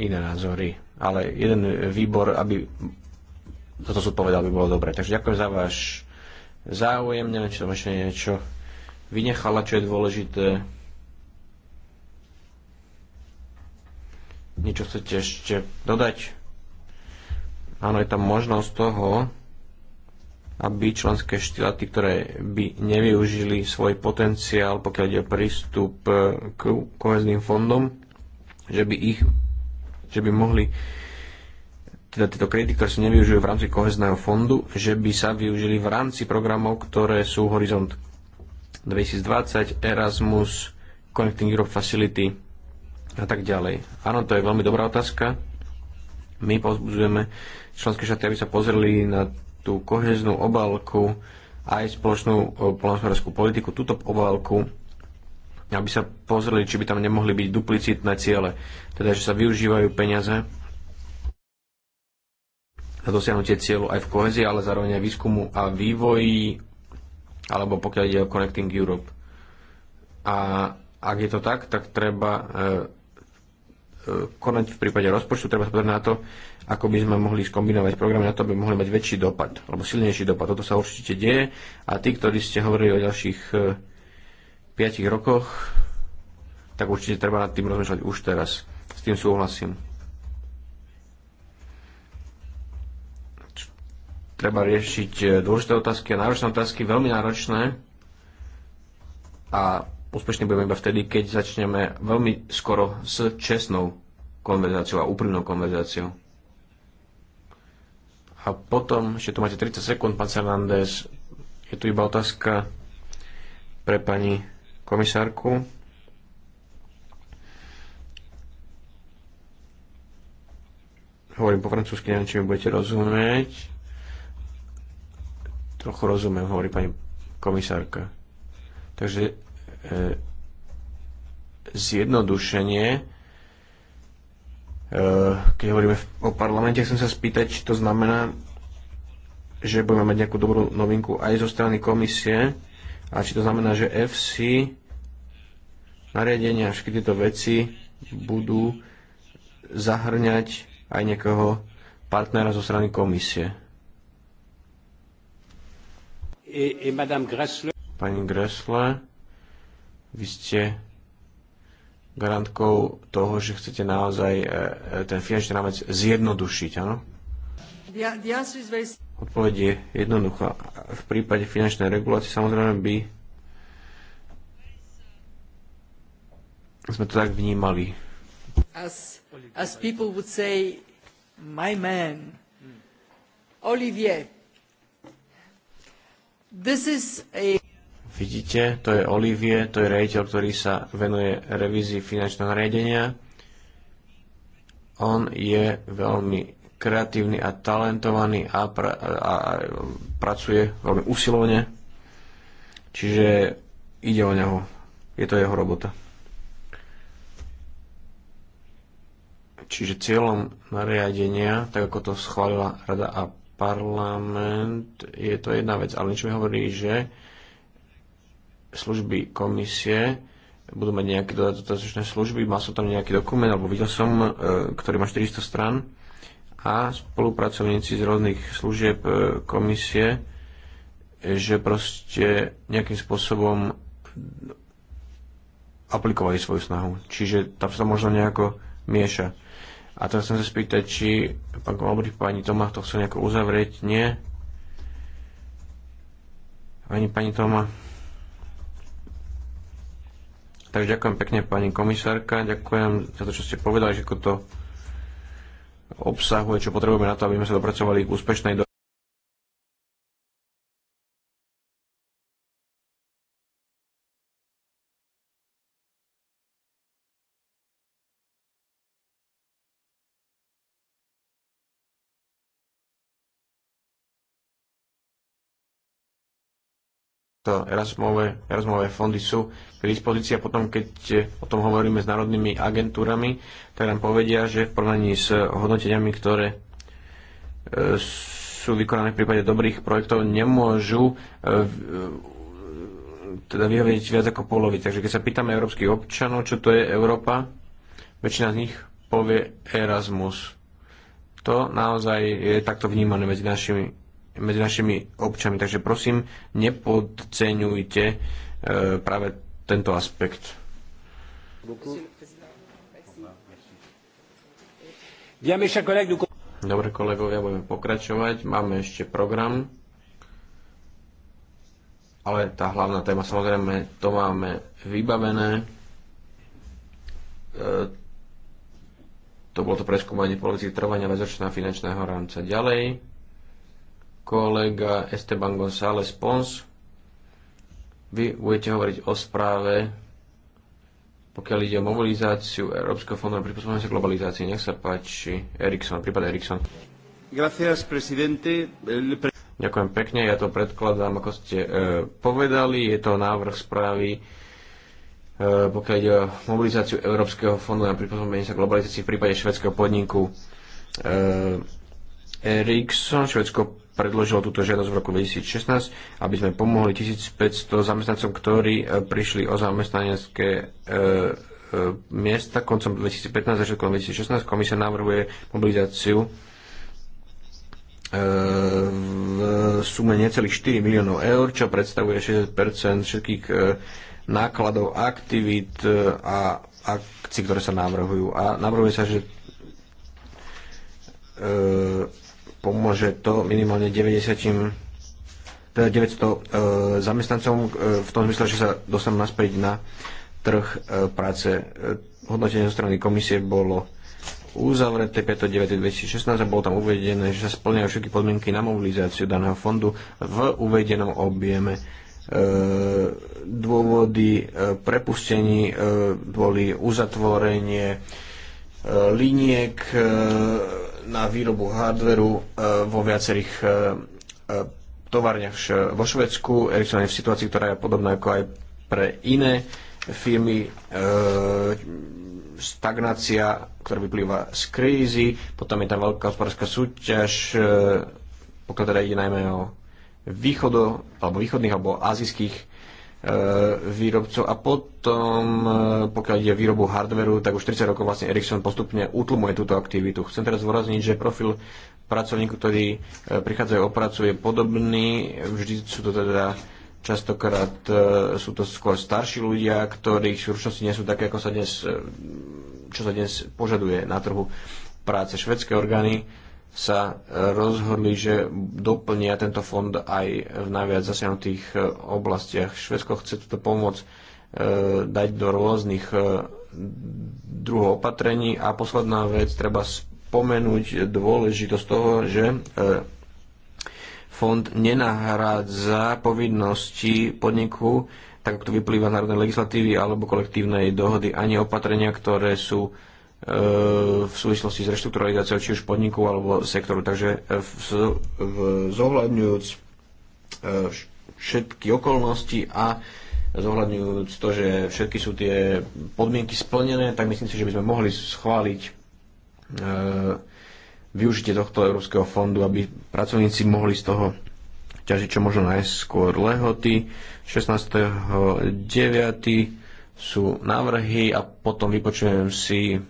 iné názory, ale jeden výbor, aby toto sú povedal, by bolo dobre. Takže ďakujem za váš záujem, neviem, či som ešte niečo vynechala, čo je dôležité. Niečo chcete ešte dodať? Áno, je tam možnosť toho, aby členské štáty, ktoré by nevyužili svoj potenciál, pokiaľ ide o prístup e, k kohezným fondom, že by ich, že by mohli teda tieto kredity, ktoré sa nevyužijú v rámci kohezného fondu, že by sa využili v rámci programov, ktoré sú Horizont 2020, Erasmus, Connecting Europe Facility a tak ďalej. Áno, to je veľmi dobrá otázka. My povzbudzujeme členské štáty, aby sa pozreli na tú koheznú obálku aj spoločnú e, polnospodárskú politiku, túto obálku, aby sa pozreli, či by tam nemohli byť duplicitné ciele, teda že sa využívajú peniaze na dosiahnutie cieľu aj v kohezii, ale zároveň aj výskumu a vývoji, alebo pokiaľ ide o Connecting Europe. A ak je to tak, tak treba e, e, konať v prípade rozpočtu, treba sa pozrieť na to, ako by sme mohli skombinovať programy na to, aby mohli mať väčší dopad, alebo silnejší dopad. Toto sa určite deje a tí, ktorí ste hovorili o ďalších 5 e, rokoch, tak určite treba nad tým rozmýšľať už teraz. S tým súhlasím. Treba riešiť e, dôležité otázky a náročné otázky, veľmi náročné a úspešne budeme iba vtedy, keď začneme veľmi skoro s čestnou konverzáciou a úprimnou konverzáciou. A potom, ešte tu máte 30 sekúnd, pán Fernández, je tu iba otázka pre pani komisárku. Hovorím po francúzsky, neviem, či mi budete rozumieť. Trochu rozumiem, hovorí pani komisárka. Takže e, zjednodušenie Eh, keď hovoríme o parlamente, chcem sa spýtať, či to znamená, že budeme mať nejakú dobrú novinku aj zo strany komisie a či to znamená, že FC nariadenia a všetky tieto veci budú zahrňať aj nejakého partnera zo strany komisie. Pani Gressle, vy ste garantkou toho, že chcete naozaj e, e, ten finančný rámec zjednodušiť, áno? Odpovedť je jednoduchá. V prípade finančnej regulácie samozrejme by sme to tak vnímali. As, as people would say, my man, Olivier, this is a... Vidíte, to je Olivier to je rejiteľ, ktorý sa venuje revízii finančného riadenia. On je veľmi kreatívny a talentovaný a, pra, a, a pracuje veľmi usilovne. Čiže ide o neho. Je to jeho robota. Čiže cieľom nariadenia, tak ako to schválila Rada a parlament, je to jedna vec, ale niečo mi hovorí, že služby komisie budú mať nejaké dodatočné služby. Mal som tam nejaký dokument, alebo videl som, e, ktorý má 400 stran a spolupracovníci z rôznych služieb e, komisie, že proste nejakým spôsobom aplikovali svoju snahu. Čiže tam sa možno nejako mieša. A teraz chcem sa spýtať, či pán Komolbrich, pani Tomá to chce nejako uzavrieť? Nie? Pani, pani Tomá? Takže ďakujem pekne pani komisárka, ďakujem za to, čo ste povedali, že to obsahuje, čo potrebujeme na to, aby sme sa dopracovali k úspešnej do to Erasmové, Erasmové fondy sú k dispozícii a potom, keď e, o tom hovoríme s národnými agentúrami, tak nám povedia, že v porovnaní s hodnoteniami, ktoré e, sú vykonané v prípade dobrých projektov, nemôžu e, teda vyhovieť viac ako polovi. Takže keď sa pýtame európskych občanov, čo to je Európa, väčšina z nich povie Erasmus. To naozaj je takto vnímané medzi našimi medzi našimi občami. Takže prosím, nepodceňujte e, práve tento aspekt. Dobre kolegovia, budeme pokračovať. Máme ešte program. Ale tá hlavná téma, samozrejme, to máme vybavené. E, to bolo to preskúmanie polovici trvania väzočná finančného rámca ďalej kolega Esteban González Pons. Vy budete hovoriť o správe, pokiaľ ide o mobilizáciu Európskeho fondu na prispôsobenie sa globalizácii. Nech sa páči, Erikson, prípad Erikson. Gracias, presidente. Ďakujem pekne, ja to predkladám, ako ste e, povedali. Je to návrh správy, e, pokiaľ ide o mobilizáciu Európskeho fondu na prispôsobenie sa globalizácii v prípade švedského podniku e, Ericsson, švedsko predložilo túto žiadosť v roku 2016, aby sme pomohli 1500 zamestnancom, ktorí e, prišli o zamestnanecké e, e, miesta koncom 2015 a začiatkom 2016. Komisia navrhuje mobilizáciu v sume necelých 4 miliónov eur, čo predstavuje 60 všetkých nákladov, aktivít a akcií, ktoré sa navrhujú. A navrhuje sa, že pomôže to minimálne 90 teda 900 e, zamestnancom e, v tom zmysle, že sa dostanú naspäť na trh e, práce. Hodnotenie zo strany komisie bolo uzavreté 5.9.2016 a bolo tam uvedené, že sa splňajú všetky podmienky na mobilizáciu daného fondu v uvedenom objeme. Dôvody prepustení boli uzatvorenie liniek, na výrobu hardveru e, vo viacerých e, e, továrniach vo Švedsku. Ericsson je v situácii, ktorá je podobná ako aj pre iné firmy. Stagnácia, ktorá vyplýva z krízy, potom je tam veľká hospodárska súťaž, pokiaľ teda ide najmä o východo, alebo východných alebo azijských E, výrobcov a potom, e, pokiaľ ide výrobu hardveru, tak už 30 rokov vlastne Ericsson postupne utlmuje túto aktivitu. Chcem teraz zvorazniť, že profil pracovníkov, ktorí e, prichádzajú o prácu, je podobný. Vždy sú to teda častokrát sú to skôr starší ľudia, ktorých súručnosti nie sú také, ako sa dnes, čo sa dnes požaduje na trhu práce. Švedské orgány sa rozhodli, že doplnia tento fond aj v najviac zasiahnutých e, oblastiach. Švedsko chce túto pomoc e, dať do rôznych e, druhov opatrení. A posledná vec, treba spomenúť dôležitosť toho, že fond nenahrádza povinnosti podniku, tak ako to vyplýva z národnej legislatívy alebo kolektívnej dohody, ani opatrenia, ktoré sú v súvislosti s reštrukturalizáciou či už podniku alebo sektoru. Takže e, v, v, zohľadňujúc e, všetky okolnosti a zohľadňujúc to, že všetky sú tie podmienky splnené, tak myslím si, že by sme mohli schváliť e, využitie tohto Európskeho fondu, aby pracovníci mohli z toho ťažiť čo možno najskôr lehoty. 16.9. sú návrhy a potom vypočujem si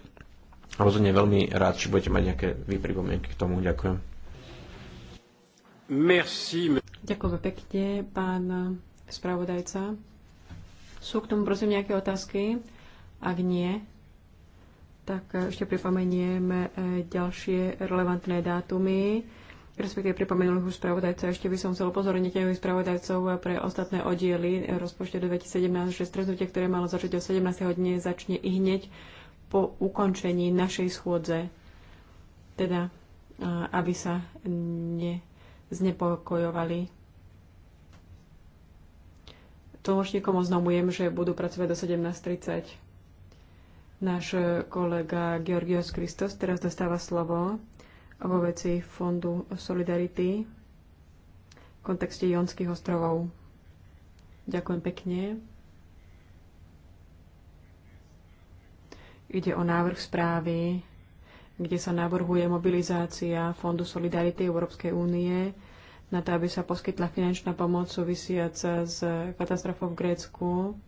rozhodne veľmi rád, či budete mať nejaké vy k tomu. Ďakujem. Merci. Ďakujem pekne, pán spravodajca. Sú k tomu prosím nejaké otázky? Ak nie, tak ešte pripomeniem eh, ďalšie relevantné dátumy. Respektíve pripomenul už spravodajca, ešte by som chcel upozorniť aj spravodajcov pre ostatné oddiely rozpočtu 2017, že stretnutie, ktoré malo začať o 17. hodine, začne i hneď po ukončení našej schôdze, teda aby sa neznepokojovali. znepokojovali. Tlmočníkom oznamujem, že budú pracovať do 17.30. Náš kolega Georgios Kristos teraz dostáva slovo vo veci Fondu Solidarity v kontexte Jonských ostrovov. Ďakujem pekne. Ide o návrh správy, kde sa navrhuje mobilizácia Fondu Solidarity Európskej únie na to, aby sa poskytla finančná pomoc súvisiaca s katastrofou v Grécku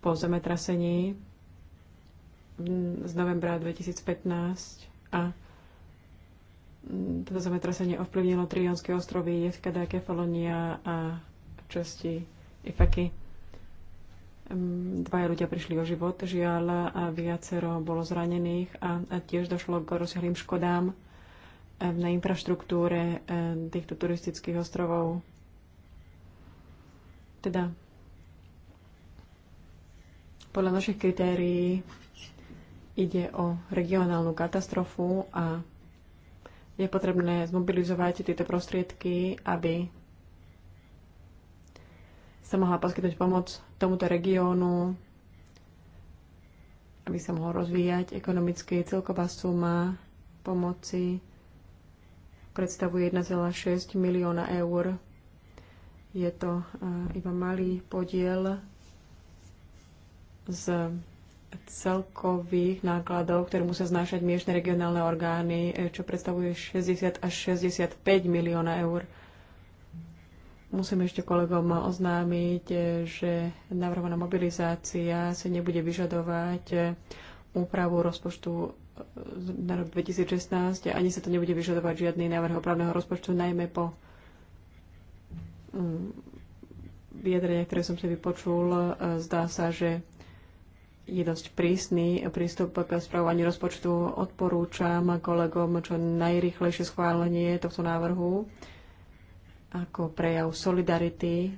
po zemetrasení z novembra 2015 a toto zemetrasenie ovplyvnilo Trionské ostrovy, Jeskada, Kefalonia a časti Ifaky. Dvaja ľudia prišli o život, žiaľ, a viacero bolo zranených a, a tiež došlo k rozsiahlým škodám na infraštruktúre týchto turistických ostrovov. Teda podľa našich kritérií ide o regionálnu katastrofu a je potrebné zmobilizovať tieto prostriedky, aby sa mohla poskytnúť pomoc tomuto regiónu, aby sa mohol rozvíjať ekonomicky. Celková suma pomoci predstavuje 1,6 milióna eur. Je to eh, iba malý podiel z celkových nákladov, ktoré musia znášať miestne regionálne orgány, eh, čo predstavuje 60 až 65 milióna eur. Musím ešte kolegom oznámiť, že navrhovaná mobilizácia si nebude vyžadovať úpravu rozpočtu na rok 2016 ani sa to nebude vyžadovať žiadny návrh opravného rozpočtu, najmä po mm, vyjadrenia, ktoré som si vypočul, zdá sa, že je dosť prísny prístup k spravovaniu rozpočtu. Odporúčam kolegom čo najrychlejšie schválenie tohto návrhu ako prejav solidarity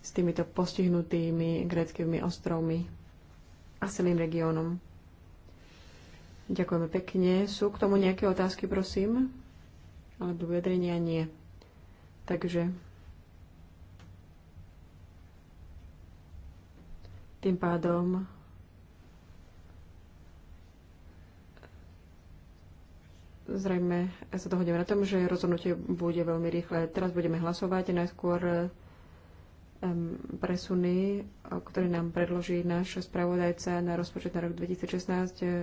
s týmito postihnutými gréckými ostrovmi a celým regiónom. Ďakujeme pekne. Sú k tomu nejaké otázky, prosím? Alebo vyjadrenia nie. Takže tým pádom Zrejme sa dohodneme na tom, že rozhodnutie bude veľmi rýchle. Teraz budeme hlasovať najskôr presuny, ktoré nám predloží náš spravodajca na rozpočet na rok 2016, e,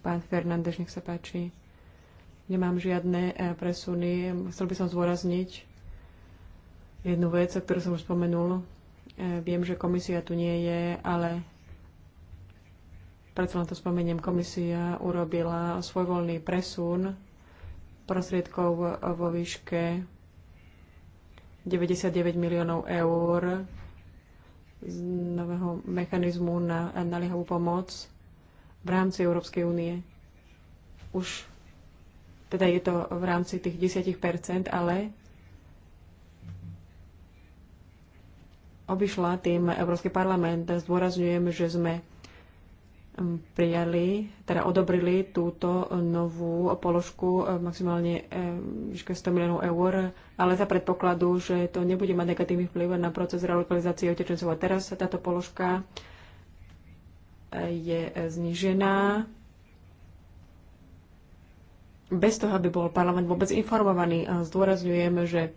pán Fernández, nech sa páči. Nemám žiadne e, presuny. Chcel by som zvorazniť jednu vec, o ktorú som už spomenul. E, viem, že komisia tu nie je, ale preto na to spomeniem, komisia urobila svojvoľný presun prostriedkov vo výške 99 miliónov eur z nového mechanizmu na naliehavú pomoc v rámci Európskej únie. Už teda je to v rámci tých 10%, ale obišla tým Európsky parlament. Zdôrazňujem, že sme prijali, teda odobrili túto novú položku eh, maximálne eh, výške 100 miliónov eur, ale za predpokladu, že to nebude mať negatívny vplyv na proces relokalizácie otečencov. A teraz táto položka eh, je znížená bez toho, aby bol parlament vôbec informovaný. A zdôrazňujem, že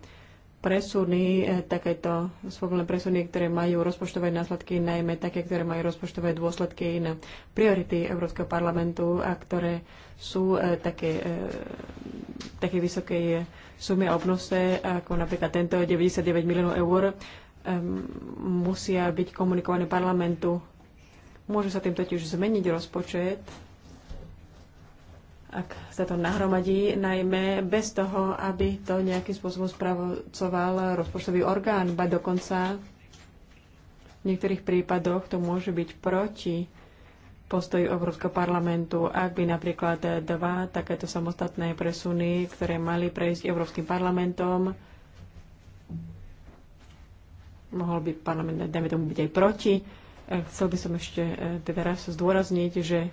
presuny, e, takéto svobodné presuny, ktoré majú rozpočtové následky, najmä také, ktoré majú rozpočtové dôsledky na priority Európskeho parlamentu a ktoré sú e, také, e, také vysokej sumy a obnose, ako napríklad tento 99 miliónov eur, musia byť komunikované parlamentu. Môže sa tým totiž zmeniť rozpočet ak sa to nahromadí, najmä bez toho, aby to nejakým spôsobom spravocoval rozpočtový orgán, ba dokonca v niektorých prípadoch to môže byť proti postoji Európskeho parlamentu, ak by napríklad dva takéto samostatné presuny, ktoré mali prejsť Európskym parlamentom, mohol by parlament, dajme tomu, byť aj proti. Chcel by som ešte eh, teda raz zdôrazniť, že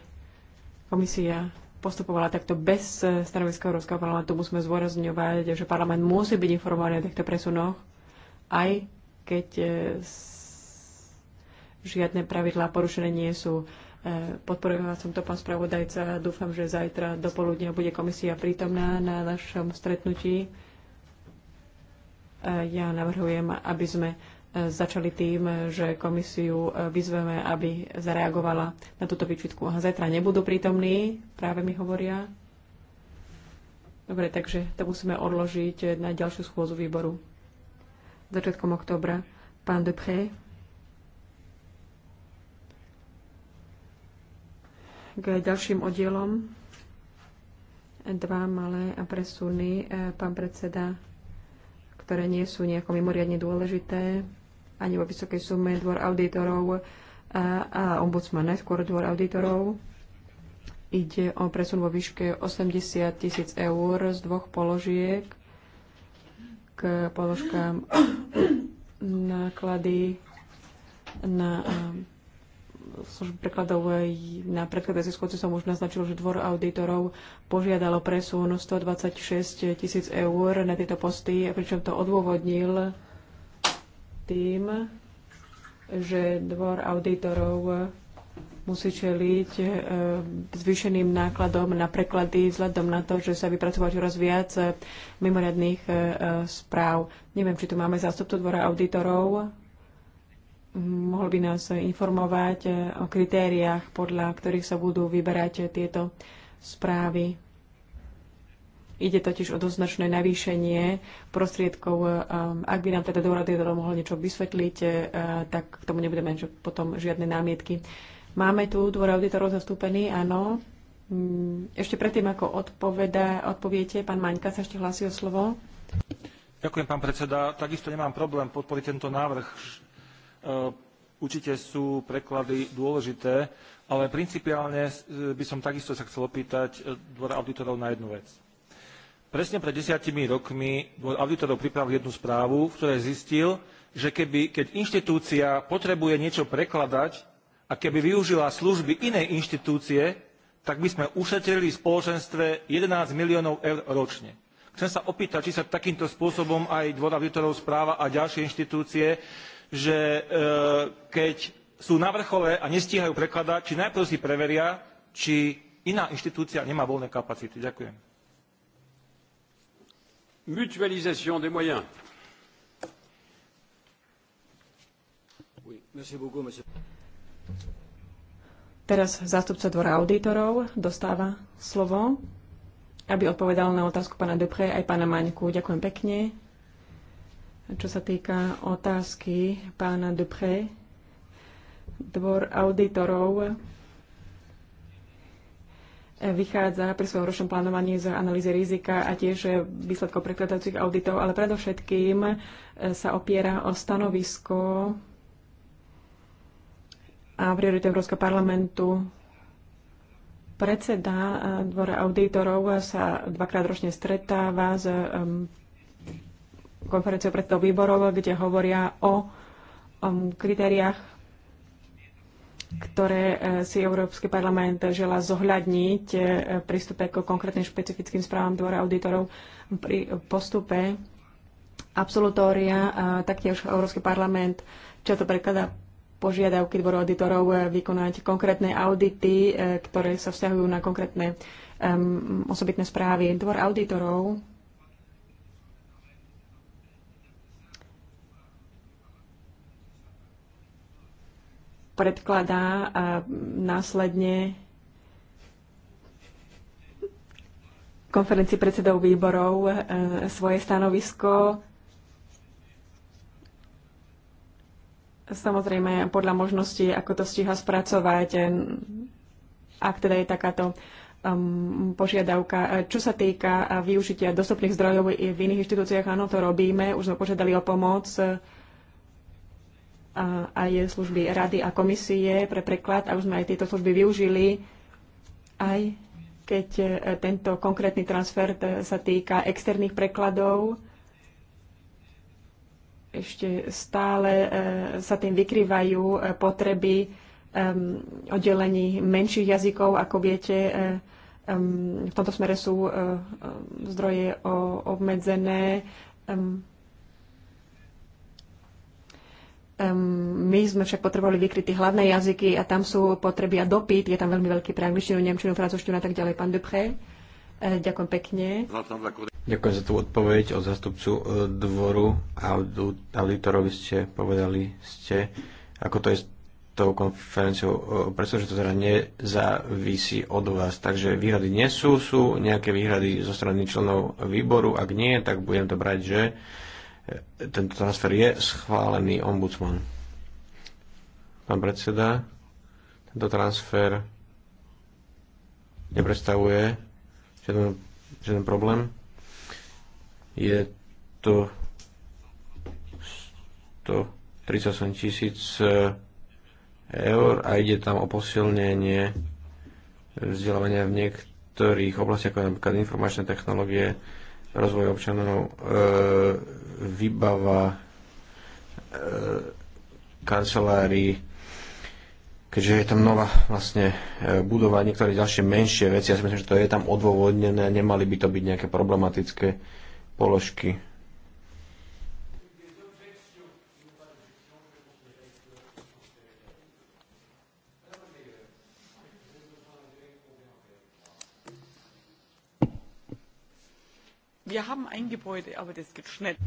komisia postupovala takto bez e, stanoviska Európskeho parlamentu, musíme zdôrazňovať, že parlament musí byť informovaný o týchto presunoch, aj keď e, žiadne pravidlá porušené nie sú. E, podporovala som to pán spravodajca. Dúfam, že zajtra do poludnia bude komisia prítomná na našom stretnutí. Ja navrhujem, aby sme začali tým, že komisiu e, vyzveme, aby zareagovala na túto výčitku. Aha, zajtra nebudú prítomní, práve mi hovoria. Dobre, takže to musíme odložiť na ďalšiu schôzu výboru. Začiatkom oktobra. Pán Dupré. K ďalším oddielom. Dva malé presuny. E, pán predseda, ktoré nie sú nejako mimoriadne dôležité ani vo vysokej sume dvor auditorov a, a ombudsman, najskôr dvor auditorov. Ide o presun vo výške 80 tisíc eur z dvoch položiek k položkám náklady na služby prekladov na predchádzajúcej schôdci som už naznačil, že dvor auditorov požiadalo presun 126 tisíc eur na tieto posty, pričom to odôvodnil tým, že dvor auditorov musí čeliť e, zvýšeným nákladom na preklady vzhľadom na to, že sa vypracovať čoraz viac e, mimoriadných e, správ. Neviem, či tu máme zástupcu dvora auditorov. Mohol by nás informovať o kritériách, podľa ktorých sa budú vyberať tieto správy. Ide totiž o doznačné navýšenie prostriedkov. Ehm, ak by nám teda Dorodejdor mohol niečo vysvetliť, eh, tak k tomu nebudeme potom žiadne námietky. Máme tu dvor auditorov zastúpený, áno. Mm, ešte predtým, ako odpoveda, odpoviete, pán Maňka sa ešte hlási o slovo. Ďakujem, pán predseda. Takisto nemám problém podporiť tento návrh. Eh, určite sú preklady dôležité, ale principiálne eh, by som takisto sa chcel opýtať dvora auditorov na jednu vec. Presne pred desiatimi rokmi dvor auditorov pripravil jednu správu, v ktorej zistil, že keby, keď inštitúcia potrebuje niečo prekladať a keby využila služby inej inštitúcie, tak by sme ušetrili v spoločenstve 11 miliónov eur ročne. Chcem sa opýtať, či sa takýmto spôsobom aj dvor auditorov správa a ďalšie inštitúcie, že e, keď sú na vrchole a nestíhajú prekladať, či najprv si preveria, či iná inštitúcia nemá voľné kapacity. Ďakujem mutualisation des moyens. Oui, merci beaucoup, monsieur. Teraz zástupca dvora auditorov dostáva slovo, aby odpovedal na otázku pána Dupré aj pána Maňku. Ďakujem pekne. Čo sa týka otázky pána Dupré, dvor auditorov vychádza pri svojom ročnom plánovaní z analýzy rizika a tiež výsledkov prekladajúcich auditov, ale predovšetkým e, sa opiera o stanovisko a priority Európskeho parlamentu. Predseda e, dvora auditorov sa dvakrát ročne stretáva s e, konferenciou predsedov výborov, kde hovoria o kritériách ktoré e, si Európsky parlament žela zohľadniť e, prístupe k konkrétnym špecifickým správam dvora auditorov pri postupe absolutória. Taktiež Európsky parlament často prekladá požiadavky dvoru auditorov e, vykonať konkrétne audity, ktoré sa vzťahujú na konkrétne um, osobitné správy. Dvor auditorov predkladá a následne konferencii predsedov výborov e, svoje stanovisko. Samozrejme, podľa možnosti, ako to stíha spracovať, e, ak teda je takáto um, požiadavka. E, čo sa týka využitia dostupných zdrojov v iných inštitúciách, áno, to robíme. Už sme požiadali o pomoc a aj služby rady a komisie pre preklad a už sme aj tieto služby využili, aj keď e, tento konkrétny transfer sa týka externých prekladov. Ešte stále e, sa tým vykrývajú e, potreby oddelení menších jazykov. Ako viete, v tomto smere sú zdroje obmedzené My sme však potrebovali tie hlavné jazyky a tam sú potreby a dopyt. Je tam veľmi veľký pre angličtinu, nemčinu, francúzštinu a tak ďalej. Pán Dupré, e, ďakujem pekne. Ďakujem za tú odpoveď od zastupcu e, dvoru auditorovi ste povedali ste, ako to je s tou konferenciou, e, pretože to teda nezávisí od vás. Takže výhrady nie sú, sú nejaké výhrady zo strany členov výboru. Ak nie, tak budem to brať, že tento transfer je schválený ombudsman. Pán predseda, tento transfer nepredstavuje žiaden, žiaden problém. Je to 138 tisíc eh, eur a ide tam o posilnenie vzdelávania v niektorých oblastiach, ako napríklad informačné technológie, rozvoj občanov, e, vybava e, kancelárií, keďže je tam nová vlastne e, budova, niektoré ďalšie menšie veci. Ja si myslím, že to je tam odôvodnené, nemali by to byť nejaké problematické položky.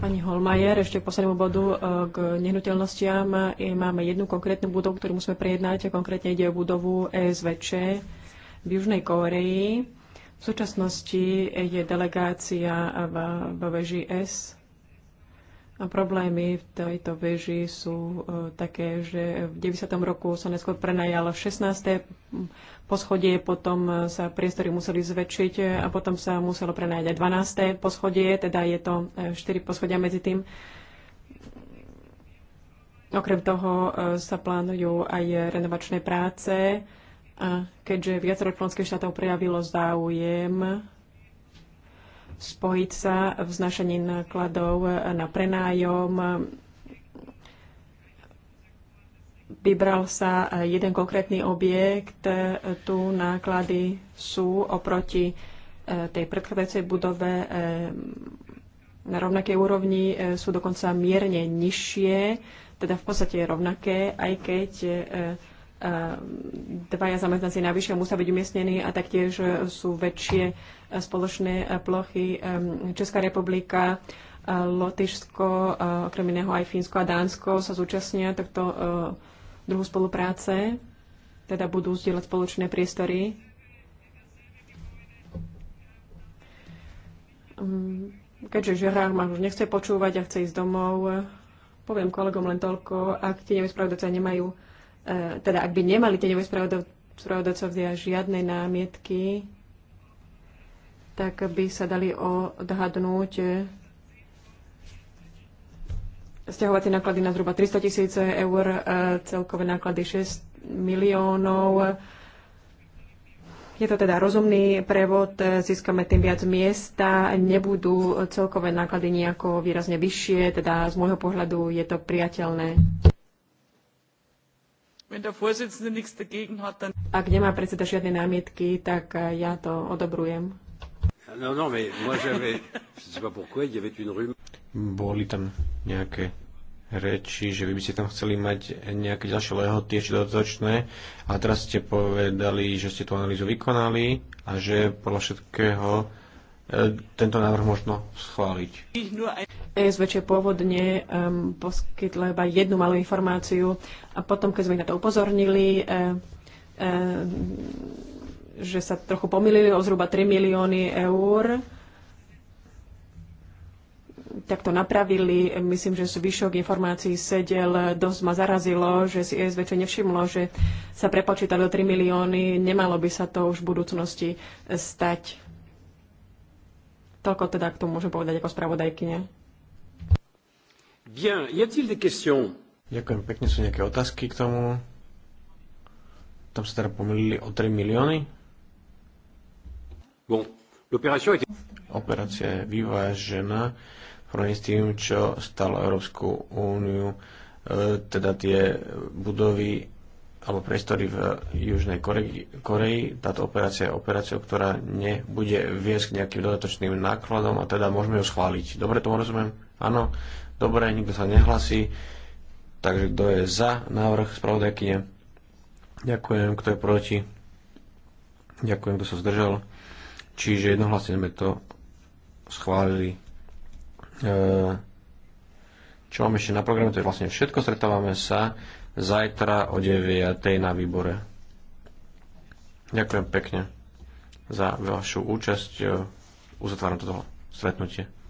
Pani Holmajer, ešte k poslednému bodu e, k nehnuteľnostiam. E, máme jednu konkrétnu budovu, ktorú musíme prejednať. Konkrétne ide o budovu ESVČ v Južnej Kóreji. V súčasnosti je delegácia v, v VŽS problémy v tejto veži sú e, také, že v 90. roku sa neskôr prenajalo 16. poschodie, potom e, sa priestory museli zväčšiť a potom sa muselo prenajať aj 12. poschodie, teda je to 4 e, poschodia medzi tým. Okrem toho sa plánujú aj renovačné práce a keďže viacero členských štátov prejavilo záujem spojiť sa v znašení nákladov na prenájom. Vybral sa jeden konkrétny objekt. Tu náklady sú oproti eh, tej predchádzajúcej budove eh, na rovnakej úrovni, eh, sú dokonca mierne nižšie, teda v podstate rovnaké, aj keď dvaja zamestnanci navyše musia byť umiestnení a taktiež sú väčšie spoločné plochy Česká republika, Lotyšsko, okrem iného aj Fínsko a Dánsko sa zúčastnia takto druhu spolupráce, teda budú zdieľať spoločné priestory. Keďže Žerár ma už nechce počúvať a chce ísť domov, poviem kolegom len toľko, ak tie nevyspravodajca nemajú, eh, teda ak by nemali tie nevyspravodajcovia žiadne námietky, tak by sa dali odhadnúť stiahovacie náklady na zhruba 300 tisíc eur, e, celkové náklady 6 miliónov. Je to teda rozumný prevod, e, získame tým viac miesta, nebudú celkové náklady nejako výrazne vyššie, teda z môjho pohľadu je to priateľné. Ak nemá predseda žiadne námietky, tak e, ja to odobrujem. No, no, mais moi j'avais, je sais pas pourquoi, il y avait une Boli tam nejaké reči, že vy by ste tam chceli mať nejaké ďalšie lehoty ešte dodatočné a teraz ste povedali, že ste tú analýzu vykonali a že podľa všetkého e, tento návrh možno schváliť. SVČ pôvodne um, poskytla iba jednu malú informáciu a potom, keď sme na to upozornili, e, e, že sa trochu pomýlili o zhruba 3 milióny eur. Tak to napravili. Myslím, že zvyšok informácií sedel. Dosť ma zarazilo, že si čo nevšimlo, že sa prepočítali o 3 milióny. Nemalo by sa to už v budúcnosti stať. Toľko teda k tomu môžem povedať ako spravodajkyňa. Bien, y a-t-il des questions? Ďakujem pekne, sú nejaké otázky k tomu? Tam sa teda pomýlili o 3 milióny? Operácia je vyvážená s tým, čo stalo Európsku úniu, e, teda tie budovy alebo priestory v Južnej Koreji. Koreji. Táto operácia je operáciou, ktorá nebude viesť k nejakým dodatočným nákladom a teda môžeme ju schváliť. Dobre tomu rozumiem? Áno. Dobre, nikto sa nehlasí. Takže kto je za návrh spravodajkyne? Ďakujem. Kto je proti? Ďakujem, kto sa zdržal. Čiže jednohlasne sme to schválili. E, čo máme ešte na programe, to je vlastne všetko. Stretávame sa zajtra o 9.00 na výbore. Ďakujem pekne za vašu účasť. E, uzatváram toto stretnutie.